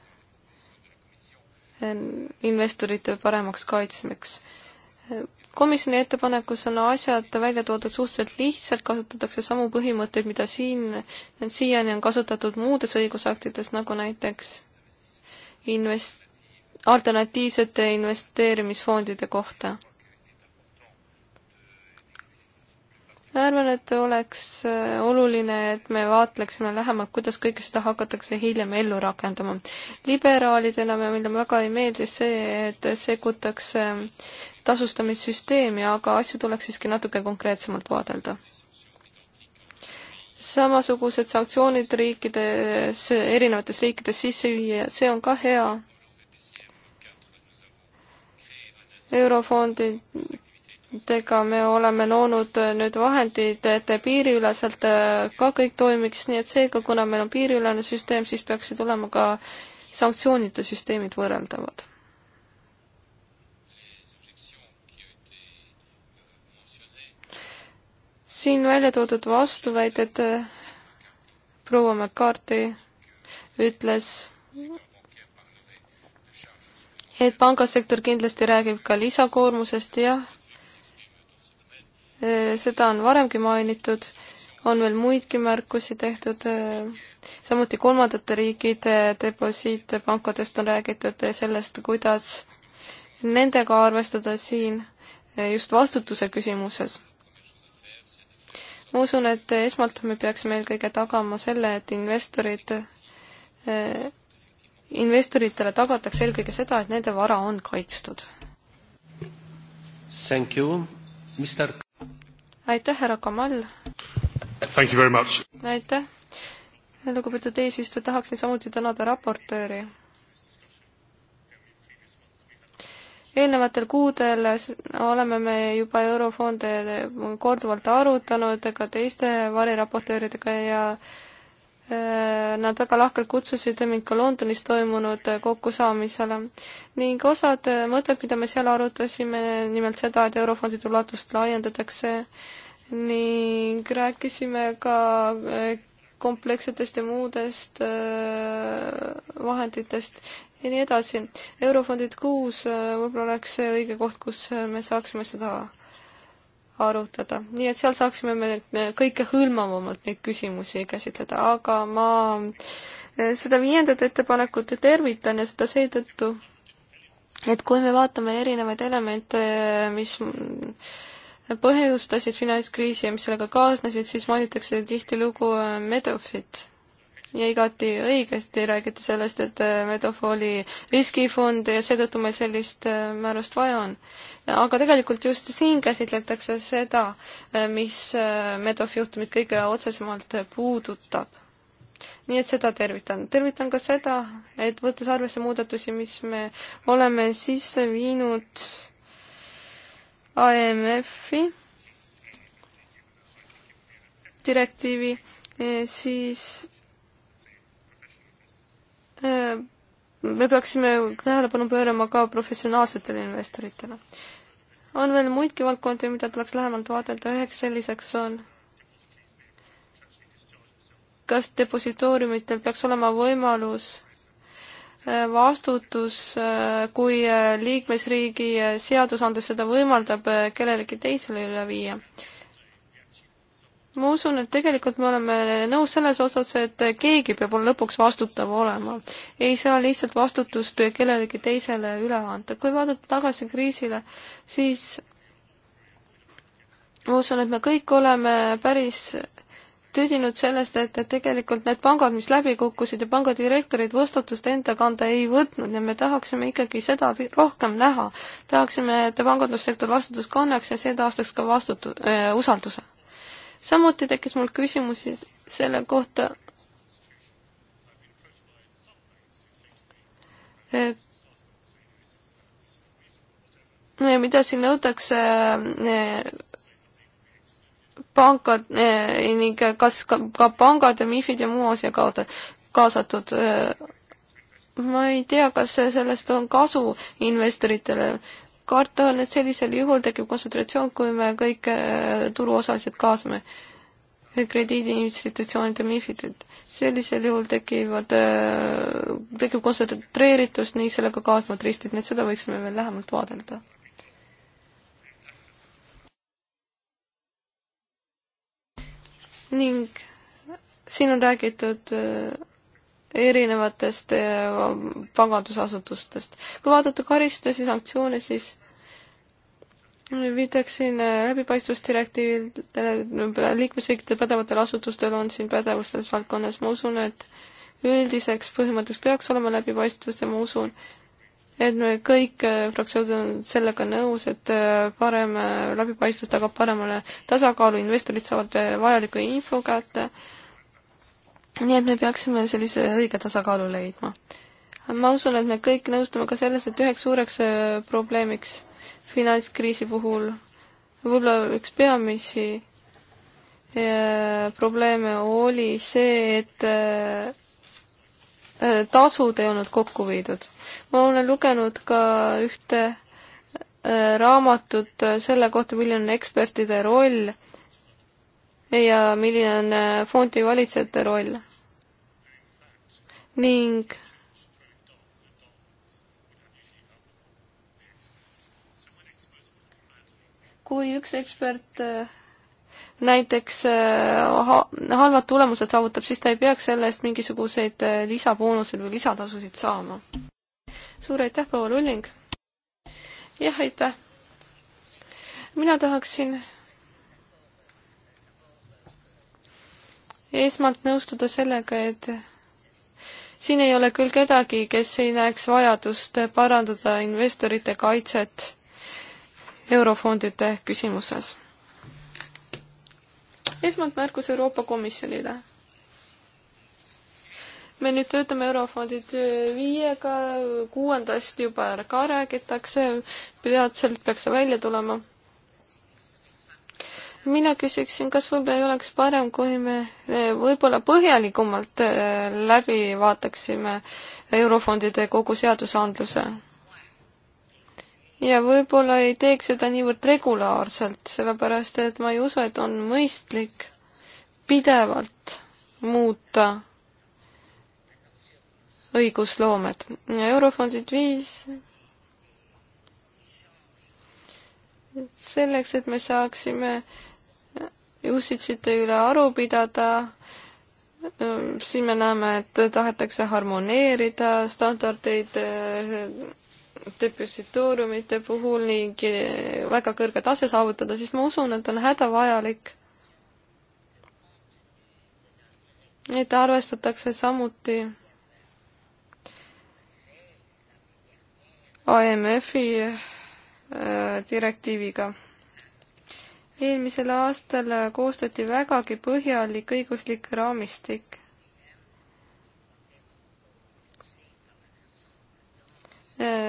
B: investorite paremaks kaitsmeks. komisjoni ettepanekus on asjad välja toodud suhteliselt lihtsalt, kasutatakse samu põhimõtteid, mida siin, siiani on kasutatud muudes õigusaktides, nagu näiteks invest-, alternatiivsete investeerimisfondide kohta ma arvan, et oleks äh, oluline, et me vaatleksime lähemalt, kuidas kõike seda hakatakse hiljem ellu rakendama. liberaalidena meile väga ei meeldi see, et segutakse ähm, tasustamissüsteemi, aga asju tuleks siiski natuke konkreetsemalt vaadelda. samasugused sanktsioonid riikides, erinevates riikides sisse viia, see on ka hea. eurofondid vahenditega me oleme loonud äh, nüüd vahendid, et piiriüleselt äh, ka kõik toimiks, nii et seega, kuna meil on piiriülene süsteem, siis peaksid olema ka sanktsioonide süsteemid võrreldavad. siin välja toodud vastuväited äh, proua McCarthy ütles, et pangasektor kindlasti räägib ka lisakoormusest, jah Äh, seda on varemgi mainitud, on veel muidki märkusi tehtud, äh, samuti kolmandate riikide deposiitpankadest on räägitud sellest, kuidas nendega arvestada siin äh, just vastutuse küsimuses. ma usun, et esmalt me peaksime eelkõige tagama selle, et investorid, investoritele tagatakse eelkõige seda, et nende vara on kaitstud.
C: Thank you, Mr
B: aitäh, härra Kamal! aitäh! lugupeetud eesistuja, tahaksin samuti tänada raportööri. eelnevatel kuudel oleme me juba eurofonde korduvalt arutanud ka teiste variraportööridega ja äh, Äh, nad väga lahkelt kutsusid mind ka Londonis toimunud äh, kokkusaamisele ning osad äh, mõtted, mida me seal arutasime, nimelt seda, et eurofondide ulatust laiendatakse ning rääkisime ka komplekssetest ja muudest vahenditest ja nii edasi. eurofondid kuus võib-olla oleks õige koht, kus me saaksime seda arutada, nii et seal saaksime me kõike hõlmavamalt neid küsimusi käsitleda, aga ma eh, seda viiendat ettepanekut tervitan ja seda seetõttu, et kui me vaatame erinevaid elemente, eh, mis põhjustasid finantskriisi ja mis sellega kaasnesid, siis mainitakse tihtilugu eh, Medofit ja igati õigesti räägite sellest, et äh, Medofooli riskifond ja seetõttu meil sellist äh, määrust vaja on. aga tegelikult just siin käsitletakse seda, äh, mis Medof juhtumit kõige otsesemalt puudutab nii et seda tervitan. tervitan ka seda, et võttes arvesse muudatusi, mis me oleme sisse viinud IMF-i direktiivi, eh, siis Äh, me peaksime tähelepanu pöörama ka professionaalsetele investoritele. on veel muidki valdkondi, mida tuleks lähemalt vaadelda, üheks selliseks on kas depositooriumitel peaks olema võimalus äh, vastutus, äh, kui liikmesriigi seadusandlus seda võimaldab, kellelegi teisele üle viia ma usun, et tegelikult me oleme nõus selles osas, et keegi peab lõpuks vastutav olema. ei saa lihtsalt vastutust kellelegi teisele üle anda. kui vaadata tagasi kriisile, siis ma usun, et me kõik oleme päris tüdinud sellest, et, et tegelikult need pangad, mis läbi kukkusid ja pangadirektorid vastutust enda kanda ei võtnud ja me tahaksime ikkagi seda rohkem näha. tahaksime, et pangandussektor vastutust kannaks ja see taastaks ka vastutu- äh,, usalduse samuti tekkis mul küsimusi selle kohta, et mida siin nõutakse eh, pangad eh, ning kas ka, ka pangad ja MIFID ja muu asja kaota, kaasatud. Eh, ma ei tea, kas sellest on kasu investoritele karta on, et sellisel juhul tekib kontsentratsioon, kui me kõik äh, turuosalised kaasame, krediidiinstitutsioonid ja MIFID-id. sellisel juhul tekivad, äh, tekib kontsentreeritus ning sellega kaasnevad riskid, nii et seda võiksime veel lähemalt vaadelda. ning siin on räägitud äh, erinevatest äh, pangandusasutustest. kui vaadata karistusi, sanktsioone, siis viitaksin äh, läbipaistvusdirektiividele, liikmesriikide pädevatel asutustel on siin pädevus selles valdkonnas, ma usun, et üldiseks põhimõtteks peaks olema läbipaistvus ja ma usun, et me kõik äh, fraktsioonid on sellega nõus, et parem läbipaistvus tagab paremale tasakaalu, investorid saavad vajaliku info kätte nii et me peaksime sellise õige tasakaalu leidma. ma usun, et me kõik nõustume ka selles, et üheks suureks äh, probleemiks finantskriisi puhul võib-olla üks peamisi äh, probleeme oli see, et äh, tasud ei olnud kokku viidud. ma olen lugenud ka ühte raamatut selle kohta, milline on ekspertide roll ja milline on äh, fondi valitsejate roll. ning kui üks ekspert äh, näiteks äh, ha halvad tulemused saavutab, siis ta ei peaks selle eest mingisuguseid lisaboonuseid või lisatasusid saama. suur aitäh, proua Lulling! jah, aitäh! mina tahaksin esmalt nõustuda sellega, et siin ei ole küll kedagi, kes ei näeks vajadust parandada investorite kaitset eurofondide küsimuses. esmalt märkus Euroopa Komisjonile. me nüüd töötame eurofondid viiega, kuuendast juba ka räägitakse, peatselt peaks see välja tulema mina küsiksin, kas võib-olla ei oleks parem, kui me eh, võib-olla põhjalikumalt eh, läbi vaataksime eurofondide kogu seadusandluse? ja võib-olla ei teeks seda niivõrd regulaarselt, sellepärast et ma ei usu, et on mõistlik pidevalt muuta õigusloomet. eurofondid viis selleks, et me saaksime Jussitsite üle aru pidada. Äh, siin me näeme, et tahetakse harmoneerida standardeid äh, depositooriumite puhul ning äh, väga kõrge tase saavutada, siis ma usun, et on hädavajalik, et arvestatakse samuti IMF-i direktiiviga eelmisel aastal koostati vägagi põhjalik õiguslik raamistik.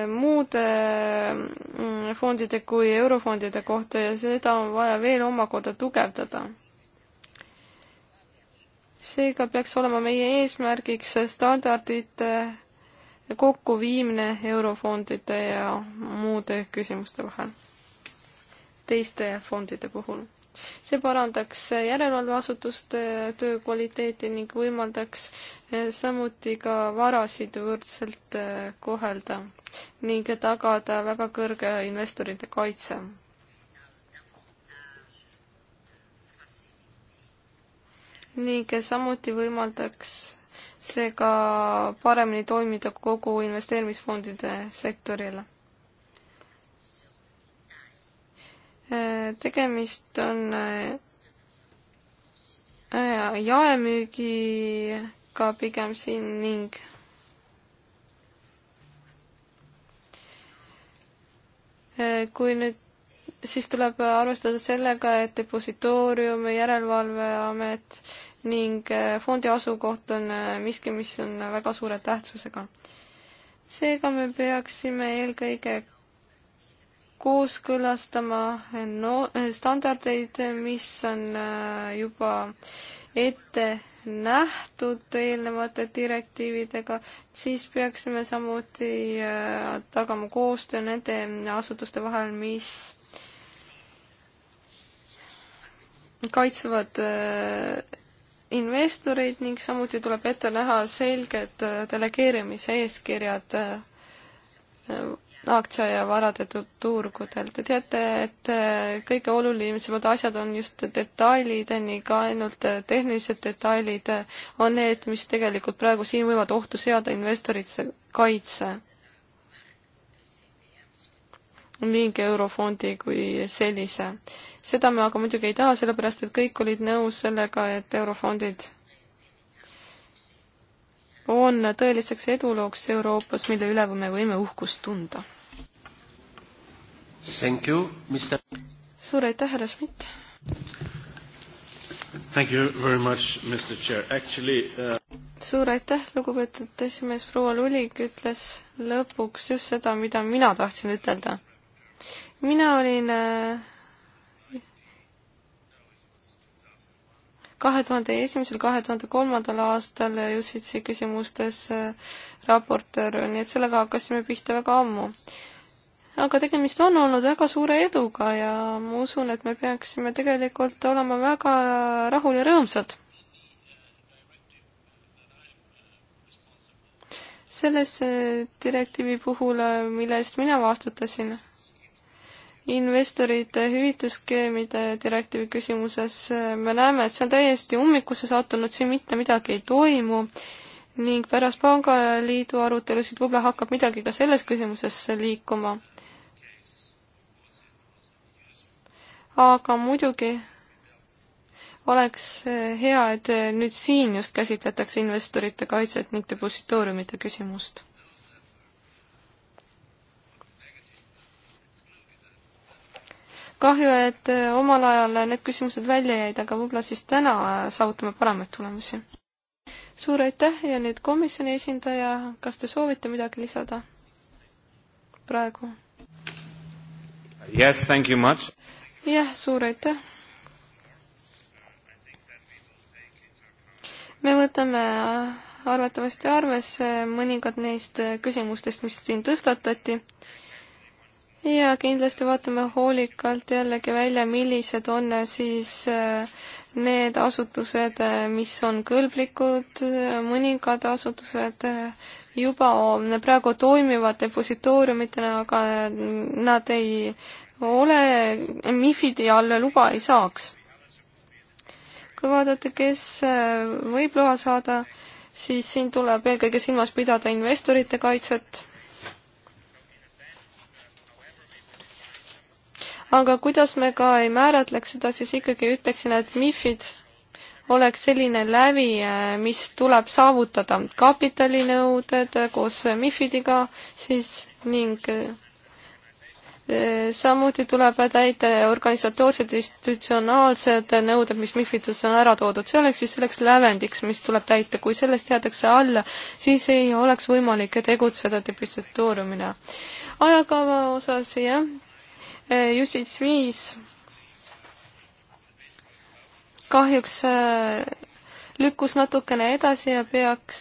B: muude mm, fondide kui eurofondide kohta ja seda on vaja veel omakorda tugevdada. seega peaks olema meie eesmärgiks standardite kokkuviimine eurofondide ja muude küsimuste vahel teiste fondide puhul. see parandaks järelevalveasutuste töö kvaliteeti ning võimaldaks eh, samuti ka varasid võrdselt eh, kohelda ning tagada väga kõrge investorite kaitse. ning samuti võimaldaks see ka paremini toimida kogu investeerimisfondide sektorile Äh, tegemist on äh, äh, jaemüügiga pigem siin ning kui nüüd, siis tuleb arvestada sellega, et depositoorium, järelevalveamet ning fondi asukoht on miski, mis on väga suure tähtsusega. seega me peaksime eelkõige kooskõlastama no-, standardeid, mis on äh, juba ette nähtud eelnevate direktiividega, siis peaksime samuti äh, tagama koostöö nende asutuste vahel, mis kaitsevad äh, investoreid ning samuti tuleb ette näha selged delegeerimise eeskirjad aktsiavarade turgudel. Te teate, et äh, kõige olulisemad asjad on just detailid ning ainult äh, tehnilised detailid äh, on need, mis tegelikult praegu siin võivad ohtu seada investorite kaitse. mingi eurofondi kui sellise. seda me aga muidugi ei taha, sellepärast et kõik olid nõus sellega, et eurofondid on tõeliseks edulooks Euroopas, mille üle me võime uhkust tunda
E: Thank you, Mr.
B: suur aitäh, härra Schmidt.
E: Thank you very much, Mr Chair, actually uh...
B: suur aitäh, lugupeetud esimees, proua Lulig ütles lõpuks just seda, mida mina tahtsin ütelda. mina olin äh, kahe tuhande esimesel, kahe tuhande kolmandal aastal Jusitsi küsimustes äh, raportöör, nii et sellega hakkasime pihta väga ammu aga tegemist on olnud väga suure eduga ja ma usun, et me peaksime tegelikult olema väga rahul ja rõõmsad. selles äh, direktiivi puhul, äh, mille eest mina vastutasin, investorite hüvitusskeemide direktiivi küsimuses äh, me näeme, et see on täiesti ummikusse sattunud, siin mitte midagi ei toimu ning pärast pangaliidu arutelusid võib-olla hakkab midagi ka selles küsimuses liikuma aga muidugi oleks hea, et nüüd siin just käsitletakse investorite kaitset ning depositooriumite küsimust. kahju, et omal ajal need küsimused välja jäid, aga võib-olla siis täna saavutame paremaid tulemusi. suur aitäh ja nüüd komisjoni esindaja, kas te soovite midagi lisada praegu?
C: Yes, thank you much
B: jah, suur aitäh. me võtame arvatavasti arvesse mõningad neist küsimustest, mis siin tõstatati. ja kindlasti vaatame hoolikalt jällegi välja, millised on siis äh, need asutused, äh, mis on kõlblikud, äh, mõningad asutused juba praegu toimivad depositooriumitena, aga nad ei ole, MIFID-i alla luba ei saaks. kui vaadata, kes äh, võib loa saada, siis siin tuleb eelkõige silmas pidada investorite kaitset. aga kuidas me ka ei määratleks seda, siis ikkagi ütleksin, et MIFID oleks selline lävi, äh, mis tuleb saavutada kapitalinõuded koos MIFIDiga siis ning äh, samuti tuleb täita organisatoorsed institutsionaalsed nõuded, mis MIFIDes on ära toodud, see oleks siis selleks lävendiks, mis tuleb täita, kui sellest jäädakse alla, siis ei oleks võimalik tegutseda depositooriumina. ajakava osas jah, Justiits viis kahjuks äh, lükkus natukene edasi ja peaks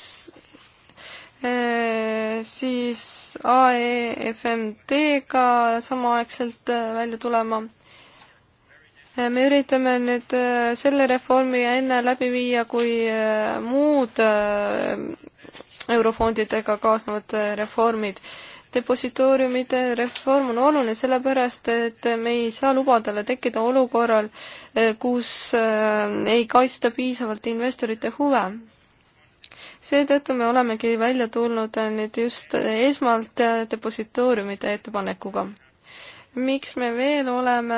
B: Äh, siis AEFMD-ga samaaegselt äh, välja tulema. Äh, me üritame nüüd selle reformi enne läbi viia, kui muud eurofondidega kaasnevad reformid depositooriumide reform on oluline sellepärast, et me ei saa lubadele tekkida olukorral, kus ei kaitsta piisavalt investorite huve seetõttu me olemegi välja tulnud nüüd just esmalt depositooriumide ettepanekuga. miks me veel oleme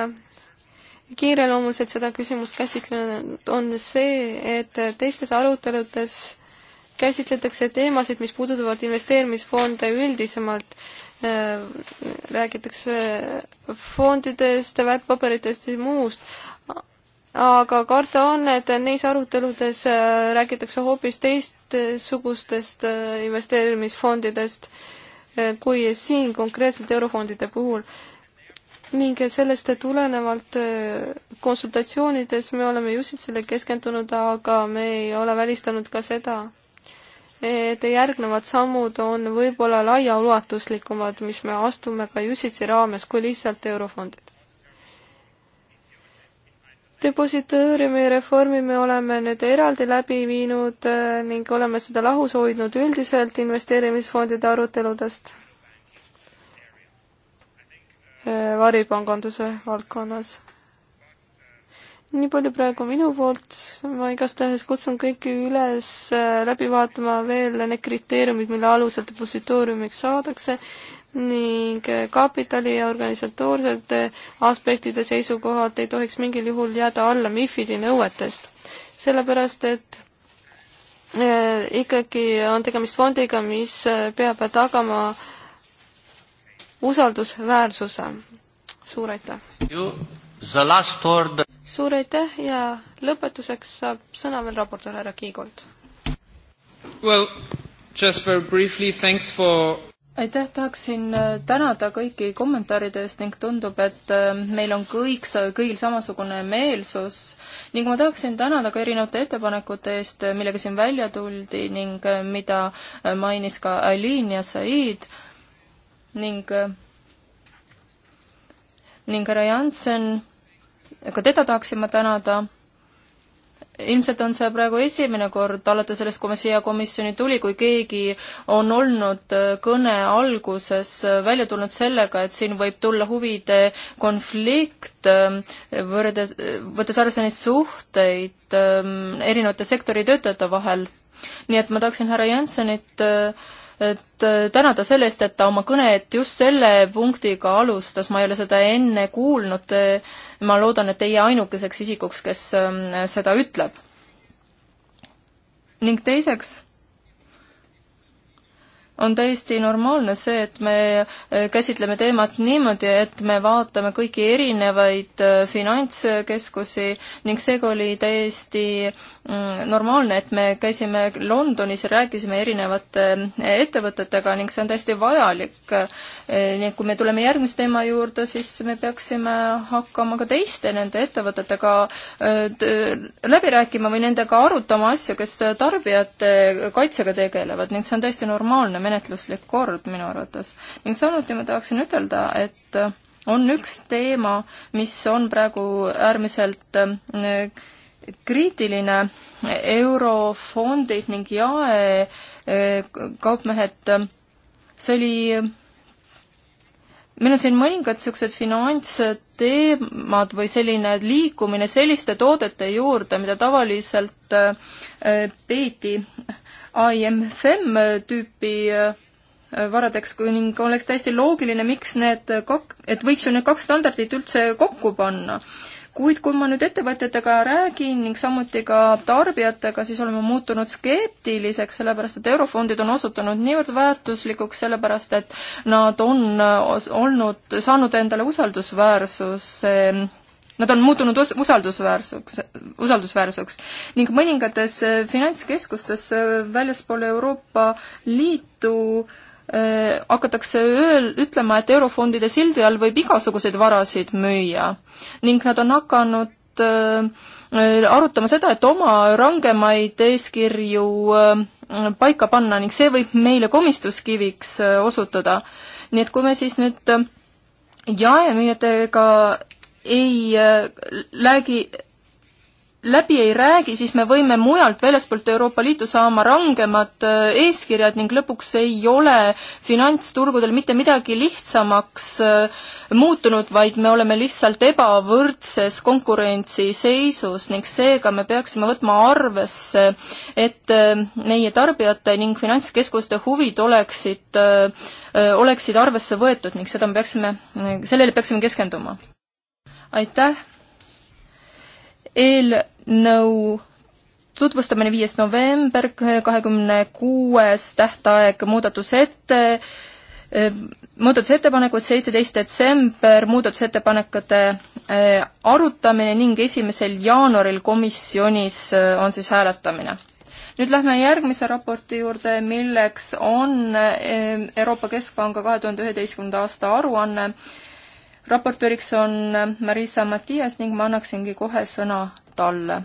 B: kiireloomuliselt seda küsimust käsitlenud, on see, et teistes aruteludes käsitletakse teemasid, mis puudutavad investeerimisfonde üldisemalt, räägitakse fondidest, väärtpaberitest ja muust, aga karta on, et neis aruteludes äh, räägitakse hoopis teistsugustest äh, investeerimisfondidest äh, kui siin konkreetselt eurofondide puhul. ning sellest tulenevalt konsultatsioonides me oleme just selle keskendunud, aga me ei ole välistanud ka seda, et järgnevad sammud on võib-olla laiaulatuslikumad, mis me astume ka UCITS-i raames, kui lihtsalt eurofond depositooriumi reformi me oleme nüüd eraldi läbi viinud äh, ning oleme seda lahus hoidnud üldiselt investeerimisfondide aruteludest äh, varipanganduse valdkonnas. nii palju praegu minu poolt, ma igastahes kutsun kõiki üles äh, läbi vaatama veel need kriteeriumid, mille alusel depositooriumiks saadakse ning eh, kapitali ja organisatoorsete aspektide seisukohad ei tohiks mingil juhul jääda alla MIFID-i nõuetest. sellepärast, et eh, ikkagi on tegemist fondiga, mis eh, peab tagama usaldusväärsuse. suur aitäh! suur aitäh ja lõpetuseks saab sõna veel raportöör härra Kiigolt.
C: Well, just very briefly, thanks for
D: aitäh, tahaksin äh, tänada kõiki kommentaaride eest ning tundub, et äh, meil on kõik, äh, kõigil samasugune meelsus ning ma tahaksin tänada ka erinevate ettepanekute eest, millega siin välja tuldi ning mida mainis ka Aliin ja Said ning ning härra Jansen, ka teda tahaksin ma tänada ilmselt on see praegu esimene kord alates sellest, kui ma siia komisjoni tuli, kui keegi on olnud äh, kõne alguses äh, välja tulnud sellega, et siin võib tulla huvide konflikt, ähm, võrdes, äh, võttes arvesse neid suhteid ähm, erinevate sektori töötajate vahel. nii et ma tahaksin härra Jensenit et tänada selle eest, et ta oma kõnet just selle punktiga alustas, ma ei ole seda enne kuulnud, ma loodan, et ei jää ainukeseks isikuks, kes ähm, seda ütleb. ning teiseks on täiesti normaalne see, et me eh, käsitleme teemat niimoodi, et me vaatame kõiki erinevaid eh, finantskeskusi ning seega oli täiesti mm, normaalne, et me käisime Londonis ja rääkisime erinevate eh, ettevõtetega ning see on täiesti vajalik. nii et kui me tuleme järgmise teema juurde, siis me peaksime hakkama ka teiste nende ettevõtetega läbi rääkima või nendega arutama asju, kes tarbijate kaitsega tegelevad ning see on täiesti normaalne menetluslik kord minu arvates. ning samuti ma tahaksin ütelda, et äh, on üks teema, mis on praegu äärmiselt äh, kriitiline, eurofondid ning jaekaupmehed, äh, see oli meil on siin mõningad niisugused finantsteemad või selline liikumine selliste toodete juurde, mida tavaliselt peeti äh, IMFM tüüpi äh, varadeks ning oleks täiesti loogiline, miks need kak-, et võiks ju need kaks standardit üldse kokku panna. kuid kui ma nüüd ettevõtjatega räägin ning samuti ka tarbijatega, siis oleme muutunud skeptiliseks, sellepärast et eurofondid on osutunud niivõrd väärtuslikuks, sellepärast et nad on olnud, saanud endale usaldusväärsuse nad on muutunud us-, usaldusväärsuks, usaldusväärsuks. ning mõningates eh, finantskeskustes eh, väljaspool Euroopa Liitu äh, hakatakse öel-, ütlema, et eurofondide sildi all võib igasuguseid varasid müüa. ning nad on hakanud äh, arutama seda, et oma rangemaid eeskirju äh, paika panna ning see võib meile komistuskiviks osutuda. nii et kui me siis nüüd jaemüüjatega ei äh, lägi, läbi ei räägi, siis me võime mujalt väljaspoolt Euroopa Liitu saama rangemad äh, eeskirjad ning lõpuks ei ole finantsturgudel mitte midagi lihtsamaks äh, muutunud, vaid me oleme lihtsalt ebavõrdses konkurentsiseisus ning seega me peaksime võtma arvesse, et meie tarbijate ning finantskeskuste huvid oleksid, oleksid arvesse võetud ning seda me peaksime, sellele peaksime keskenduma aitäh! eelnõu tutvustamine viies november, kahekümne kuues tähtaeg muudatusette, eh, muudatusettepanekud seitseteist detsember, muudatusettepanekute eh, arutamine ning esimesel jaanuaril komisjonis eh, on siis hääletamine. nüüd lähme järgmise raporti juurde, milleks on Euroopa Keskpanga kahe tuhande üheteistkümnenda aasta aruanne raportööriks on Marisa Matias ning ma annaksingi kohe sõna talle.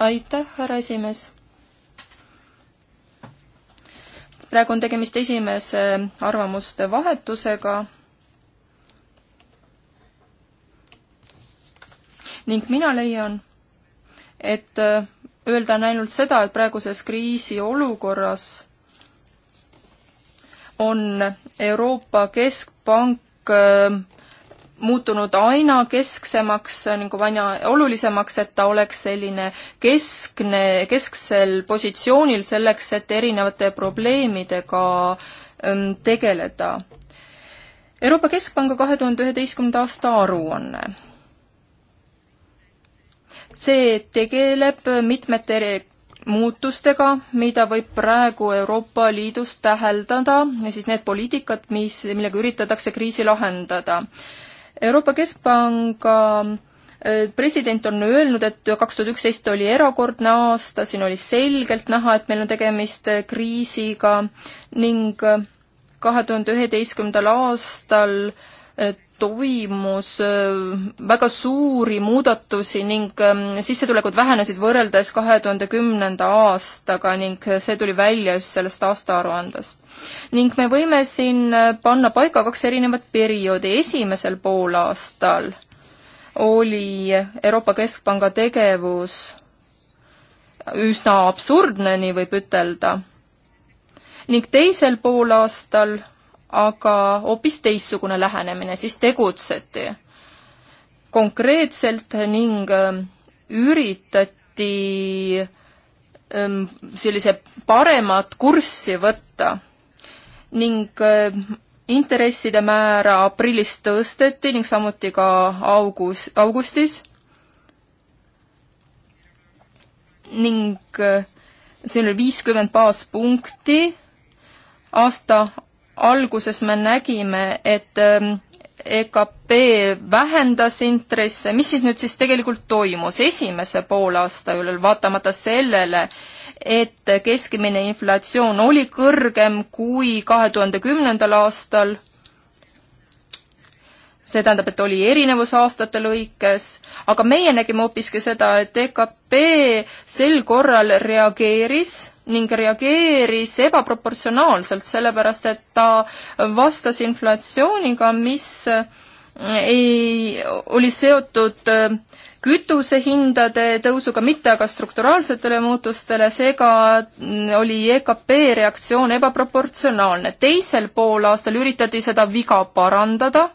D: aitäh, härra esimees. praegu on tegemist esimese arvamuste vahetusega ning mina leian, et öelda on ainult seda, et praeguses kriisiolukorras on Euroopa Keskpank äh, muutunud aina kesksemaks, nagu aina olulisemaks, et ta oleks selline keskne, kesksel positsioonil selleks, et erinevate probleemidega ähm, tegeleda. Euroopa Keskpanga kahe tuhande üheteistkümnenda aasta aruanne see tegeleb mitmete muutustega, mida võib praegu Euroopa Liidus täheldada, siis need poliitikad, mis, millega üritatakse kriisi lahendada. Euroopa Keskpanga äh, president on öelnud, et kaks tuhat üksteist oli erakordne aasta, siin oli selgelt näha, et meil on tegemist äh, kriisiga ning äh, kahe tuhande üheteistkümnendal aastal toimus äh, väga suuri muudatusi ning ähm, sissetulekud vähenesid võrreldes kahe tuhande kümnenda aastaga ning see tuli välja just sellest aastaaruandest. ning me võime siin äh, panna paika kaks erinevat perioodi, esimesel poolaastal oli Euroopa Keskpanga tegevus üsna absurdne, nii võib ütelda, ning teisel poolaastal aga hoopis teistsugune lähenemine, siis tegutseti konkreetselt ning ähm, üritati ähm, sellise paremat kurssi võtta ning ähm, intresside määra aprillis tõsteti ning samuti ka augus, augustis ning äh, siin oli viiskümmend baaspunkti aasta alguses me nägime, et ähm, EKP vähendas intresse, mis siis nüüd siis tegelikult toimus esimese poolaasta üle, vaatamata sellele, et keskmine inflatsioon oli kõrgem kui kahe tuhande kümnendal aastal see tähendab, et oli erinevus aastate lõikes, aga meie nägime hoopiski seda, et EKP sel korral reageeris ning reageeris ebaproportsionaalselt, sellepärast et ta vastas inflatsiooniga, mis äh, ei, oli seotud äh, kütusehindade tõusuga, mitte aga strukturaalsetele muutustele, seega mm, oli EKP reaktsioon ebaproportsionaalne. teisel poolaastal üritati seda viga parandada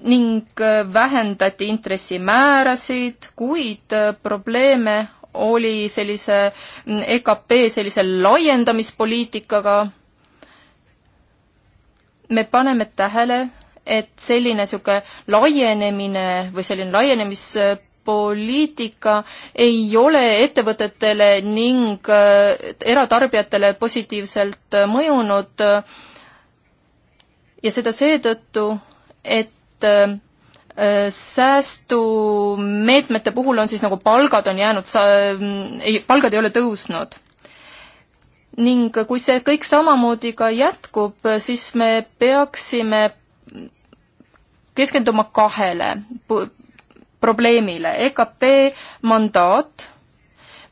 D: ning äh, vähendati intressimäärasid, kuid äh, probleeme oli sellise mm, EKP sellise laiendamispoliitikaga. me paneme tähele, et selline niisugune laienemine või selline laienemispoliitika ei ole ettevõtetele ning äh, eratarbijatele positiivselt mõjunud ja seda seetõttu, et et äh, äh, säästumeetmete puhul on siis nagu palgad on jäänud, mm, ei, palgad ei ole tõusnud. ning kui see kõik samamoodi ka jätkub, siis me peaksime keskenduma kahele probleemile, EKP mandaat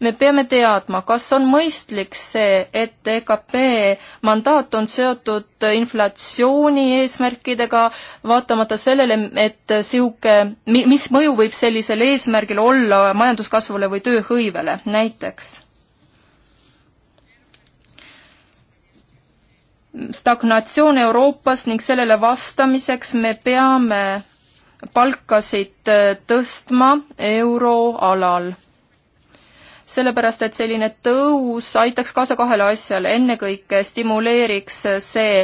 D: me peame teadma, kas on mõistlik see, et EKP mandaat on seotud inflatsiooni eesmärkidega, vaatamata sellele, et sihuke, mis mõju võib sellisel eesmärgil olla majanduskasvule või tööhõivele näiteks? stagnatsioon Euroopas ning sellele vastamiseks me peame palkasid äh, tõstma euroalal sellepärast et selline tõus aitaks kaasa kahele asjale, ennekõike stimuleeriks see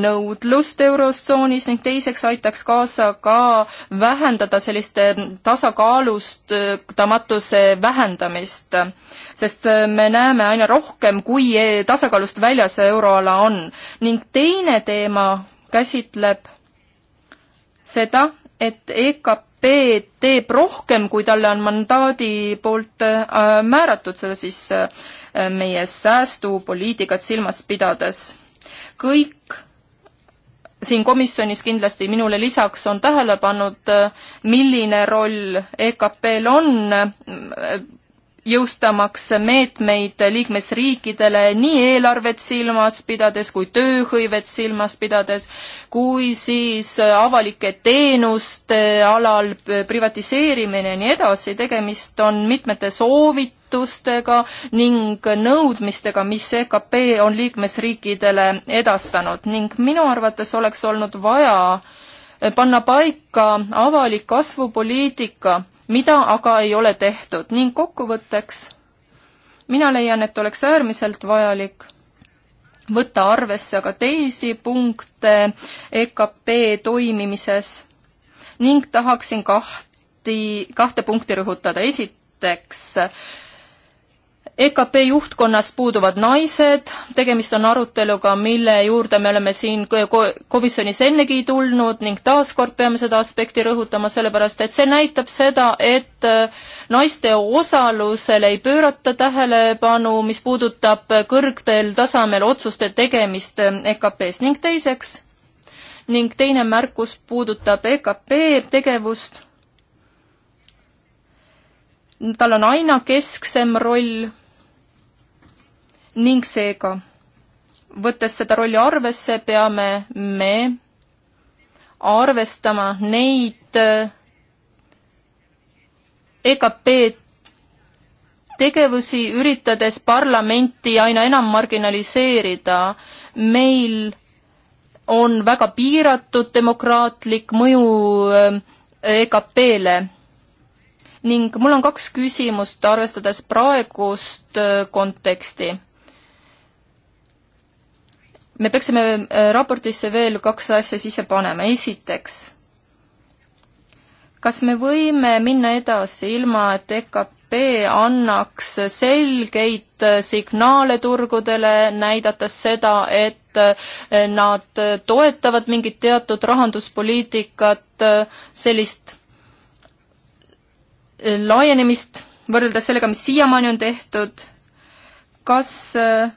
D: nõudlust Eurostsoonis ning teiseks aitaks kaasa ka vähendada selliste tasakaalustamatuse vähendamist. sest me näeme aina rohkem, kui tasakaalust väljas euroala on. ning teine teema käsitleb seda, et EKP B teeb rohkem, kui talle on mandaadi poolt äh, määratud, seda siis äh, meie säästupoliitikat silmas pidades. kõik siin komisjonis kindlasti minule lisaks on tähele pannud, äh, milline roll EKP-l on jõustamaks meetmeid liikmesriikidele nii eelarvet silmas pidades kui tööhõivet silmas pidades, kui siis avalike teenuste alal privatiseerimine ja nii edasi, tegemist on mitmete soovitustega ning nõudmistega, mis EKP on liikmesriikidele edastanud ning minu arvates oleks olnud vaja panna paika avalik kasvupoliitika, mida aga ei ole tehtud ning kokkuvõtteks mina leian, et oleks äärmiselt vajalik võtta arvesse ka teisi punkte EKP toimimises ning tahaksin kahti, kahte punkti rõhutada. esiteks, EKP juhtkonnas puuduvad naised, tegemist on aruteluga, mille juurde me oleme siin komisjonis ennegi tulnud ning taaskord peame seda aspekti rõhutama, sellepärast et see näitab seda, et äh, naiste osalusele ei pöörata tähelepanu, mis puudutab kõrgtel tasemel otsuste tegemist äh, EKP-s ning teiseks, ning teine märkus puudutab EKP tegevust, tal on aina kesksem roll ning seega, võttes seda rolli arvesse, peame me arvestama neid äh, EKP tegevusi, üritades parlamenti aina enam marginaliseerida. meil on väga piiratud demokraatlik mõju äh, EKP-le ning mul on kaks küsimust, arvestades praegust äh, konteksti me peaksime äh, raportisse veel kaks asja sisse panema, esiteks, kas me võime minna edasi ilma, et EKP annaks selgeid äh, signaale turgudele, näidates seda, et äh, nad toetavad mingit teatud rahanduspoliitikat, sellist laienemist võrreldes sellega, mis siiamaani on tehtud, kas äh,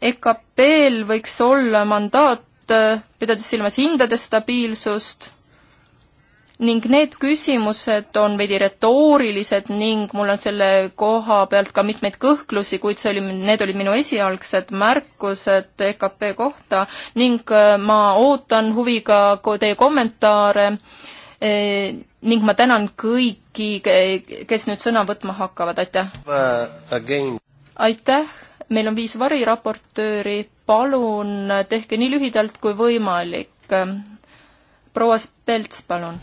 D: EKP-l võiks olla mandaat, äh, pidades silmas hindade stabiilsust, ning need küsimused on veidi retoorilised ning mul on selle koha pealt ka mitmeid kõhklusi, kuid see oli, need olid minu esialgsed märkused EKP kohta ning äh, ma ootan huviga teie kommentaare äh, ning ma tänan kõiki, kes nüüd sõna võtma hakkavad, aitäh! aitäh! meil on viis variraportööri, palun tehke nii lühidalt kui võimalik. proua Spelts, palun.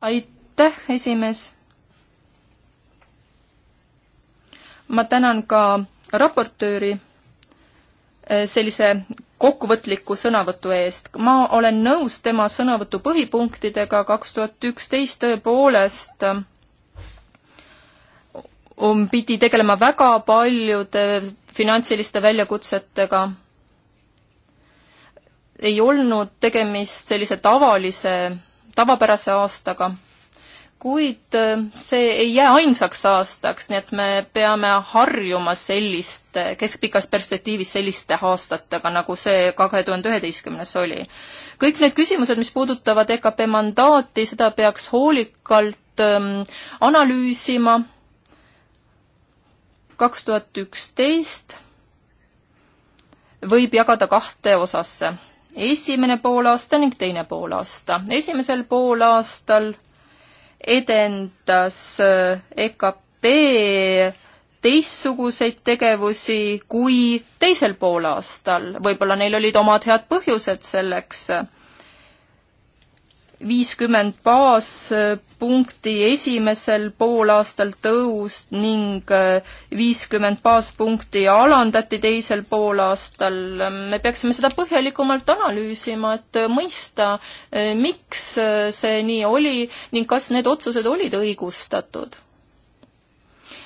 B: aitäh,
D: esimees. ma tänan ka raportööri eh, sellise kokkuvõtliku sõnavõtu eest. ma olen nõus tema sõnavõtu põhipunktidega, kaks tuhat üksteist tõepoolest on, um, pidi tegelema väga paljude finantsiliste väljakutsetega. ei olnud tegemist sellise tavalise, tavapärase aastaga. kuid äh, see ei jää ainsaks aastaks, nii et me peame harjuma selliste, keskpikas perspektiivis selliste aastatega, nagu see kahe tuhande üheteistkümnes oli. kõik need küsimused, mis puudutavad EKP mandaati, seda peaks hoolikalt ähm, analüüsima kaks tuhat üksteist võib jagada kahte osasse. esimene poolaasta ning teine poolaasta. esimesel poolaastal edendas äh, EKP teistsuguseid tegevusi kui teisel poolaastal. võib-olla neil olid omad head põhjused selleks äh, viiskümmend baaspunkti esimesel poolaastal tõus ning äh, viiskümmend baaspunkti alandati teisel poolaastal. me peaksime seda põhjalikumalt analüüsima, et äh, mõista, äh, miks see nii oli ning kas need otsused olid õigustatud.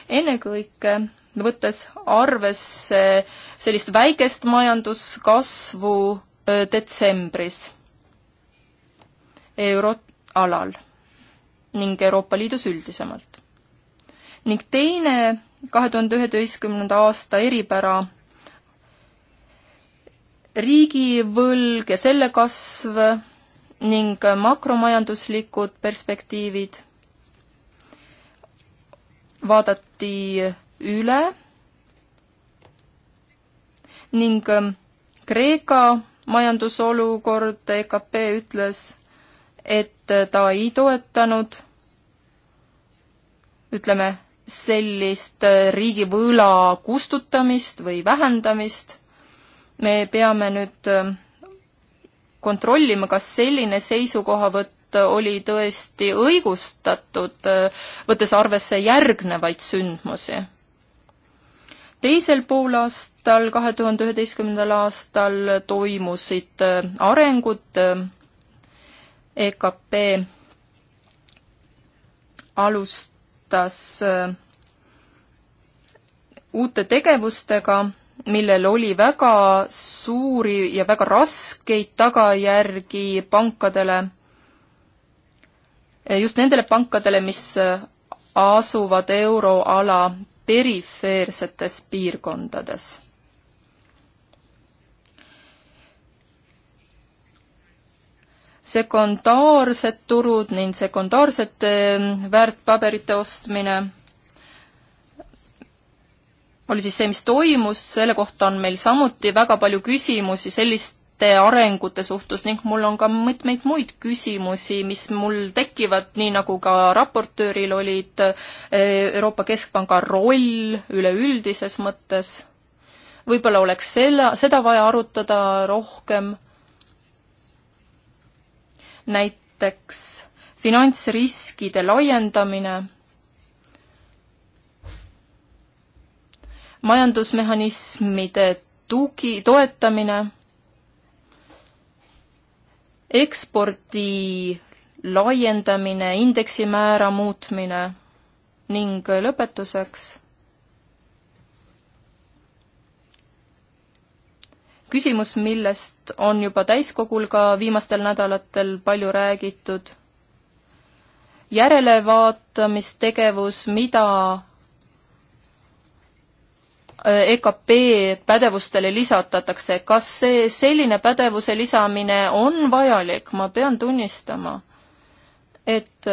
D: ennekõike võttes arvesse sellist väikest majanduskasvu detsembris euroalal ning Euroopa Liidus üldisemalt. ning teine kahe tuhande üheteistkümnenda aasta eripära riigivõlg ja selle kasv ning makromajanduslikud perspektiivid vaadati üle ning Kreeka majandusolukord, EKP ütles, et ta ei toetanud ütleme, sellist riigivõla kustutamist või vähendamist. me peame nüüd äh, kontrollima, kas selline seisukohavõtt oli tõesti õigustatud, äh, võttes arvesse järgnevaid sündmusi. teisel poolaastal, kahe tuhande üheteistkümnendal aastal toimusid äh, arengud EKP alustas äh, uute tegevustega, millel oli väga suuri ja väga raskeid tagajärgi pankadele, äh, just nendele pankadele, mis äh, asuvad euroala perifeersetes piirkondades sekundaarsed turud ning sekundaarsete ehm, väärtpaberite ostmine oli siis see, mis toimus, selle kohta on meil samuti väga palju küsimusi selliste arengute suhtes ning mul on ka mitmeid muid küsimusi, mis mul tekivad, nii nagu ka raportööril olid eh, Euroopa Keskpanga roll üleüldises mõttes. võib-olla oleks selle, seda vaja arutada rohkem näiteks finantsriskide laiendamine, majandusmehhanismide tugi, toetamine, ekspordi laiendamine, indeksimäära muutmine ning lõpetuseks küsimus, millest on juba täiskogul ka viimastel nädalatel palju räägitud. järelevaatamistegevus, mida äh, EKP pädevustele lisatatakse, kas see, selline pädevuse lisamine on vajalik, ma pean tunnistama, et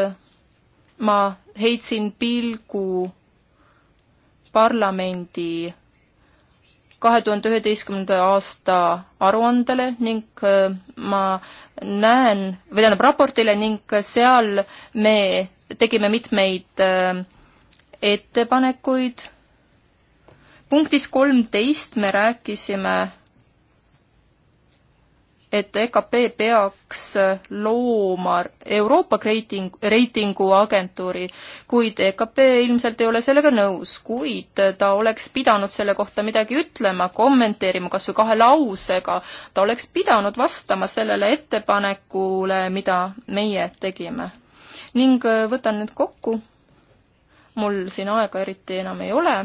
D: ma heitsin pilgu parlamendi kahe tuhande üheteistkümnenda aasta aruandele ning äh, ma näen, või tähendab raportile ning seal me tegime mitmeid äh, ettepanekuid. punktis kolmteist me rääkisime et EKP peaks äh, looma Euroopa reiting, reitinguagentuuri, kuid EKP ilmselt ei ole sellega nõus, kuid ta oleks pidanud selle kohta midagi ütlema, kommenteerima kas või kahe lausega, ta oleks pidanud vastama sellele ettepanekule, mida meie tegime. ning äh, võtan nüüd kokku, mul siin aega eriti enam ei ole,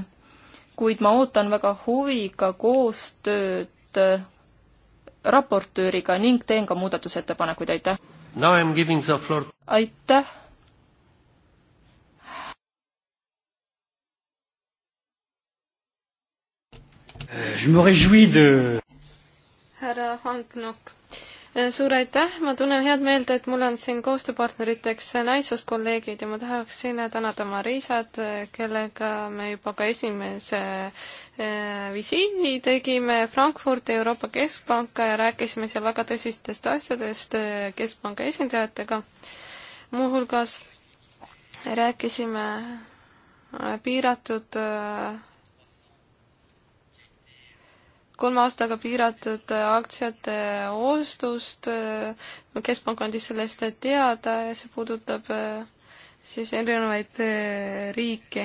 D: kuid ma ootan väga huviga koostööd äh, raportööriga ning teen ka muudatusettepanekuid, aitäh! aitäh!
C: Euh,
B: härra Hanknokk Äh, suur aitäh, ma tunnen head meelt, et mul on siin koostööpartneriteks naissoost kolleegid ja ma tahaksin tänada Marisat, äh, kellega me juba ka esimese äh, visiidi tegime Frankfurti Euroopa Keskpanka ja rääkisime seal väga tõsistest asjadest keskpanga esindajatega. muuhulgas rääkisime piiratud kolme aastaga piiratud aktsiate ostust, keskpank andis sellest teada ja see puudutab äh, siis erinevaid äh, riike.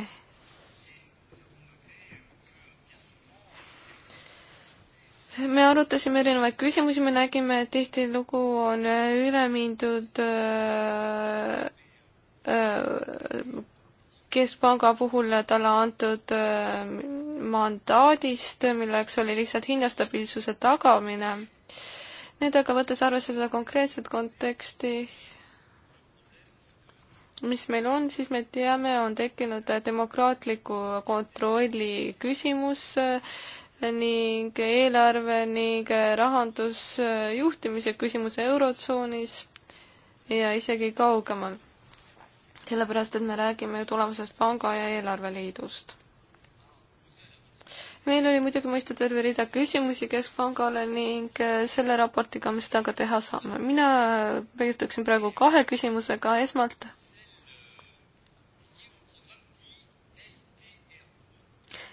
B: me arutasime erinevaid küsimusi, me nägime, et tihtilugu on üle mindud äh, keskpanga puhul talle antud äh, mandaadist, milleks oli lihtsalt hinnastabiilsuse tagamine. nüüd aga võttes arvesse seda konkreetset konteksti, mis meil on, siis me teame, on tekkinud demokraatliku kontrolli küsimus äh, ning eelarve ning rahandusjuhtimise küsimus Eurotsoonis ja isegi kaugemal sellepärast, et me räägime ju tulevasest panga- ja eelarveliidust. meil oli muidugi mõista terve rida küsimusi Keskpangale ning äh, selle raportiga me seda ka teha saame. mina piirduksin praegu kahe küsimusega, esmalt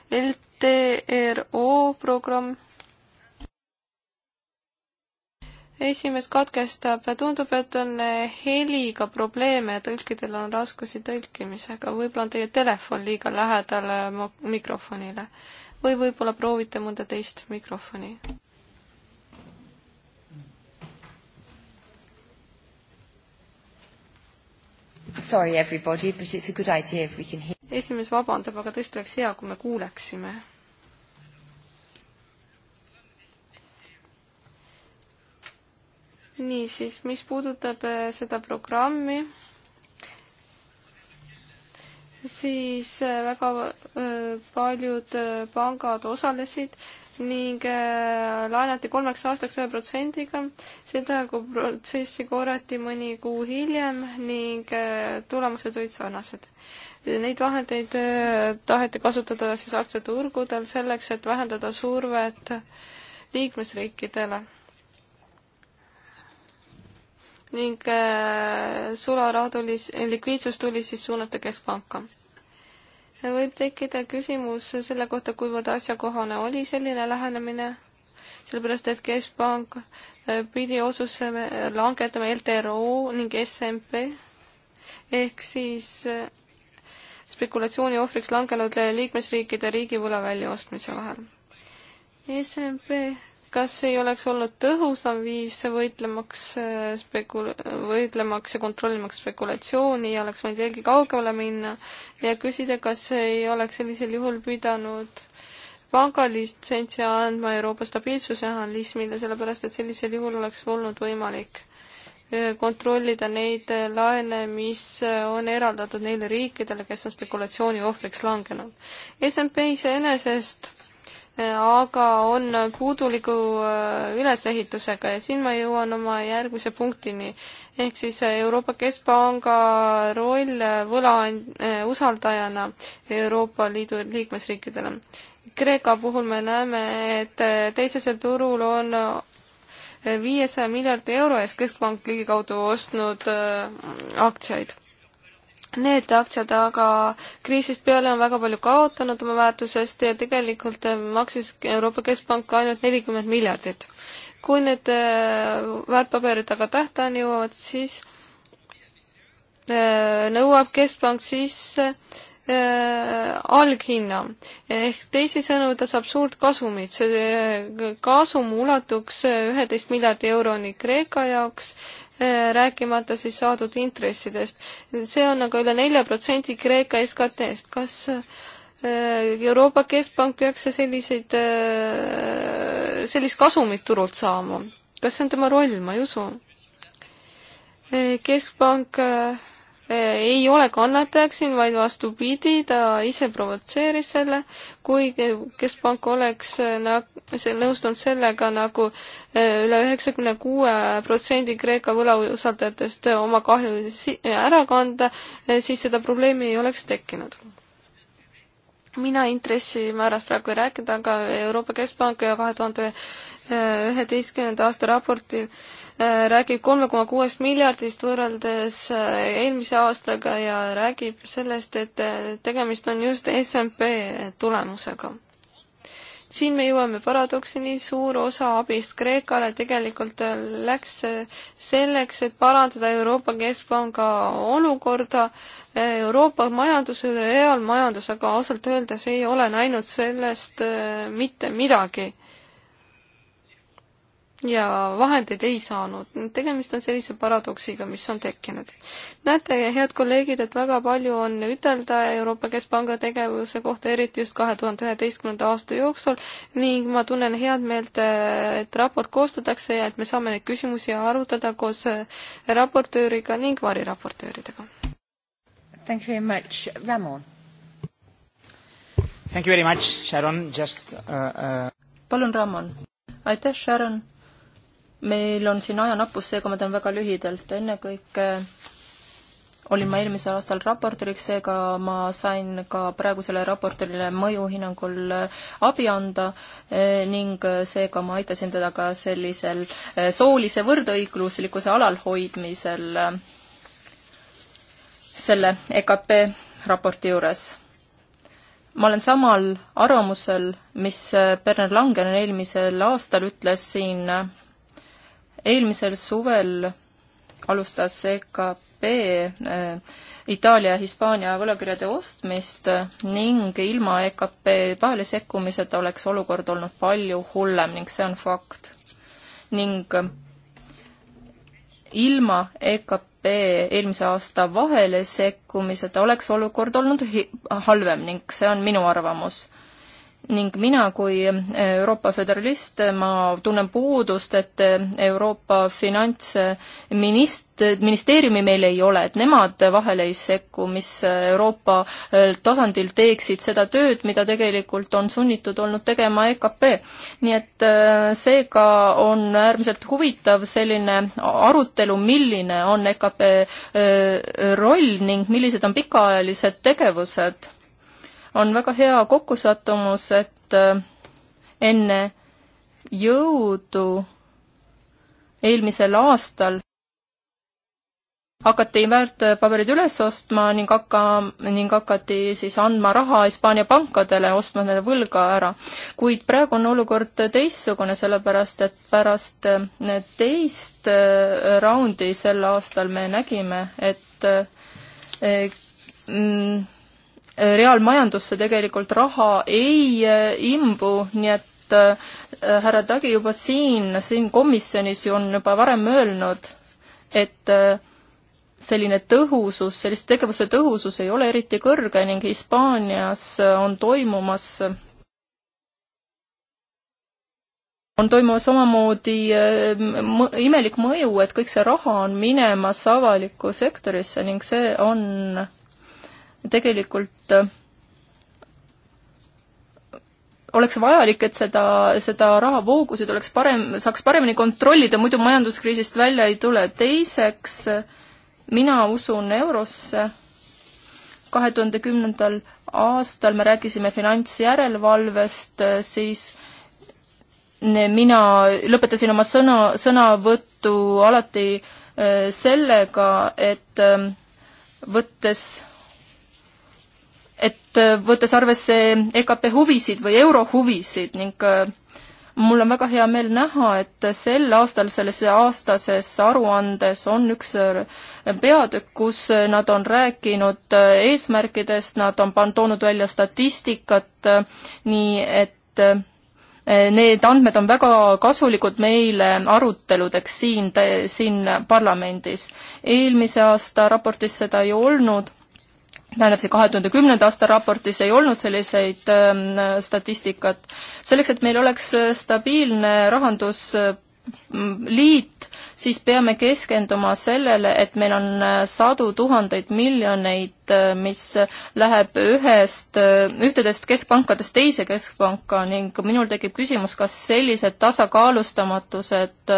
B: LTRO programm esimees katkestab, tundub, et on heliga probleeme ja tõlkidel on raskusi tõlkimisega, võib-olla on teie telefon liiga lähedal äh, mikrofonile või võib-olla proovite mõnda teist mikrofoni.
A: Sorry everybody, but it's a good idea if we can hear.
B: esimees vabandab, aga tõesti oleks hea, kui me kuuleksime niisiis, mis puudutab äh, seda programmi, siis äh, väga äh, paljud pangad osalesid ning laenati kolmeks aastaks ühe protsendiga, seda kui protsessi korrati mõni kuu hiljem ning tulemused olid sarnased. Neid vahendeid taheti kasutada siis aktsiaturgudel selleks, et vähendada survet liikmesriikidele ning äh, sularaha tuli, likviidsus tuli siis suunata keskpanka. võib tekkida küsimus selle kohta, kuivõrd asjakohane oli selline lähenemine, sellepärast et keskpank äh, pidi otsuse langetama LTRO ning SMP ehk siis äh, spekulatsiooni ohvriks langenud liikmesriikide riigivõla väljaostmise vahel. SMP kas ei oleks olnud tõhusam viis võitlemaks äh, spekul-, võitlemaks ja kontrollimaks spekulatsiooni ja oleks võinud veelgi kaugemale minna ja küsida, kas ei oleks sellisel juhul pidanud pangalitsentsi andma Euroopa stabiilsusmehhanismile, sellepärast et sellisel juhul oleks olnud võimalik äh, kontrollida neid äh, laene, mis on eraldatud neile riikidele, kes on spekulatsiooni ohvriks langenud. SMP iseenesest aga on puuduliku äh, ülesehitusega ja siin ma jõuan oma järgmise punktini. ehk siis äh, Euroopa Keskpanga roll äh, võla usaldajana Euroopa Liidu liikmesriikidele. Kreeka puhul me näeme, et teisesel turul on viiesaja miljardi euro eest Keskpank ligikaudu ostnud aktsiaid Need aktsiad aga kriisist peale on väga palju kaotanud oma väärtusest ja tegelikult äh, maksis Euroopa Keskpank ainult nelikümmend miljardit. kui need äh, väärtpaberid aga tähtajani jõuavad, siis äh, nõuab Keskpank sisse äh, alghinna. ehk teisisõnu, ta saab suurt kasumit, see kasum ulatuks üheteist miljardi euroni Kreeka jaoks Eh, rääkimata siis saadud intressidest. see on aga üle nelja protsendi Kreeka SKT-st. kas eh, Euroopa Keskpank peaks selliseid, eh, sellist kasumit turult saama? kas see on tema roll, ma ei usu. keskpank Äh, ei ole kannatajaks siin, vaid vastupidi, ta ise provotseeris selle, kui keskpank oleks äh, nõustunud sellega nagu äh, üle üheksakümne kuue protsendi Kreeka võlausaldajatest oma kahju ära kanda, siis seda probleemi ei oleks tekkinud mina intressimäärast praegu ei rääkinud, aga Euroopa Keskpank kahe tuhande eh, üheteistkümnenda aasta raportil eh, räägib kolme koma kuuest miljardist võrreldes eh, eelmise aastaga ja räägib sellest, et tegemist on just SMP tulemusega. siin me jõuame paradoksini, suur osa abist Kreekale tegelikult läks selleks, et parandada Euroopa Keskpanga olukorda Euroopa majandus, reaalmajandus aga ausalt öeldes ei ole näinud sellest äh, mitte midagi. ja vahendeid ei saanud. tegemist on sellise paradoksiga, mis on tekkinud. näete, head kolleegid, et väga palju on ütelda Euroopa Keskpanga tegevuse kohta, eriti just kahe tuhande üheteistkümnenda aasta jooksul ning ma tunnen head meelt, et raport koostatakse ja et me saame neid küsimusi arutada koos äh, raportööriga ning variraportööridega Thank you very much. Ramon.
A: Thank you very much, Sharon. Just uh, uh...
D: palun, Ramon. aitäh, Sharon. meil on siin ajanappus, seega ma teen väga lühidalt. ennekõike äh, olin ma eelmisel aastal raportööriks, seega ma sain ka praegusele raportöörile mõjuhinnangul äh, abi anda äh, ning seega ma aitasin teda ka sellisel soolise võrdõiguslikkuse alalhoidmisel selle EKP raporti juures. ma olen samal arvamusel, mis Berner Langen eelmisel aastal ütles siin, eelmisel suvel alustas EKP eh, Itaalia ja Hispaania võlakirjade ostmist ning ilma EKP vahele sekkumiseta oleks olukord olnud palju hullem ning see on fakt. ning ilma EKP SKP e eelmise aasta vahele sekkumiseta oleks olukord olnud halvem ning see on minu arvamus ning mina kui äh, Euroopa föderalist, äh, ma tunnen puudust, et äh, Euroopa finantsminist-, ministeeriumi meil ei ole, et nemad vahele ei sekku, mis Euroopa tasandil teeksid seda tööd, mida tegelikult on sunnitud olnud tegema EKP. nii et seega on äärmiselt huvitav selline arutelu, milline on EKP roll ning millised on pikaajalised tegevused on väga hea kokkusattumus, et äh, enne jõudu eelmisel aastal hakati väärtpaberid üles ostma ning hakka, ning hakati siis andma raha Hispaania pankadele, ostma nende võlga ära. kuid praegu on olukord teistsugune, sellepärast et pärast äh, teist äh, raundi sel aastal me nägime, et mm, reaalmajandusse tegelikult raha ei eh, imbu, nii et eh, härra Tagi juba siin, siin komisjonis ju on juba varem öelnud, et eh, selline tõhusus, sellise tegevuse tõhusus ei ole eriti kõrge ning Hispaanias on toimumas on toimumas samamoodi imelik mõju, et kõik see raha on minemas avalikku sektorisse ning see on tegelikult äh, oleks vajalik, et seda, seda rahavoogusid oleks parem, saaks paremini kontrollida, muidu majanduskriisist välja ei tule. teiseks, mina usun eurosse. kahe tuhande kümnendal aastal me rääkisime finantsjärelevalvest, äh, siis mina lõpetasin oma sõna, sõnavõttu alati äh, sellega, et võttes et äh, võttes arvesse EKP huvisid või euro huvisid ning äh, mul on väga hea meel näha, et sel aastal selles aastases aruandes on üks äh, peatükk, kus nad on rääkinud eesmärkidest, nad on pan-, toonud välja statistikat, nii et need andmed on väga kasulikud meile aruteludeks siin, siin parlamendis. eelmise aasta raportis seda ei olnud tähendab, see kahe tuhande kümnenda aasta raportis ei olnud selliseid ähm, statistikat. selleks, et meil oleks äh, stabiilne rahandusliit, siis peame keskenduma sellele, et meil on äh, sadu tuhandeid miljoneid, äh, mis läheb ühest, ühtedest keskpankadest teise keskpanka ning minul tekib küsimus, kas sellised tasakaalustamatused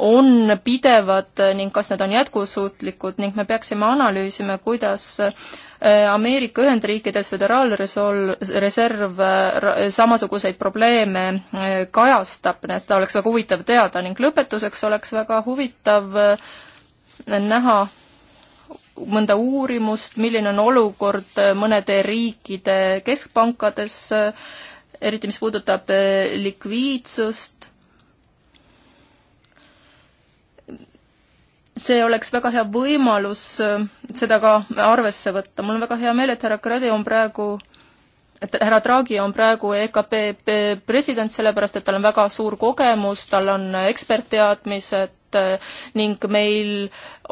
D: on pidevad ning kas need on jätkusuutlikud ning me peaksime analüüsima, kuidas Äh, Ameerika Ühendriikides föderaalreserv äh, samasuguseid probleeme äh, kajastab, nii et seda oleks väga huvitav teada ning lõpetuseks oleks väga huvitav näha mõnda uurimust, milline on olukord mõnede riikide keskpankades, eriti mis puudutab likviidsust, see oleks väga hea võimalus äh, seda ka arvesse võtta. mul on väga hea meel, et härra Kradi on praegu, et härra Draghi on praegu EKP president, sellepärast et tal on väga suur kogemus, tal on ekspertteadmised äh, ning meil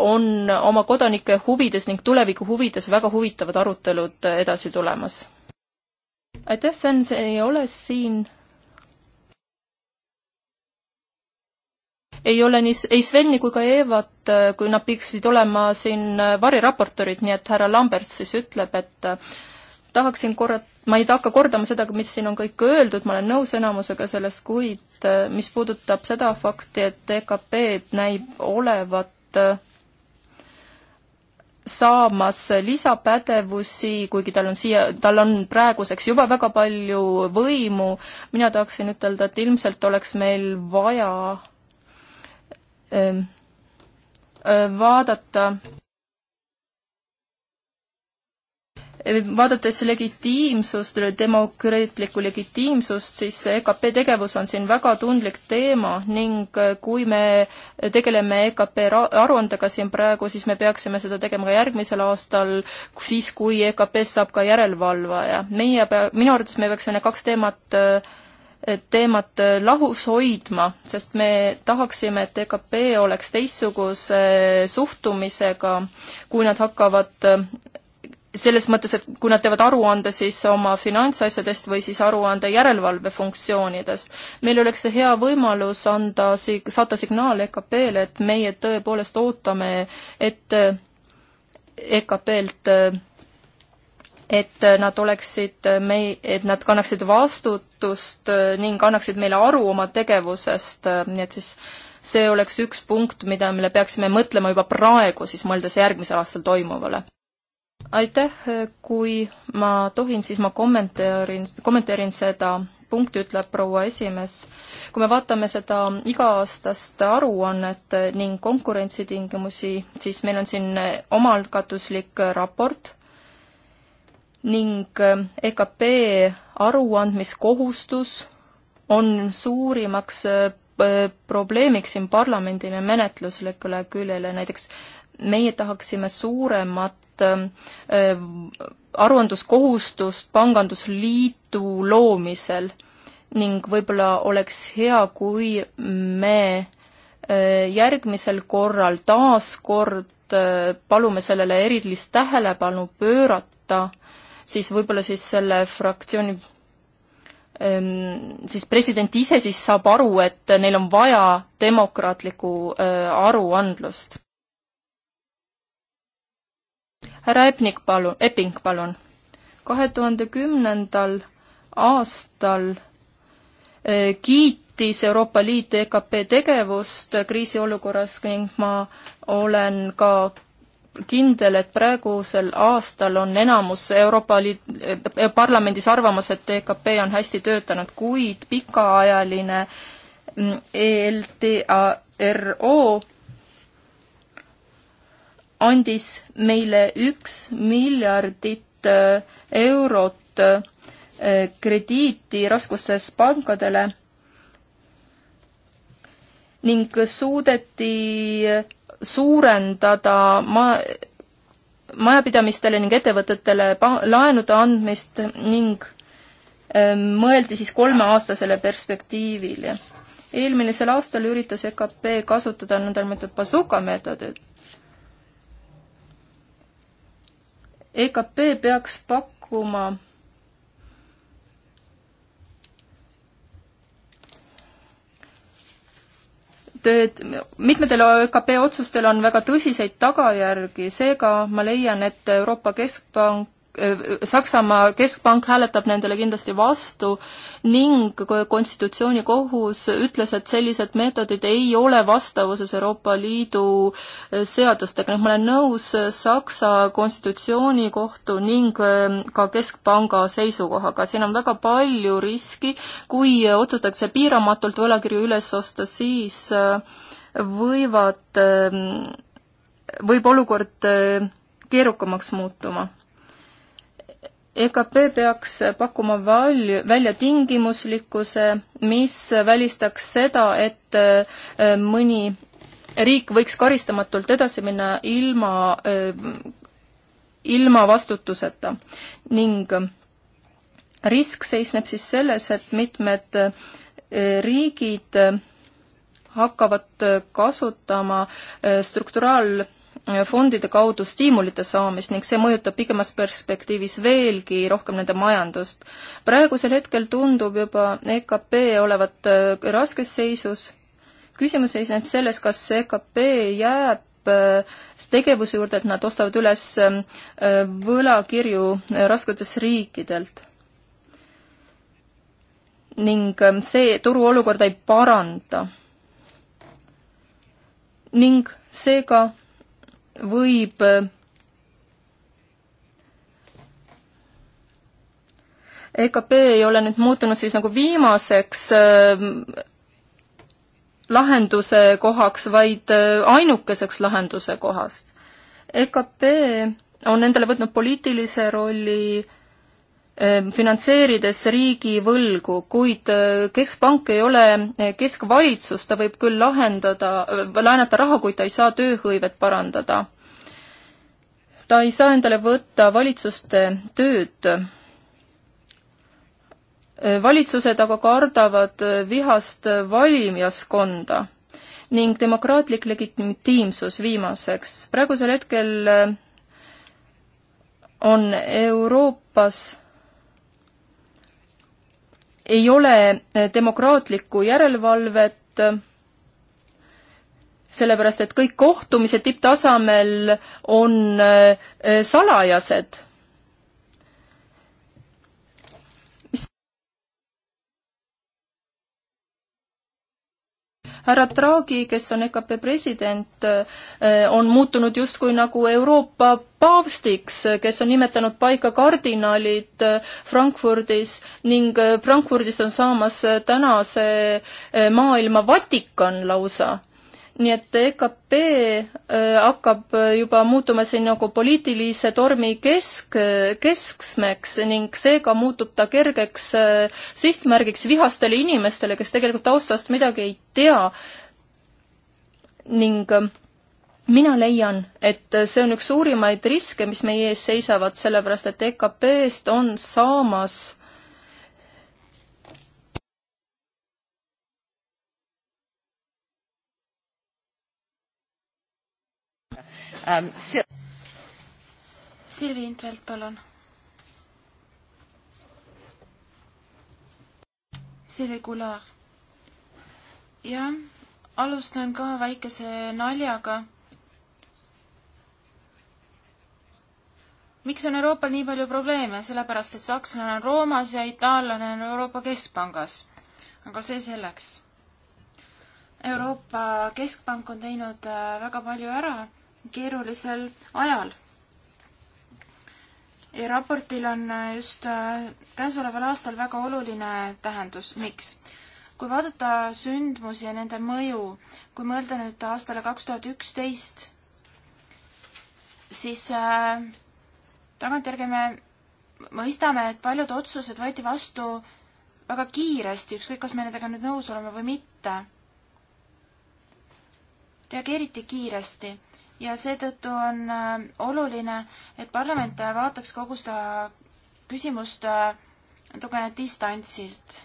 D: on oma kodanike huvides ning tuleviku huvides väga huvitavad arutelud edasi tulemas. aitäh, Sven, see ei ole siin ei ole nii, ei Sveni kui ka Eevat, äh, kui nad peaksid olema siin äh, variraportorid, nii et härra Lambert siis ütleb, et äh, tahaksin korrata, ma ei hakka kordama seda, mis siin on kõik öeldud, ma olen nõus enamusega sellest, kuid mis puudutab seda fakti, et EKP-d näib olevat saamas lisapädevusi, kuigi tal on siia, tal on praeguseks juba väga palju võimu, mina tahaksin ütelda, et ilmselt oleks meil vaja Ähm, äh, vaadata äh, vaadates legitiimsust, demokraatlikku legitiimsust, siis EKP tegevus on siin väga tundlik teema ning äh, kui me tegeleme EKP aruandega siin praegu, siis me peaksime seda tegema ka järgmisel aastal, siis kui EKP-st saab ka järelevalvaja. meie pea-, minu arvates me peaksime need kaks teemat äh, teemat äh, lahus hoidma, sest me tahaksime, et EKP oleks teistsuguse äh, suhtumisega, kui nad hakkavad äh, selles mõttes, et kui nad teevad aruande siis oma finantsasjadest või siis aruande järelevalve funktsioonidest, meil oleks see hea võimalus anda, saata signaal EKP-le, et meie tõepoolest ootame, et EKP-lt et nad oleksid mei-, et nad kannaksid vastutust eh, ning annaksid meile aru oma tegevusest, eh, nii et siis see oleks üks punkt, mida, mille peaksime mõtlema juba praegu, siis mõeldes järgmisel aastal toimuvale. aitäh, kui ma tohin, siis ma kommenteerin, kommenteerin seda punkti, ütleb proua esimees. kui me vaatame seda iga-aastast aruannet ning konkurentsitingimusi, siis meil on siin omaalgatuslik raport, ning ähm, EKP aruandmiskohustus on suurimaks äh, äh, probleemiks siin parlamendile menetluslikule küljele, näiteks meie tahaksime suuremat ähm, äh, aruandluskohustust pangandusliidu loomisel ning võib-olla oleks hea, kui me järgmisel korral taas kord palume sellele erilist tähelepanu pöörata siis võib-olla siis selle fraktsiooni ehm, siis president ise siis saab aru, et neil on vaja demokraatlikku äh, aruandlust. härra Epnik, palun, Epping, palun. kahe tuhande kümnendal aastal äh, kiitis Euroopa Liit EKP tegevust kriisiolukorras ning ma olen ka kindel, et praegusel aastal on enamus Euroopa Liit, eh, parlamendis arvamas, et EKP on hästi töötanud, kuid pikaajaline mm, ELTARO andis meile üks miljardit eh, eurot eh, krediiti raskustes pankadele ning suudeti suurendada ma-, majapidamistele ning ettevõtetele pa-, laenude andmist ning ähm, mõeldi siis kolmeaastasele perspektiivile. eelmisel aastal üritas EKP kasutada nõndanimetatud bazooka meetodit. EKP peaks pakkuma et mitmedel ÖKP otsustel on väga tõsiseid tagajärgi, seega ma leian, et Euroopa Keskpank Saksamaa keskpank hääletab nendele kindlasti vastu ning konstitutsioonikohus ütles, et sellised meetodid ei ole vastavuses Euroopa Liidu eh, seadustega, nii et ma olen nõus Saksa konstitutsioonikohtu ning eh, ka keskpanga seisukohaga, siin on väga palju riski, kui otsustatakse piiramatult võlakirju üles osta, siis eh, võivad, võib olukord keerukamaks muutuma. EKP peaks pakkuma val-, välja tingimuslikkuse, mis välistaks seda, et äh, mõni riik võiks karistamatult edasi minna ilma, äh, ilma vastutuseta. ning äh, risk seisneb siis selles, et mitmed riigid hakkavad kasutama struktural- fondide kaudu stiimulite saamist ning see mõjutab pikemas perspektiivis veelgi rohkem nende majandust. praegusel hetkel tundub juba EKP olevat äh, raskes seisus. küsimus seisneb selles, kas EKP jääb äh, tegevuse juurde, et nad ostavad üles äh, võlakirju rasketes riikidelt. ning see turuolukorda ei paranda. ning seega võib äh, EKP ei ole nüüd muutunud siis nagu viimaseks äh, lahenduse kohaks, vaid äh, ainukeseks lahenduse kohast. EKP on endale võtnud poliitilise rolli äh, Ehm, finantseerides riigivõlgu, kuid äh, keskpank ei ole äh, keskvalitsus, ta võib küll lahendada, äh, laenata raha, kuid ta ei saa tööhõivet parandada. ta ei saa endale võtta valitsuste tööd. valitsused aga kardavad vihast valijaskonda ning demokraatlik legitiimsus viimaseks. praegusel hetkel on Euroopas ei ole eh, demokraatlikku järelevalvet, sellepärast et kõik kohtumised tipptasemel on eh, salajased härra Draghi, kes on EKP president, eh, on muutunud justkui nagu Euroopa paavstiks, eh, kes on nimetanud paika kardinalid eh, Frankfurdis ning Frankfurdis on saamas tänase maailma Vatikan lausa nii et EKP äh, hakkab äh, juba muutuma siin nagu poliitilise tormi kesk, äh, kesksmeks ning seega muutub ta kergeks sihtmärgiks vihastele inimestele, kes tegelikult taustast midagi ei tea. ning mina leian, et see on üks suurimaid riske, mis meie ees seisavad, sellepärast et EKP-st on saamas
A: um,. Silvi Intvelt, palun. Silvi Kular. jah, alustan ka väikese naljaga. miks on Euroopal nii palju probleeme? sellepärast, et sakslane on Roomas ja itaallane on Euroopa Keskpangas. aga see selleks Euroopa Keskpank on teinud äh, väga palju ära keerulisel ajal. ja raportil on just äh, käesoleval aastal väga oluline tähendus, miks? kui vaadata sündmusi ja nende mõju, kui mõelda nüüd aastale kaks tuhat üksteist, siis äh, tagantjärgi me mõistame, et paljud otsused võeti vastu väga kiiresti, ükskõik, kas me nendega nüüd nõus oleme või mitte. reageeriti kiiresti ja seetõttu on äh, oluline, et parlament äh, vaataks kogu seda küsimust äh, natukene distantsilt.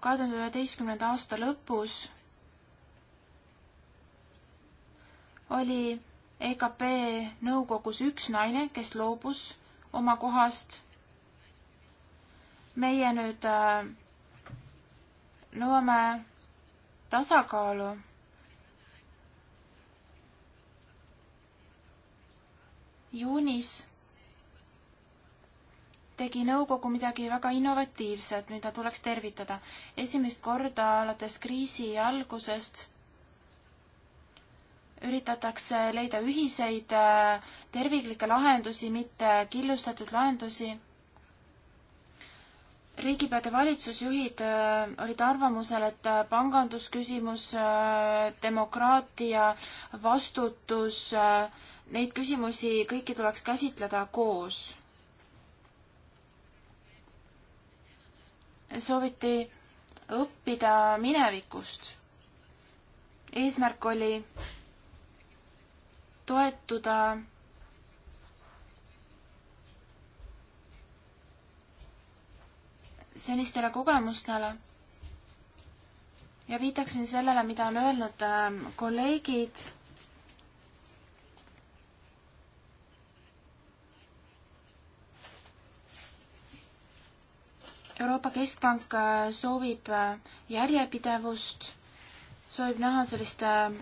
A: kahe tuhande üheteistkümnenda aasta lõpus oli EKP nõukogus üks naine, kes loobus oma kohast. meie nüüd nõuame no, tasakaalu juunis tegi nõukogu midagi väga innovatiivset, mida tuleks tervitada. esimest korda alates kriisi algusest üritatakse leida ühiseid äh, terviklikke lahendusi, mitte killustatud lahendusi riigipead ja valitsusjuhid äh, olid arvamusel, et äh, pangandusküsimus, äh, demokraatia, vastutus, neid küsimusi kõiki tuleks käsitleda koos. sooviti õppida minevikust. eesmärk oli toetuda senistele kogemustele ja viitaksin sellele, mida on öelnud ähm, kolleegid. Euroopa Keskpank äh, soovib äh, järjepidevust, soovib näha sellist äh,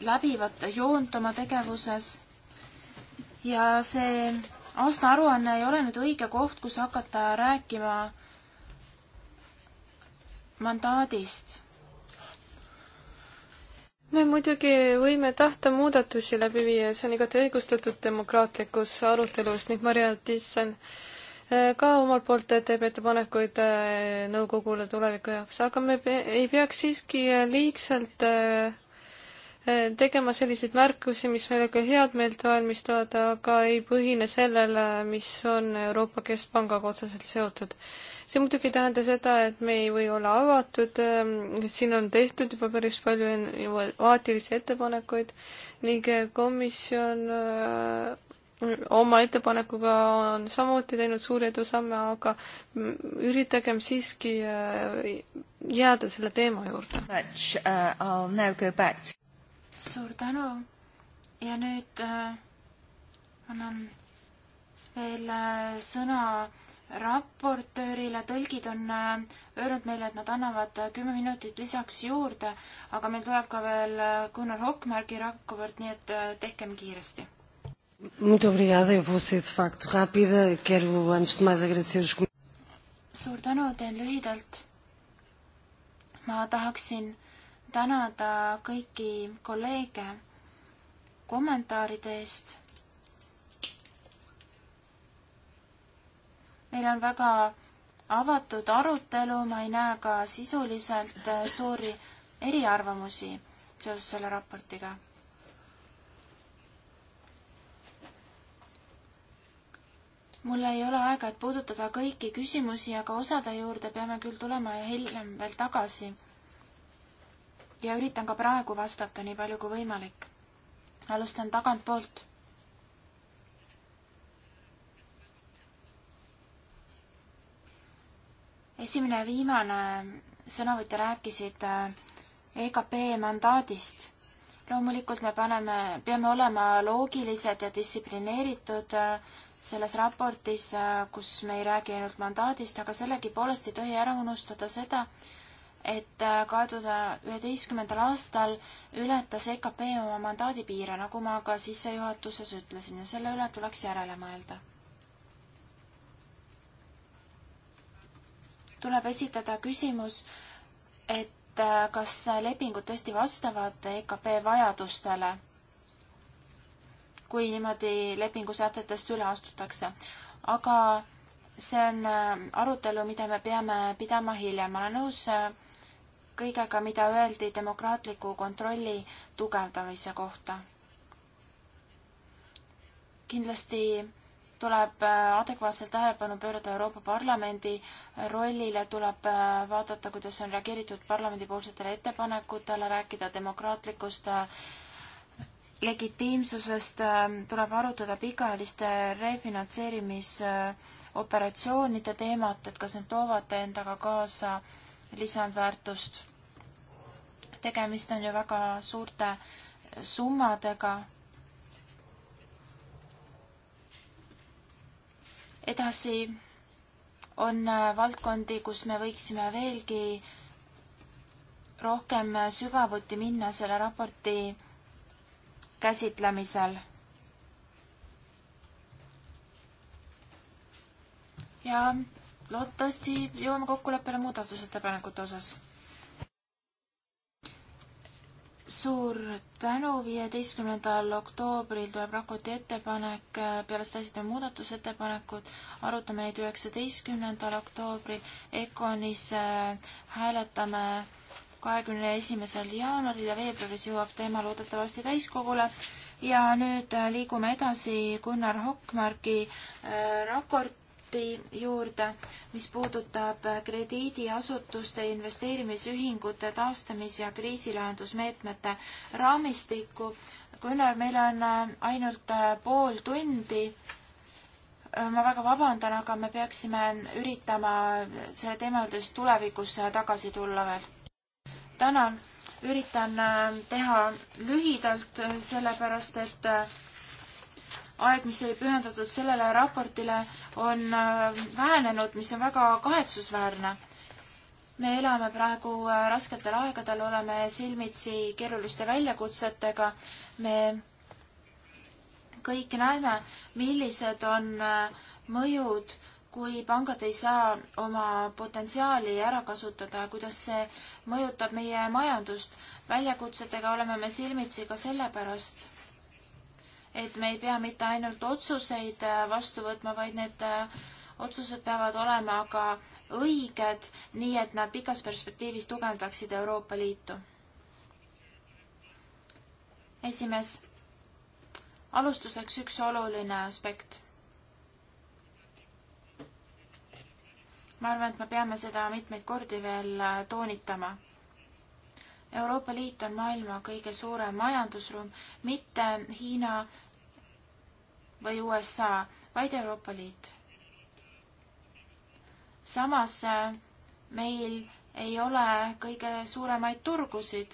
A: läbivat joont oma tegevuses ja see aastaaruanne ei ole nüüd õige koht, kus hakata rääkima mandaadist. me muidugi võime tahta muudatusi läbi viia,
B: see on igati õigustatud demokraatlikus arutelus ning Maria Tissen eh, ka omalt poolt teeb ettepanekuid eh, nõukogule tuleviku jaoks, aga me ei peaks siiski eh, liigselt äh, tegema selliseid märkusi, mis meile ka head meelt valmistavad, aga ei põhine sellele, mis on Euroopa Keskpangaga otseselt seotud. see muidugi ei tähenda seda, et me ei või olla avatud, siin on tehtud juba päris palju innovaatilisi ettepanekuid ning komisjon äh, oma ettepanekuga on samuti teinud suuri edusamme, aga üritagem siiski äh, jääda selle teema juurde.
A: Uh, suur tänu ja nüüd äh, annan veel äh, sõna raportöörile, tõlgid on äh, öelnud meile, et nad annavad äh, kümme minutit lisaks juurde, aga meil tuleb ka veel äh, Gunnar Hokmärgi raport, nii et tehkem kiiresti.
B: Muito obrigada, eu vou ser de facto rápida, quero antes de mais agradecer os
A: suur tänu, teen lühidalt. ma tahaksin tänada kõiki kolleege kommentaaride eest. meil on väga avatud arutelu, ma ei näe ka sisuliselt äh, suuri eriarvamusi seoses selle raportiga. mul ei ole aega, et puudutada kõiki küsimusi, aga osade juurde peame küll tulema hiljem veel tagasi ja üritan ka praegu vastata nii palju kui võimalik. alustan tagantpoolt. esimene ja viimane sõnavõtja rääkisid äh, EKP mandaadist. loomulikult me paneme, peame olema loogilised ja distsiplineeritud äh, selles raportis, äh, kus me ei räägi ainult mandaadist, aga sellegipoolest ei tohi ära unustada seda, et äh, kahe tuhande üheteistkümnendal aastal ületas EKP oma mandaadi piire, nagu ma ka sissejuhatuses ütlesin ja selle üle tuleks järele mõelda. tuleb esitada küsimus, et äh, kas lepingud tõesti vastavad EKP vajadustele, kui niimoodi lepingusätetest üle astutakse. aga see on äh, arutelu, mida me peame pidama hiljem, ma olen nõus kõigega, mida öeldi demokraatliku kontrolli tugevdamise kohta. kindlasti tuleb äh, adekvaatselt tähelepanu pöörata Euroopa Parlamendi äh, rollile, tuleb äh, vaadata, kuidas on reageeritud parlamendipoolsetele ettepanekutele, rääkida demokraatlikust legitiimsusest, tuleb arutada pikaajaliste refinantseerimis operatsioonide teemat, et kas need toovad endaga kaasa lisandväärtust. tegemist on ju väga suurte summadega. edasi on valdkondi, kus me võiksime veelgi rohkem sügavuti minna selle raporti käsitlemisel. ja loodetavasti jõuame kokkuleppele muudatusettepanekute osas. suur tänu, viieteistkümnendal oktoobril tuleb raporti ettepanek, äh, peale seda esitame muudatusettepanekud, arutame neid üheksateistkümnendal oktoobril, EKONis äh, hääletame kahekümne esimesel jaanuaril ja veebruaris jõuab teema loodetavasti täiskogule ja nüüd äh, liigume edasi Gunnar Hokmarki äh, raport punkti juurde, mis puudutab krediidiasutuste investeerimisühingute taastamis- ja kriisilahendusmeetmete raamistikku. Gunnar, meil on äh, ainult äh, pool tundi. Äh, ma väga vabandan, aga me peaksime üritama selle teema juurde siis tulevikus tagasi tulla veel. tänan, üritan teha lühidalt, sellepärast et aeg, mis oli pühendatud sellele raportile, on äh, vähenenud, mis on väga kahetsusväärne. me elame praegu äh, rasketel aegadel, oleme silmitsi keeruliste väljakutsetega, me kõik näeme, millised on äh, mõjud, kui pangad ei saa oma potentsiaali ära kasutada, kuidas see mõjutab meie majandust. väljakutsetega oleme me silmitsi ka sellepärast et me ei pea mitte ainult otsuseid äh, vastu võtma, vaid need äh, otsused peavad olema ka õiged, nii et nad pikas perspektiivis tugevdaksid Euroopa Liitu. esimees, alustuseks üks oluline aspekt. ma arvan, et me peame seda mitmeid kordi veel äh, toonitama Euroopa Liit on maailma kõige suurem majandusruum, mitte Hiina või USA, vaid Euroopa Liit. samas äh, meil ei ole kõige suuremaid turgusid.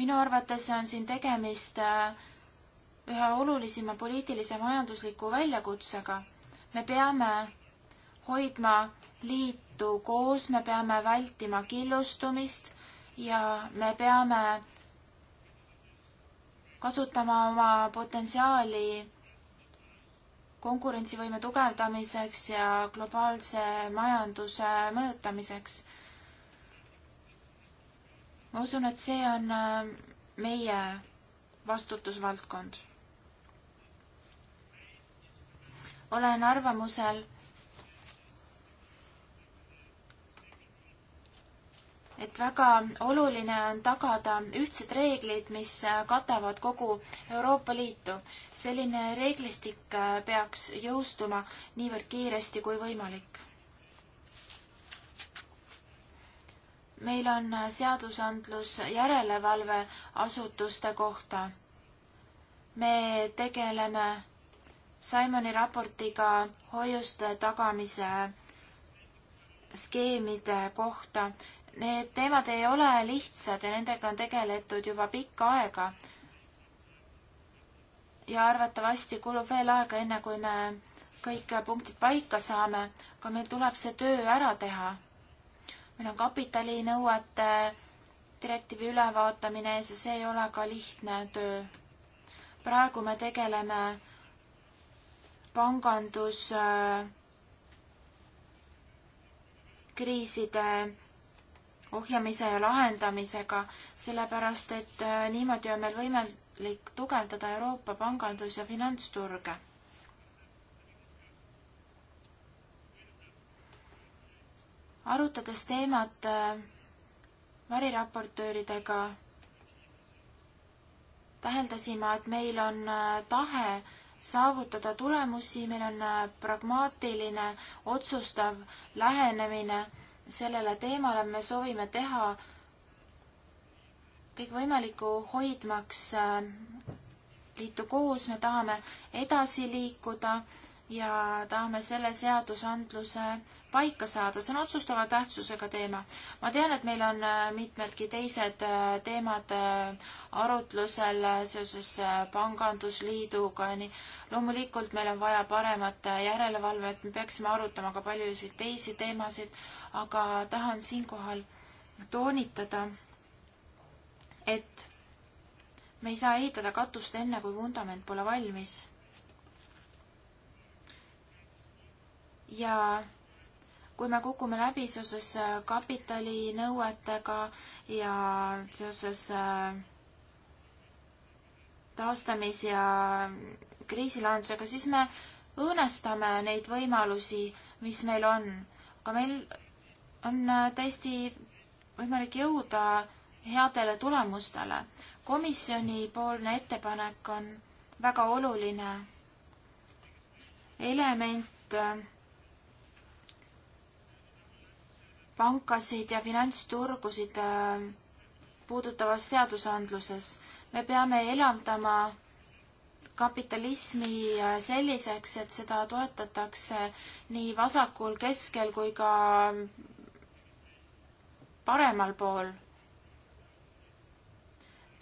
A: minu arvates on siin tegemist äh, ühe olulisima poliitilise majandusliku väljakutsega. me peame hoidma liit seetõttu koos me peame vältima killustumist ja me peame kasutama oma potentsiaali konkurentsivõime tugevdamiseks ja globaalse majanduse mõjutamiseks. ma usun, et see on äh, meie vastutusvaldkond. olen arvamusel et väga oluline on tagada ühtsed reeglid, mis katavad kogu Euroopa Liitu. selline reeglistik peaks jõustuma niivõrd kiiresti kui võimalik. meil on seadusandlus järelevalveasutuste kohta. me tegeleme Simoni raportiga hoiuste tagamise skeemide kohta Need teemad ei ole lihtsad ja nendega on tegeletud juba pikka aega. ja arvatavasti kulub veel aega, enne kui me kõik punktid paika saame, aga meil tuleb see töö ära teha. meil on kapitalinõuete direktiivi ülevaatamine ees ja see ei ole ka lihtne töö. praegu me tegeleme panganduskriiside äh, ohjamise ja lahendamisega, sellepärast et äh, niimoodi on meil võimalik tugevdada Euroopa pangandus- ja finantsturge. arutades teemat äh, variraportööridega, täheldasin ma, et meil on äh, tahe saavutada tulemusi, meil on pragmaatiline, otsustav lähenemine sellele teemale me soovime teha kõikvõimalikku hoidmaks äh, liitu koos, me tahame edasi liikuda ja tahame selle seadusandluse paika saada, see on otsustava tähtsusega teema. ma tean, et meil on äh, mitmedki teised äh, teemad äh, arutlusel seoses pangandusliiduga, nii loomulikult meil on vaja paremat järelevalvet, me peaksime arutama ka paljusid teisi teemasid, aga tahan siinkohal toonitada, et me ei saa ehitada katust enne, kui vundament pole valmis ja kui me kukume läbi seoses äh, kapitalinõuetega ja seoses äh, taastamis- ja kriisilahendusega, siis me õõnestame neid võimalusi, mis meil on. aga meil on äh, täiesti võimalik jõuda headele tulemustele. komisjonipoolne ettepanek on väga oluline element pankasid ja finantsturgusid äh, puudutavas seadusandluses. me peame elavdama kapitalismi äh, selliseks, et seda toetatakse nii vasakul, keskel kui ka äh, paremal pool.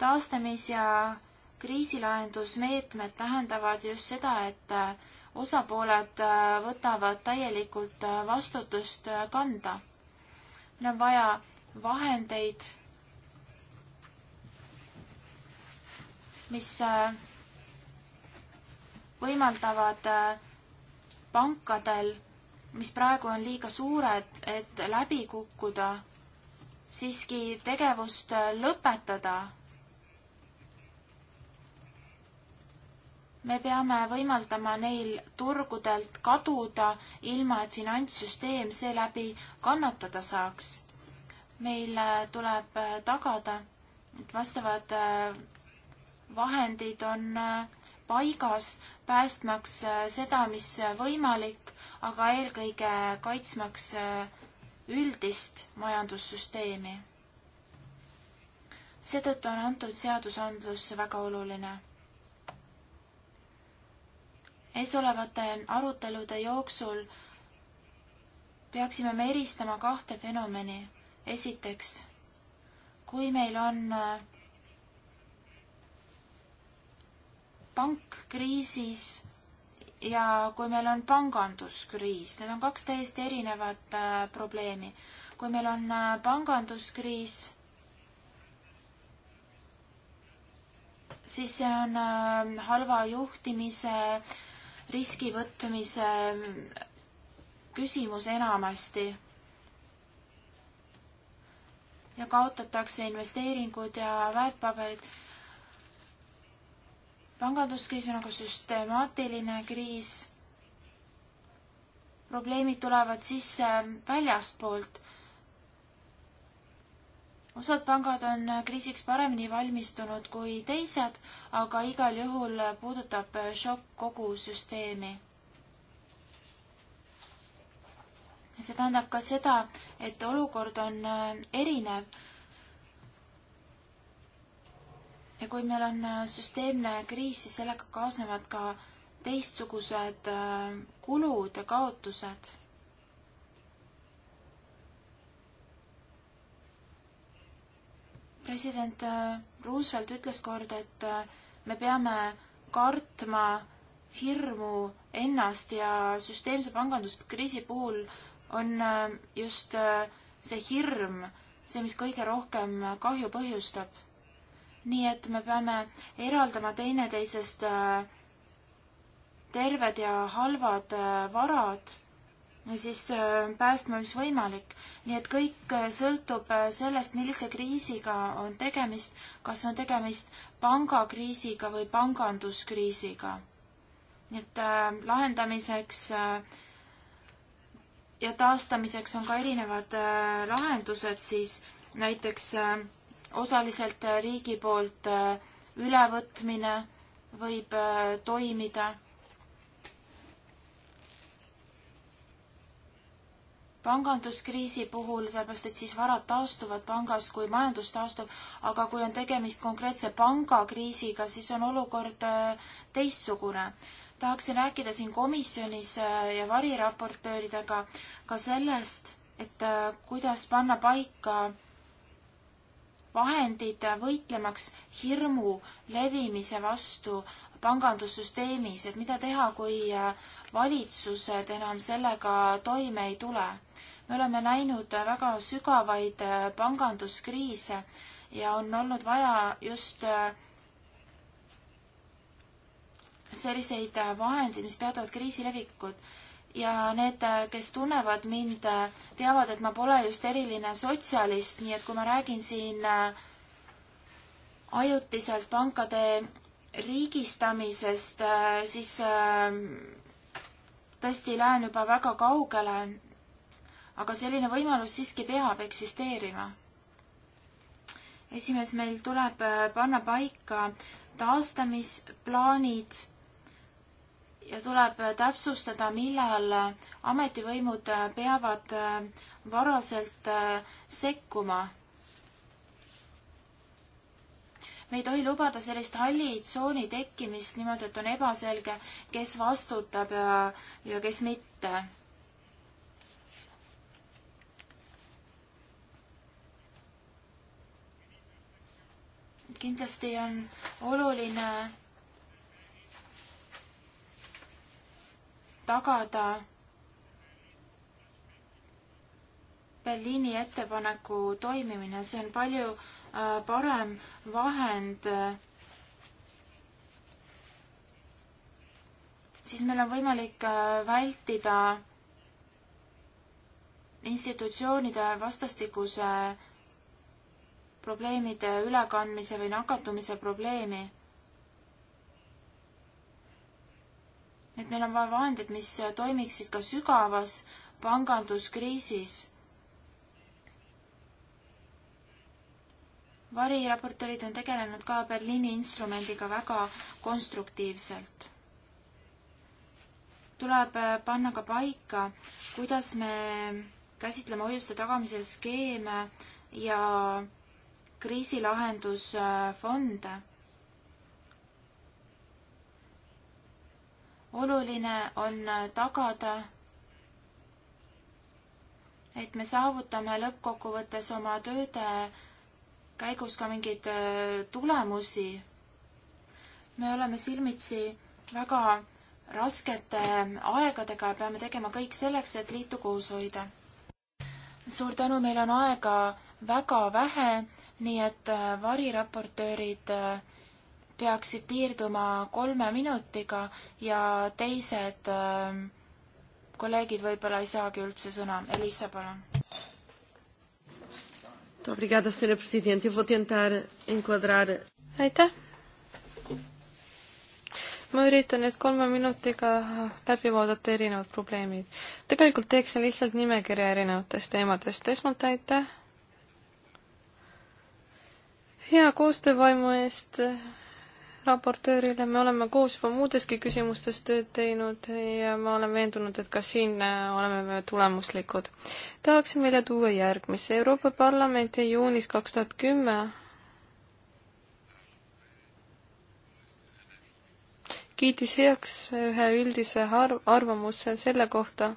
A: taastamis- ja kriisilahendusmeetmed tähendavad just seda, et osapooled võtavad täielikult vastutust kanda meil on vaja vahendeid, mis äh, võimaldavad äh, pankadel, mis praegu on liiga suured, et läbi kukkuda, siiski tegevust äh, lõpetada me peame võimaldama neil turgudelt kaduda, ilma et finantssüsteem seeläbi kannatada saaks. meil äh, tuleb äh, tagada, et vastavad äh, vahendid on paigas, päästmaks seda, mis võimalik, aga eelkõige kaitsmaks üldist majandussüsteemi. seetõttu on antud seadusandlus väga oluline eesolevate arutelude jooksul peaksime me eristama kahte fenomeni. esiteks, kui meil on äh, pank kriisis ja kui meil on panganduskriis, need on kaks täiesti erinevat äh, probleemi. kui meil on äh, panganduskriis, siis see on halva juhtimise äh, riski võtmise mm, küsimus enamasti. ja kaotatakse investeeringud ja väärtpaberid. panganduskriis on aga nagu süstemaatiline kriis. probleemid tulevad sisse väljastpoolt osad pangad on kriisiks paremini valmistunud kui teised, aga igal juhul puudutab šokk kogu süsteemi. see tähendab ka seda, et olukord on äh, erinev ja kui meil on äh, süsteemne kriis, siis sellega kaasnevad ka teistsugused äh, kulud ja kaotused. president äh, Roosevelt ütles kord, et äh, me peame kartma hirmu ennast ja süsteemse panganduskriisi puhul on äh, just see hirm see, mis kõige rohkem kahju põhjustab. nii et me peame eraldama teineteisest terved ja halvad varad siis äh, päästma, mis võimalik. nii et kõik äh, sõltub äh, sellest, millise kriisiga on tegemist, kas on tegemist pangakriisiga või panganduskriisiga. nii et äh, lahendamiseks äh, ja taastamiseks on ka erinevad äh, lahendused siis, näiteks osaliselt riigi poolt ülevõtmine võib toimida panganduskriisi puhul, sellepärast et siis varad taastuvad pangas, kui majandus taastub, aga kui on tegemist konkreetse pangakriisiga, siis on olukord äh, teistsugune. tahaksin rääkida siin komisjonis äh, ja variraportööridega ka sellest, et äh, kuidas panna paika vahendid võitlemaks hirmu levimise vastu pangandussüsteemis, et mida teha, kui äh, valitsused enam sellega toime ei tule. me oleme näinud väga sügavaid äh, panganduskriise ja on olnud vaja just äh, selliseid äh, vahendeid, mis peatavad kriisi levikut ja need, kes tunnevad mind, teavad, et ma pole just eriline sotsialist, nii et kui ma räägin siin ajutiselt pankade riigistamisest, siis tõesti lähen juba väga kaugele, aga selline võimalus siiski peab eksisteerima. esimees, meil tuleb äh, panna paika taastamisplaanid ja tuleb äh, täpsustada, millal äh, ametivõimud peavad varaselt sekkuma me ei tohi lubada sellist halli tsooni tekkimist niimoodi, et on ebaselge, kes vastutab ja, ja kes mitte. kindlasti on oluline tagada Berliini ettepaneku toimimine, see on palju parem vahend, siis meil on võimalik äh, vältida institutsioonide vastastikuse probleemide ülekandmise või nakatumise probleemi. et meil on vaja vahendeid, mis toimiksid ka sügavas panganduskriisis variraportorid on tegelenud ka Berliini instrumendiga väga konstruktiivselt. tuleb äh, panna ka paika, kuidas me käsitleme hoiuste tagamise skeeme ja kriisilahendusfonde. oluline on tagada, et me saavutame lõppkokkuvõttes oma tööde käigus ka mingeid äh, tulemusi. me oleme silmitsi väga raskete äh, aegadega ja peame tegema kõik selleks, et liitu koos hoida. suur tänu, meil on aega väga vähe, nii et äh, variraportöörid peaksid piirduma kolme minutiga ja teised kolleegid võib-olla ei saagi üldse sõna. Elisa, palun
B: Obrigada, senhora presidente. Eu vou tentar enquadrar. aitäh. ma üritan nüüd kolme minutiga läbi vaadata erinevad probleemid. tegelikult teeksin lihtsalt nimekirja erinevatest teemadest. esmalt aitäh hea koostöövaimu eest raportöörile, me oleme koos juba muudeski küsimustes tööd teinud ja ma olen veendunud, et ka siin äh, oleme me tulemuslikud. tahaksin välja tuua järgmisse, Euroopa Parlament juunis kaks tuhat kümme kiitis heaks ühe üldise arv, arvamuse selle kohta,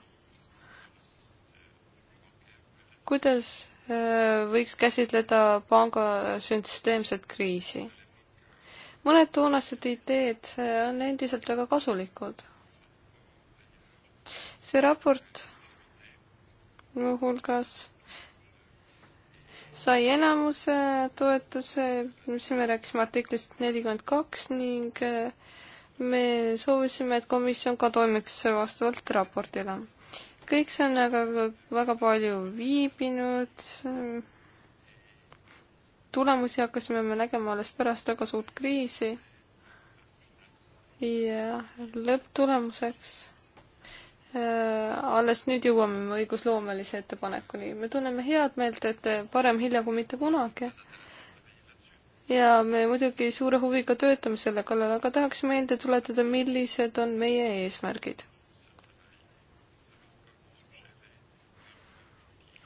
B: kuidas äh, võiks käsitleda panga süsteemset kriisi mõned toonased ideed eh, on endiselt väga kasulikud. see raport muuhulgas sai enamuse toetuse, siin me rääkisime artiklist nelikümmend kaks ning eh, me soovisime, et komisjon ka toimiks vastavalt raportile. kõik see on aga väga palju viibinud eh, tulemusi hakkasime me nägema alles pärast väga suurt kriisi ja lõpptulemuseks äh, alles nüüd jõuame õigusloomelise ettepanekuni. me tunneme head meelt, et parem hilja kui mitte kunagi. ja me muidugi suure huviga töötame selle kallal, aga tahaks meelde tuletada, millised on meie eesmärgid.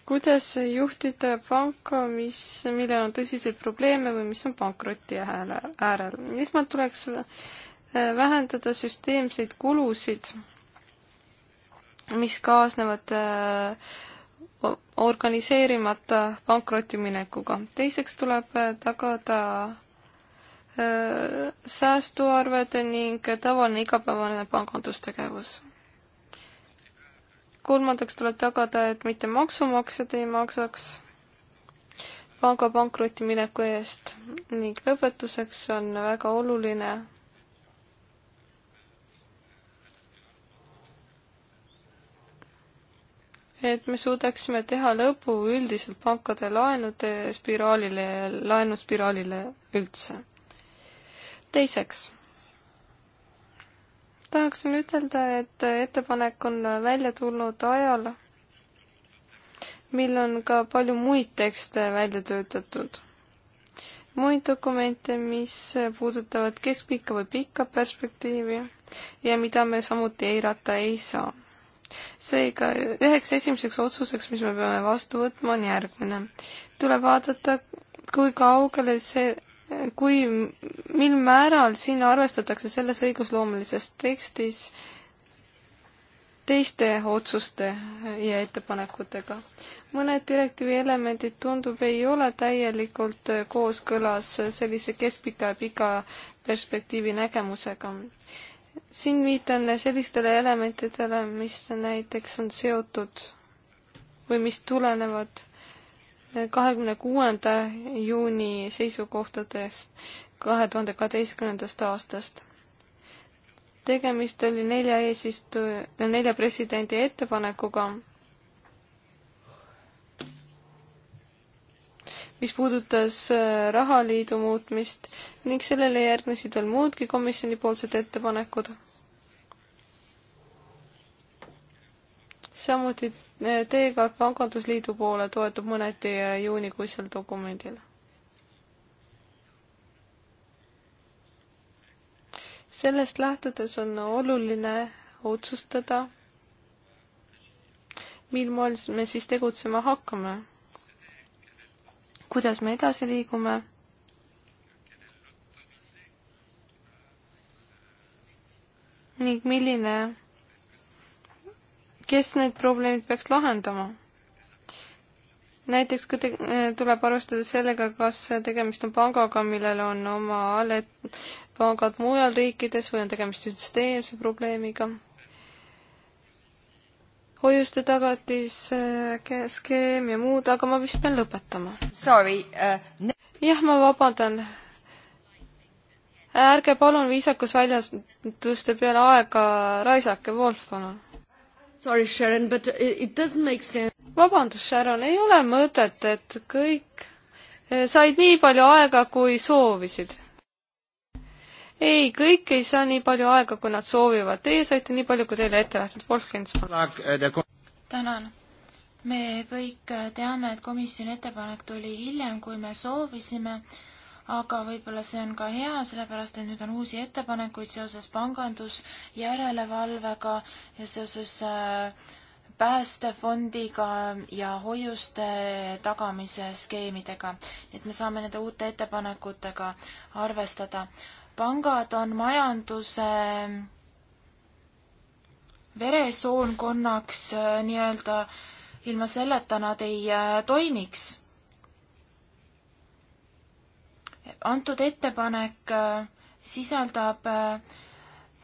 B: kuidas juhtida panka, mis, millel on tõsiseid probleeme või mis on pankroti ääle, äärel. esmalt tuleks äh, vähendada süsteemseid kulusid, mis kaasnevad äh, organiseerimata pankrotiminekuga. teiseks tuleb äh, tagada säästuarved ning tavaline igapäevane pangandustegevus kolmandaks tuleb tagada, et mitte maksumaksjad ei maksaks panga pankrotti mineku eest ning lõpetuseks on väga oluline et me suudaksime teha lõpu üldiselt pankade laenude spiraalile ja laenuspiraalile üldse. teiseks tahaksin ütelda, et ettepanek on välja tulnud ajal, mil on ka palju muid tekste välja töötatud. muid dokumente, mis puudutavad keskpikka või pikka perspektiivi ja mida me samuti eirata ei saa. seega üheks esimeseks otsuseks, mis me peame vastu võtma, on järgmine. tuleb vaadata, kui kaugele see kui, mil määral siin arvestatakse selles õigusloomelises tekstis teiste otsuste ja ettepanekutega. mõned direktiivi elemendid, tundub, ei ole täielikult kooskõlas sellise keskpika ja pika perspektiivi nägemusega. siin viitan sellistele elementidele, mis näiteks on seotud või mis tulenevad kahekümne kuuenda juuni seisukohtadest kahe tuhande kaheteistkümnendast aastast. tegemist oli nelja eesistuja, nelja presidendi ettepanekuga, mis puudutas äh, rahaliidu muutmist ning sellele järgnesid veel muudki komisjonipoolsed ettepanekud samuti eh, teekaart Pangandusliidu poole toetub mõneti eh, juunikuisel dokumendil. sellest lähtudes on oluline otsustada, mil moel me siis tegutsema hakkame, kuidas me edasi liigume ning milline kes need probleemid peaks lahendama? näiteks kui te, äh, tuleb arvestada sellega, kas tegemist on pangaga, millel on oma allpangad mujal riikides või on tegemist süsteemse probleemiga. hoiuste tagatis, äh, skeem ja muud, aga ma vist pean lõpetama. Uh, jah, ma vabandan. ärge palun viisakus väljastuste peale aega raisake, Wolf, palun Sorry, Sharon, but it doesn't make sense. vabandust, Sharon, ei ole mõtet, et kõik eh, said nii palju aega, kui soovisid. ei, kõik ei saa nii palju aega, kui nad soovivad. Teie saite nii palju, kui teile ette nähtud.
A: tänan. me kõik teame, et komisjoni ettepanek tuli hiljem, kui me soovisime aga võib-olla see on ka hea, sellepärast et nüüd on uusi ettepanekuid seoses pangandusjärelevalvega ja seoses äh, päästefondiga ja hoiuste tagamise skeemidega. et me saame nende uute ettepanekutega arvestada. pangad on majanduse äh, veresoonkonnaks äh, nii-öelda ilma selleta nad ei toimiks antud ettepanek äh, sisaldab äh,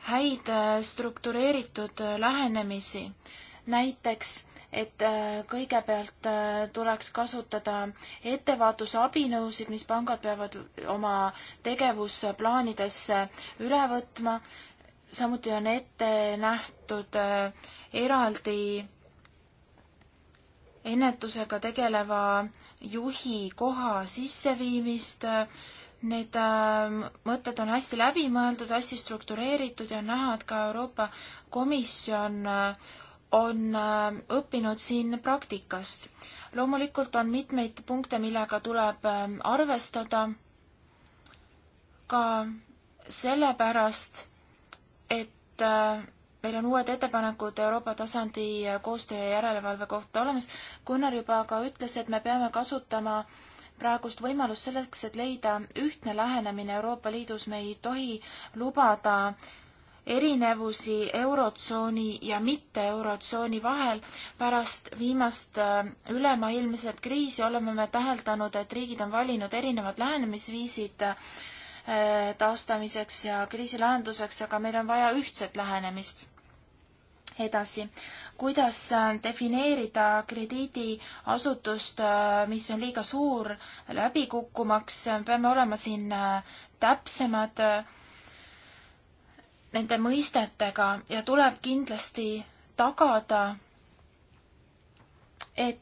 A: häid äh, struktureeritud lähenemisi, näiteks et kõigepealt tuleks kasutada ettevaatuse abinõusid, mis pangad peavad oma tegevusplaanidesse üle võtma. samuti on ette nähtud eraldi ennetusega tegeleva juhi koha sisseviimist. Need äh, mõtted on hästi läbimõeldud, hästi struktureeritud ja on näha, et ka Euroopa Komisjon äh, on äh, õppinud siin praktikast. loomulikult on mitmeid punkte, millega tuleb ähm, arvestada ka sellepärast, et meil on uued ettepanekud Euroopa tasandi koostöö ja järelevalve kohta olemas. Gunnar juba ka ütles, et me peame kasutama praegust võimalust selleks, et leida ühtne lähenemine Euroopa Liidus, me ei tohi lubada erinevusi Eurotsooni ja mitte Eurotsooni vahel. pärast viimast äh, ülemaailmset kriisi oleme me täheldanud, et riigid on valinud erinevad lähenemisviisid äh, taastamiseks ja kriisi lahenduseks, aga meil on vaja ühtset lähenemist edasi, kuidas äh, defineerida krediidiasutust, äh, mis on liiga suur läbikukkumaks, peame olema siin äh, täpsemad nende mõistetega ja tuleb kindlasti tagada, et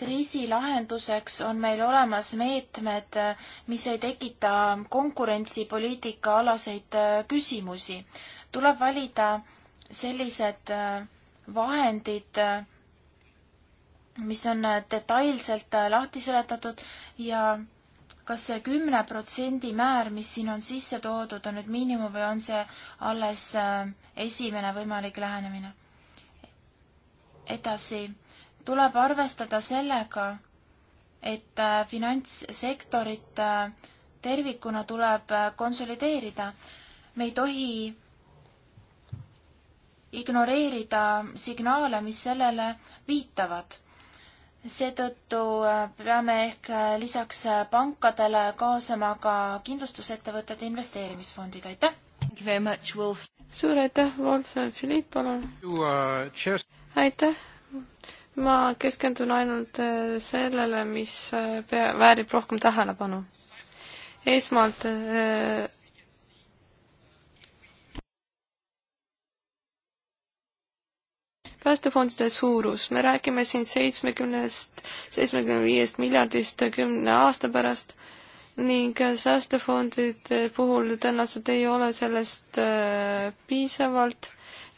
A: kriisi lahenduseks on meil olemas meetmed, mis ei tekita konkurentsipoliitika alaseid küsimusi. tuleb valida sellised äh, vahendid, äh, mis on äh, detailselt lahti seletatud ja kas see kümne protsendi määr, mis siin on sisse toodud, on nüüd miinimum või on see alles esimene võimalik lähenemine? edasi, tuleb arvestada sellega, et finantssektorit tervikuna tuleb konsolideerida. me ei tohi ignoreerida signaale, mis sellele viitavad. seetõttu äh, peame ehk äh, lisaks äh, pankadele kaasama ka kindlustusettevõtted ja investeerimisfondid, aitäh! suur
B: aitäh, Wolfgang Philipp, palun!
A: Uh,
B: aitäh! ma keskendun ainult sellele, mis pea, väärib rohkem tähelepanu. esmalt äh, päästefondide suurus, me räägime siin seitsmekümnest, seitsmekümne viiest miljardist kümne aasta pärast ning säästefondide puhul tõenäoliselt ei ole sellest äh, piisavalt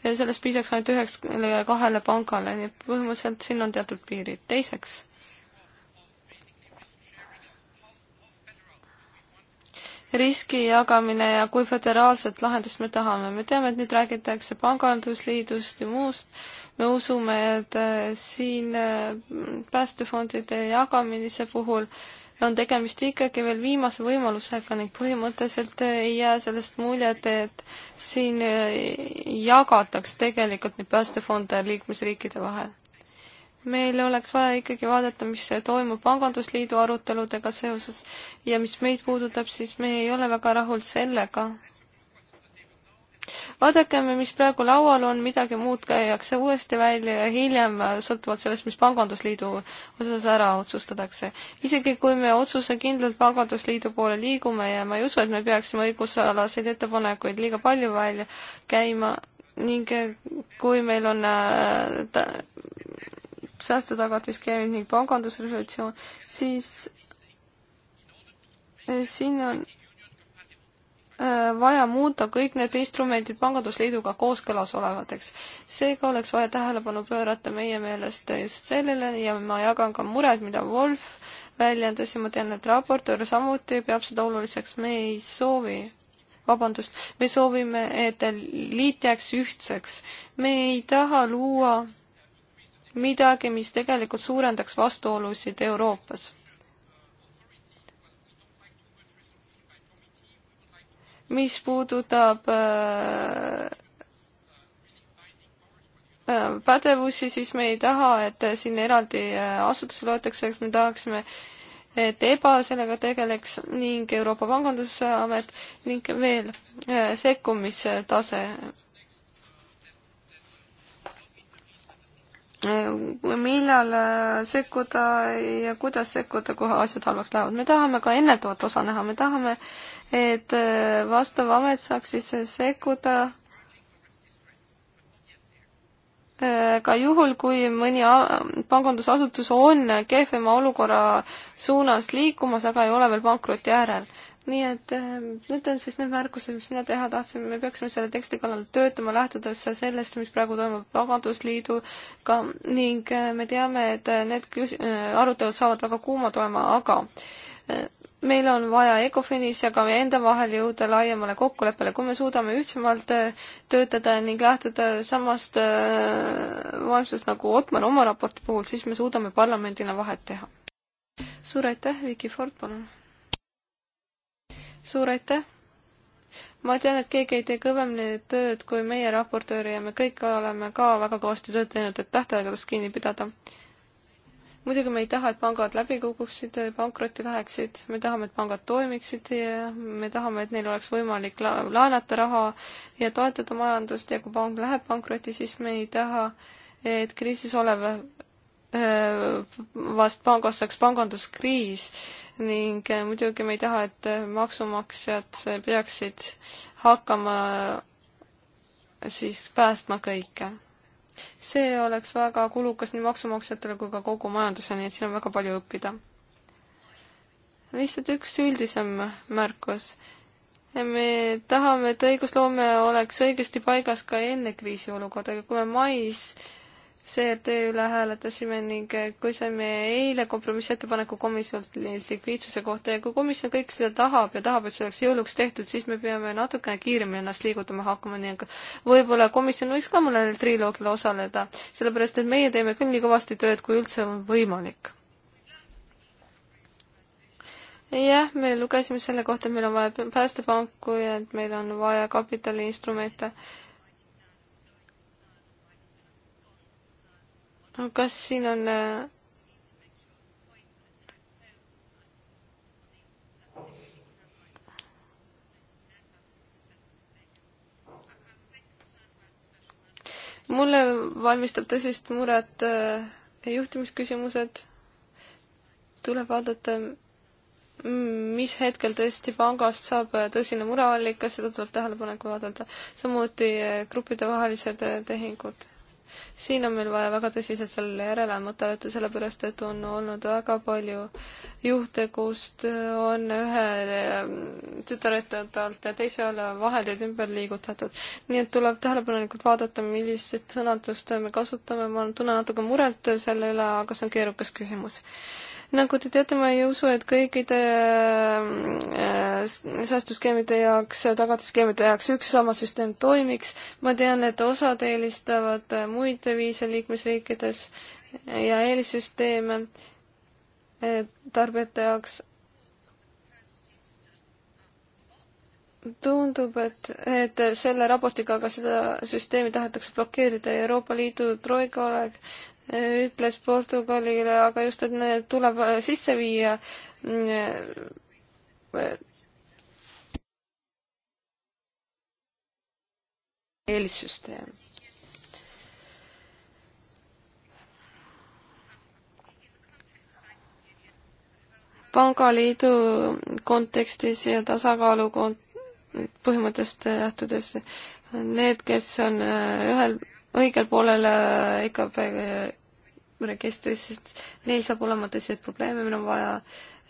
B: ja sellest piisaks ainult üheksale ja kahele pangale, nii et põhimõtteliselt siin on teatud piirid. teiseks riski jagamine ja kui föderaalset lahendust me tahame. me teame, et nüüd räägitakse pangandusliidust ja muust. me usume, et äh, siin äh, päästefondide jagamise puhul on tegemist ikkagi veel viimase võimalusega ning põhimõtteliselt äh, ei jää sellest muljet, et siin jagataks tegelikult neid päästefonde liikmesriikide vahel meil oleks vaja ikkagi vaadata, mis toimub Pangandusliidu aruteludega seoses ja mis meid puudutab, siis me ei ole väga rahul sellega. vaadakem, mis praegu laual on, midagi muud käiakse uuesti välja ja hiljem sõltuvalt sellest, mis Pangandusliidu osas ära otsustatakse. isegi kui me otsuse kindlalt Pangandusliidu poole liigume ja ma ei usu, et me peaksime õigusalaseid ettepanekuid liiga palju välja käima ning kui meil on äh, säästutagatiskeemid ning pangandusregulatsioon, siis eh, siin on eh, vaja muuta kõik need instrumendid Pangandusliiduga kooskõlas olevateks. seega oleks vaja tähelepanu pöörata meie meelest just sellele ja ma jagan ka mured, mida Wolf väljendas ja ma tean, et raportöör samuti peab seda oluliseks, me ei soovi vabandust, me soovime, et liit jääks ühtseks. me ei taha luua midagi, mis tegelikult suurendaks vastuolusid Euroopas mis puudutab äh, äh, pädevusi, siis me ei taha, et siin eraldi äh, asutus loetakse, eks me tahaksime, et EBA sellega tegeleks ning Euroopa Pangandusamet ning veel sekkumistase. Äh, millal äh, sekkuda ja kuidas sekkuda, kui asjad halvaks lähevad. me tahame ka ennetavat osa näha, me tahame, et äh, vastav amet saaks siis sekkuda ka juhul, kui mõni pangandusasutus on kehvema olukorra suunas liikumas, aga ei ole veel pankroti äärel nii et äh, need on siis need märkused, mis mina teha tahtsin, me peaksime selle teksti kallal töötama, lähtudes sellest, mis praegu toimub Vabadusliiduga ning äh, me teame, et äh, need küs-, arutelud saavad väga kuumad olema, aga meil on vaja ECOFINis ja ka meie enda vahel jõuda laiemale kokkuleppele, kui me suudame ühtsemalt töötada ning lähtuda samast vaimsusest nagu Otmar oma raporti puhul, siis me suudame parlamendina vahet teha. suur aitäh, Vicky Ford, palun! suur aitäh! ma tean, et keegi ei tee kõvemini tööd kui meie raportööri ja me kõik oleme ka väga kõvasti tööd teinud, et tähtaegadest kinni pidada. muidugi me ei taha, et pangad läbi kukuksid, pankrotti läheksid, me tahame, et pangad toimiksid ja me tahame, et neil oleks võimalik la laenata raha ja toetada majandust ja kui pank läheb pankrotti, siis me ei taha, et kriisis olev Äh, vast pangastaks panganduskriis ning äh, muidugi me ei taha, et äh, maksumaksjad peaksid hakkama siis päästma kõike. see oleks väga kulukas nii maksumaksjatele kui ka kogu majandusele, nii et siin on väga palju õppida. lihtsalt üks üldisem märkus. me tahame, et õigusloome oleks õigesti paigas ka enne kriisiolukorda, kui me mais CRD üle hääletasime ning eh, kui saime eile kompromissettepaneku komisjonilt likviidsuse kohta ja kui komisjon kõik seda tahab ja tahab, et see oleks jõuluks tehtud, siis me peame natukene kiiremini ennast liigutama hakkama, nii et võib-olla komisjon võiks ka mõnel triloogil osaleda, sellepärast et meie teeme küll nii kõvasti tööd, kui üldse on võimalik. jah, me lugesime selle kohta, et meil on vaja päästepanku ja et meil on vaja kapitaliinstrumente kas siin on äh, mulle valmistab tõsist muret äh, juhtimisküsimused. tuleb vaadata, mis hetkel tõesti pangast saab äh, tõsine mureallikas, seda tuleb tähelepanelikult vaadata. samuti gruppidevahelised tehingud siin on meil vaja väga tõsiselt sellele järele mõtelda, sellepärast et on olnud väga palju juhte, kust on ühe ähm, tütarettevõttelt teisele vahendeid ümber liigutatud. nii et tuleb tähelepanelikult vaadata, millist sõnadust me kasutame, ma tunnen natuke muret selle üle, aga see on keerukas küsimus nagu te teate, ma ei usu, et kõikide äh, äh, säästuskeemide jaoks, tagatiskeemide jaoks üks sama süsteem toimiks. ma tean, et osad eelistavad muid viise liikmesriikides ja eelissüsteeme äh, tarbijate jaoks. tundub, et, et selle raportiga ka seda süsteemi tahetakse blokeerida ja Euroopa Liidu troika oleks ütles Portugalile, aga just, et need tuleb äh, sisse viia. Äh, eelissüsteem. pangaliidu kontekstis ja tasakaalu kont-, põhimõttest lähtudes need, kes on äh, ühel õigel poolel EKP registris, sest neil saab olema tõsiseid probleeme, meil on vaja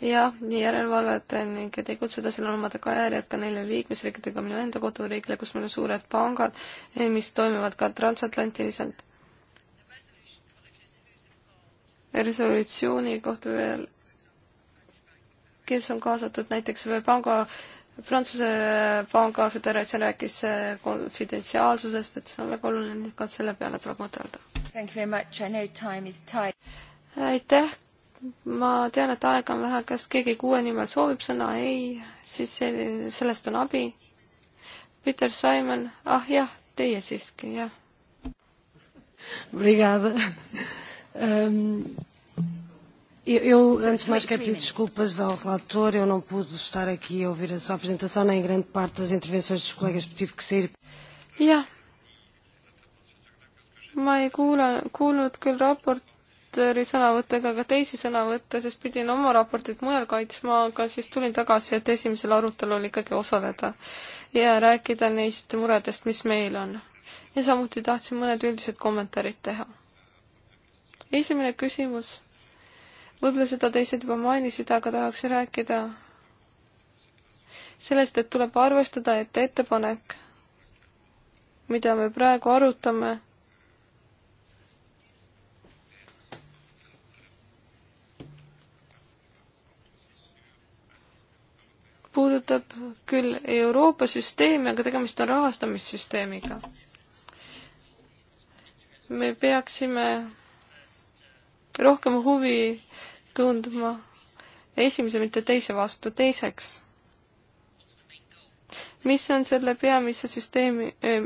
B: jah, nii järelevalvet ning tegutseda, seal on omad tagajärjed ka neile liikmesriikidega, minu enda koduriigile, kus meil on suured pangad, eh, mis toimivad ka transatlantiliselt. resolutsiooni kohta veel, kes on kaasatud näiteks panga Prantsuse Panga Föderatsioon rääkis äh, konfidentsiaalsusest, et see on väga oluline, ka selle peale tuleb mõtelda. aitäh, ma tean, et aega on vähe, kas keegi kuue nimel soovib sõna, ei, siis sellest on abi. Peter Simon, ah jah, teie siiski, jah. Brigada um Eu, antes de mais, quero pedir desculpas ao relator. Eu não pude estar aqui a ouvir a sua apresentação, nem grande parte das intervenções dos colegas,
C: porque tive que sair.
B: jah, ma ei kuula, kuulnud küll raportööri sõnavõttega ka teisi sõnavõtte, sest pidin oma raportit mujal kaitsma, aga siis tulin tagasi, et esimesel arutelul ikkagi osaleda ja rääkida neist muredest, mis meil on. ja samuti tahtsin mõned üldised kommentaarid teha. esimene küsimus võib-olla seda teised juba mainisid, aga tahaks rääkida sellest, et tuleb arvestada, et ettepanek, mida me praegu arutame, puudutab küll Euroopa süsteemi, aga tegemist on rahastamissüsteemiga. me peaksime rohkem huvi tundma esimese, mitte teise vastu. teiseks, mis on selle peamise süsteemi, eh,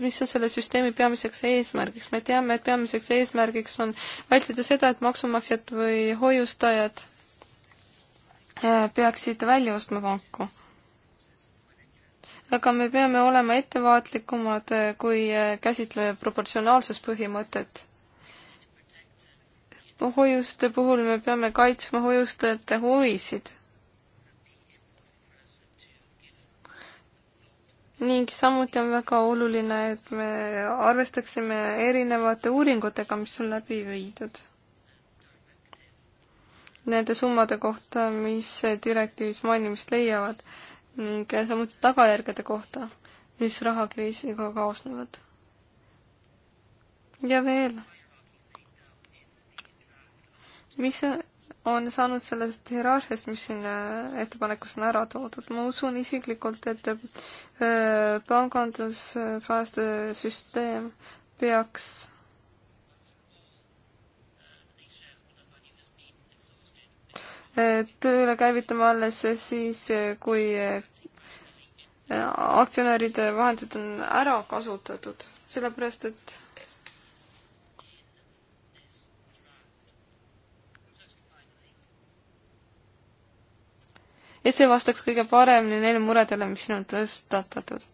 B: mis on selle süsteemi peamiseks eesmärgiks? me teame, et peamiseks eesmärgiks on vältida seda, et maksumaksjad või hoiustajad eh, peaksid välja ostma panku. aga me peame olema ettevaatlikumad, eh, kui käsitleme proportsionaalsuspõhimõtet hoiuste puhul me peame kaitsma hoiustajate huvisid. ning samuti on väga oluline, et me arvestaksime erinevate uuringutega, mis on läbi viidud. Nende summade kohta, mis direktiivis mainimist leiavad ning samuti tagajärgede kohta, mis rahakriisiga kaasnevad. ja veel mis on saanud sellest hierarhiast, mis siin äh, ettepanekus on ära toodud. ma usun isiklikult, et äh, pangandusrahastusüsteem peaks tööle käivitama alles siis, kui äh, aktsionäride vahendid on ära kasutatud, sellepärast et ja see vastaks kõige paremini neile muredele, mis on tõstatatud.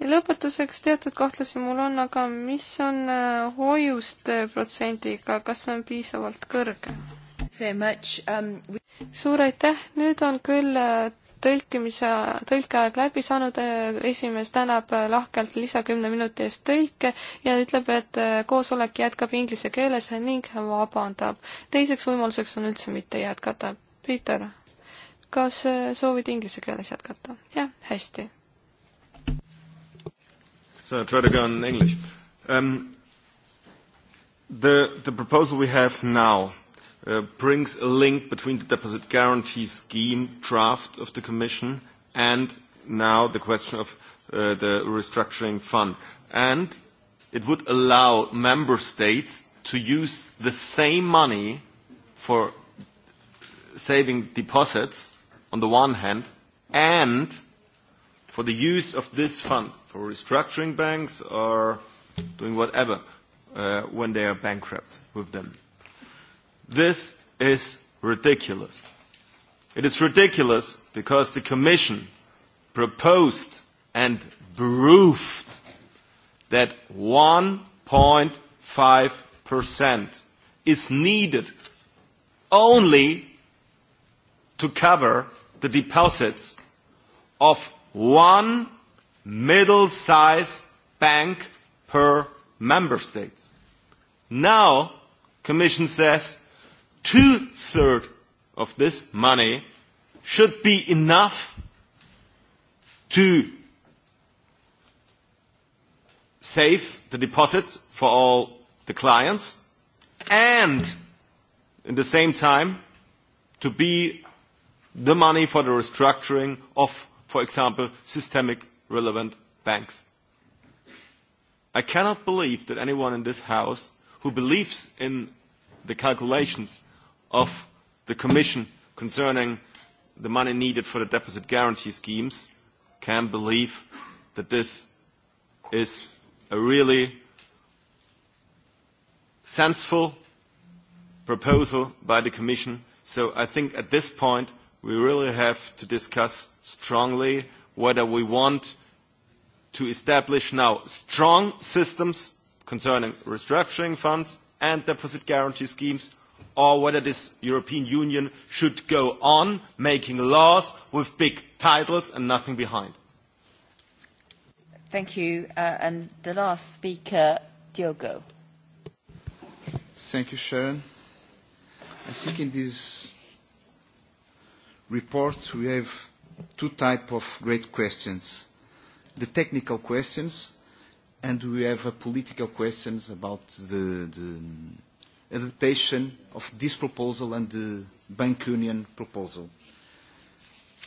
B: ja lõpetuseks teatud kahtlusi mul on, aga mis on äh, hoiuste protsendiga, kas see on piisavalt kõrge? Um, suur aitäh, nüüd on küll äh, tõlkimise, tõlkeaeg läbi saanud, äh, esimees tänab lahkelt lisa kümne minuti eest tõlke ja ütleb, et koosolek jätkab inglise keeles ning vabandab. teiseks võimaluseks on üldse mitte jätkata. Peter kas äh, soovid inglise keeles jätkata? jah, hästi.
G: So I try to go in English um,. The, the proposal we have now uh, brings a link between the deposit guarantee scheme draft of the Commission and now the question of uh, the restructuring fund. And it would allow member states to use the same money for saving deposits on the one hand, and for the use of this fund for restructuring banks or doing whatever uh, when they are bankrupt with them. This is ridiculous. It is ridiculous because the Commission proposed and proved that 1.5% is needed only to cover the deposits of one middle-sized bank per member state. Now, Commission says two-thirds of this money should be enough to save the deposits for all the clients and in the same time to be the money for the restructuring of, for example, systemic relevant banks. I cannot believe that anyone in this House who believes in the calculations of the Commission concerning the money needed for the deposit guarantee schemes can believe that this is a really sensible proposal by the Commission. So I think at this point we really have to discuss strongly whether we want to establish now strong systems concerning restructuring funds and deposit guarantee schemes, or whether this European Union should go on making laws with big titles and nothing behind.
A: Thank you. Uh, and the last speaker, Diogo.
C: Thank you, Sharon. I think in this report, we have two type of great questions. The technical questions, and we have a political questions about the, the adaptation of this proposal and the bank union proposal.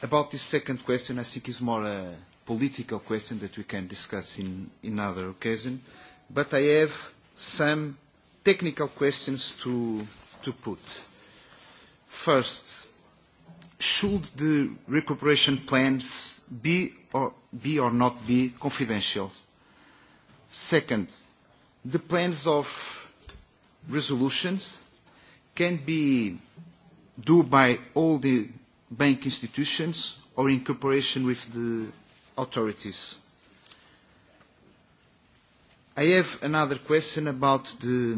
C: About this second question, I think is more a political question that we can discuss in, in other occasion, but I have some technical questions to, to put. First, should the recuperation plans be or, be or not be confidential? Second, the plans of resolutions can be due by all the bank institutions or in cooperation with the authorities. I have another question about the,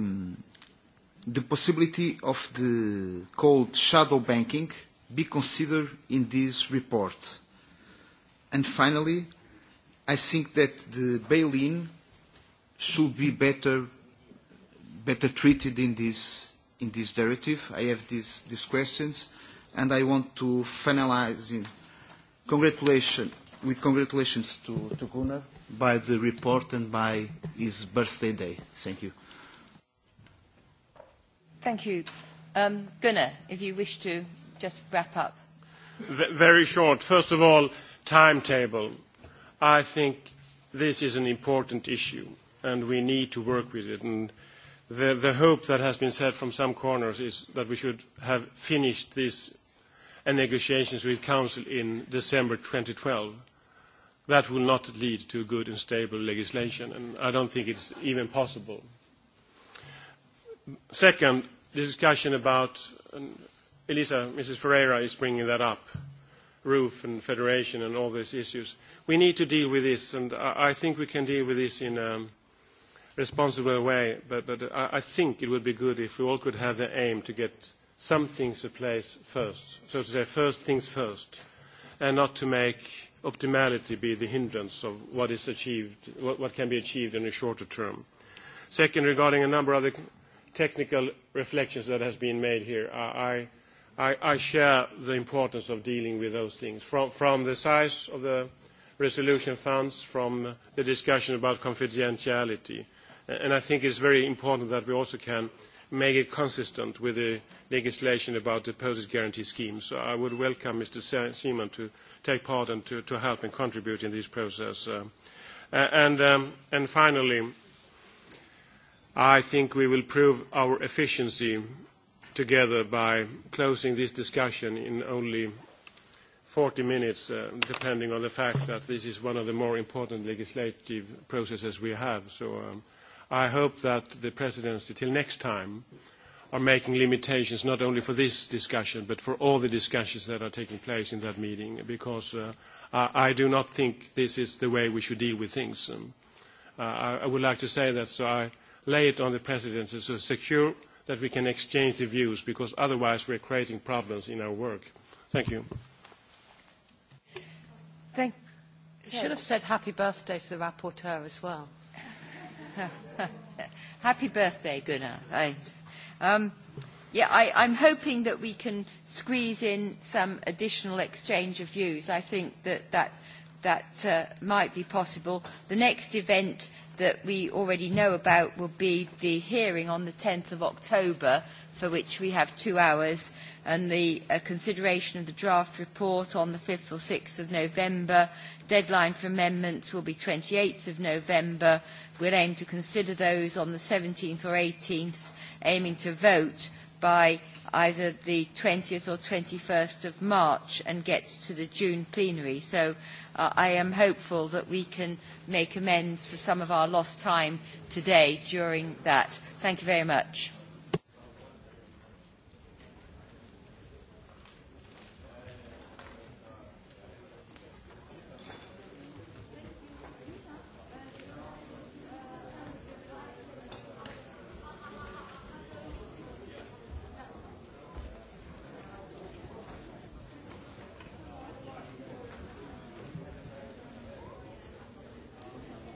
C: the possibility of the called shadow banking uh, be considered in this report. And finally, I think that the bail-in should be better, better treated in this, in this directive. I have these, these questions, and I want to finalize in congratulation, with congratulations to, to Gunnar by the report and by his birthday day. Thank you.
D: Thank you. Um, Gunnar, if you wish to just wrap up?
E: V very short. First of all, timetable. I think this is an important issue, and we need to work with it. And the, the hope that has been said from some corners is that we should have finished this and uh, negotiations with Council in December 2012. That will not lead to good and stable legislation, and I don't think it's even possible. Second, the discussion about um, Elisa, Mrs. Ferreira is bringing that up, roof and federation and all these issues. We need to deal with this, and I, I think we can deal with this in a um, responsible way, but, but I, I think it would be good if we all could have the aim to get some things in place first, so to say, first things first, and not to make optimality be the hindrance of what is achieved, what, what can be achieved in a shorter term. Second, regarding a number of the technical reflections that has been made here, I, I I, I share the importance of dealing with those things, from, from the size of the resolution funds, from the discussion about confidentiality. And I think it's very important that we also can make it consistent with the legislation about deposit guarantee schemes. So I would welcome Mr. Seaman to take part and to, to help and contribute in this process. Uh, and, um, and finally, I think we will prove our efficiency together by closing this discussion in only 40 minutes, uh, depending on the fact that this is one of the more important legislative processes we have. So um, I hope that the presidency, till next time, are making limitations not only for this discussion, but for all the discussions that are taking place in that meeting, because uh, I, I do not think this is the way we should deal with things. Um, uh, I, I would like to say that, so I lay it on the presidency to so secure that we can exchange the views, because otherwise we're creating problems in our work. Thank you.
A: Thank you. Should have said happy birthday
D: to the rapporteur as well. happy birthday, Gunnar. Thanks. Um, yeah, I, I'm hoping that we can squeeze in some additional exchange of views. I think that that, that uh, might be possible. The next event that we already know about will be the hearing on the 10th of October, for which we have two hours, and the uh, consideration of the draft report on the 5th or 6th of November. Deadline for amendments will be 28th of November. We'll aim to consider those on the 17th or 18th, aiming to vote by either the 20th or 21st of
A: March and get to the June plenary. So uh, I am hopeful that we can make amends for some of our lost time today during that. Thank you very much.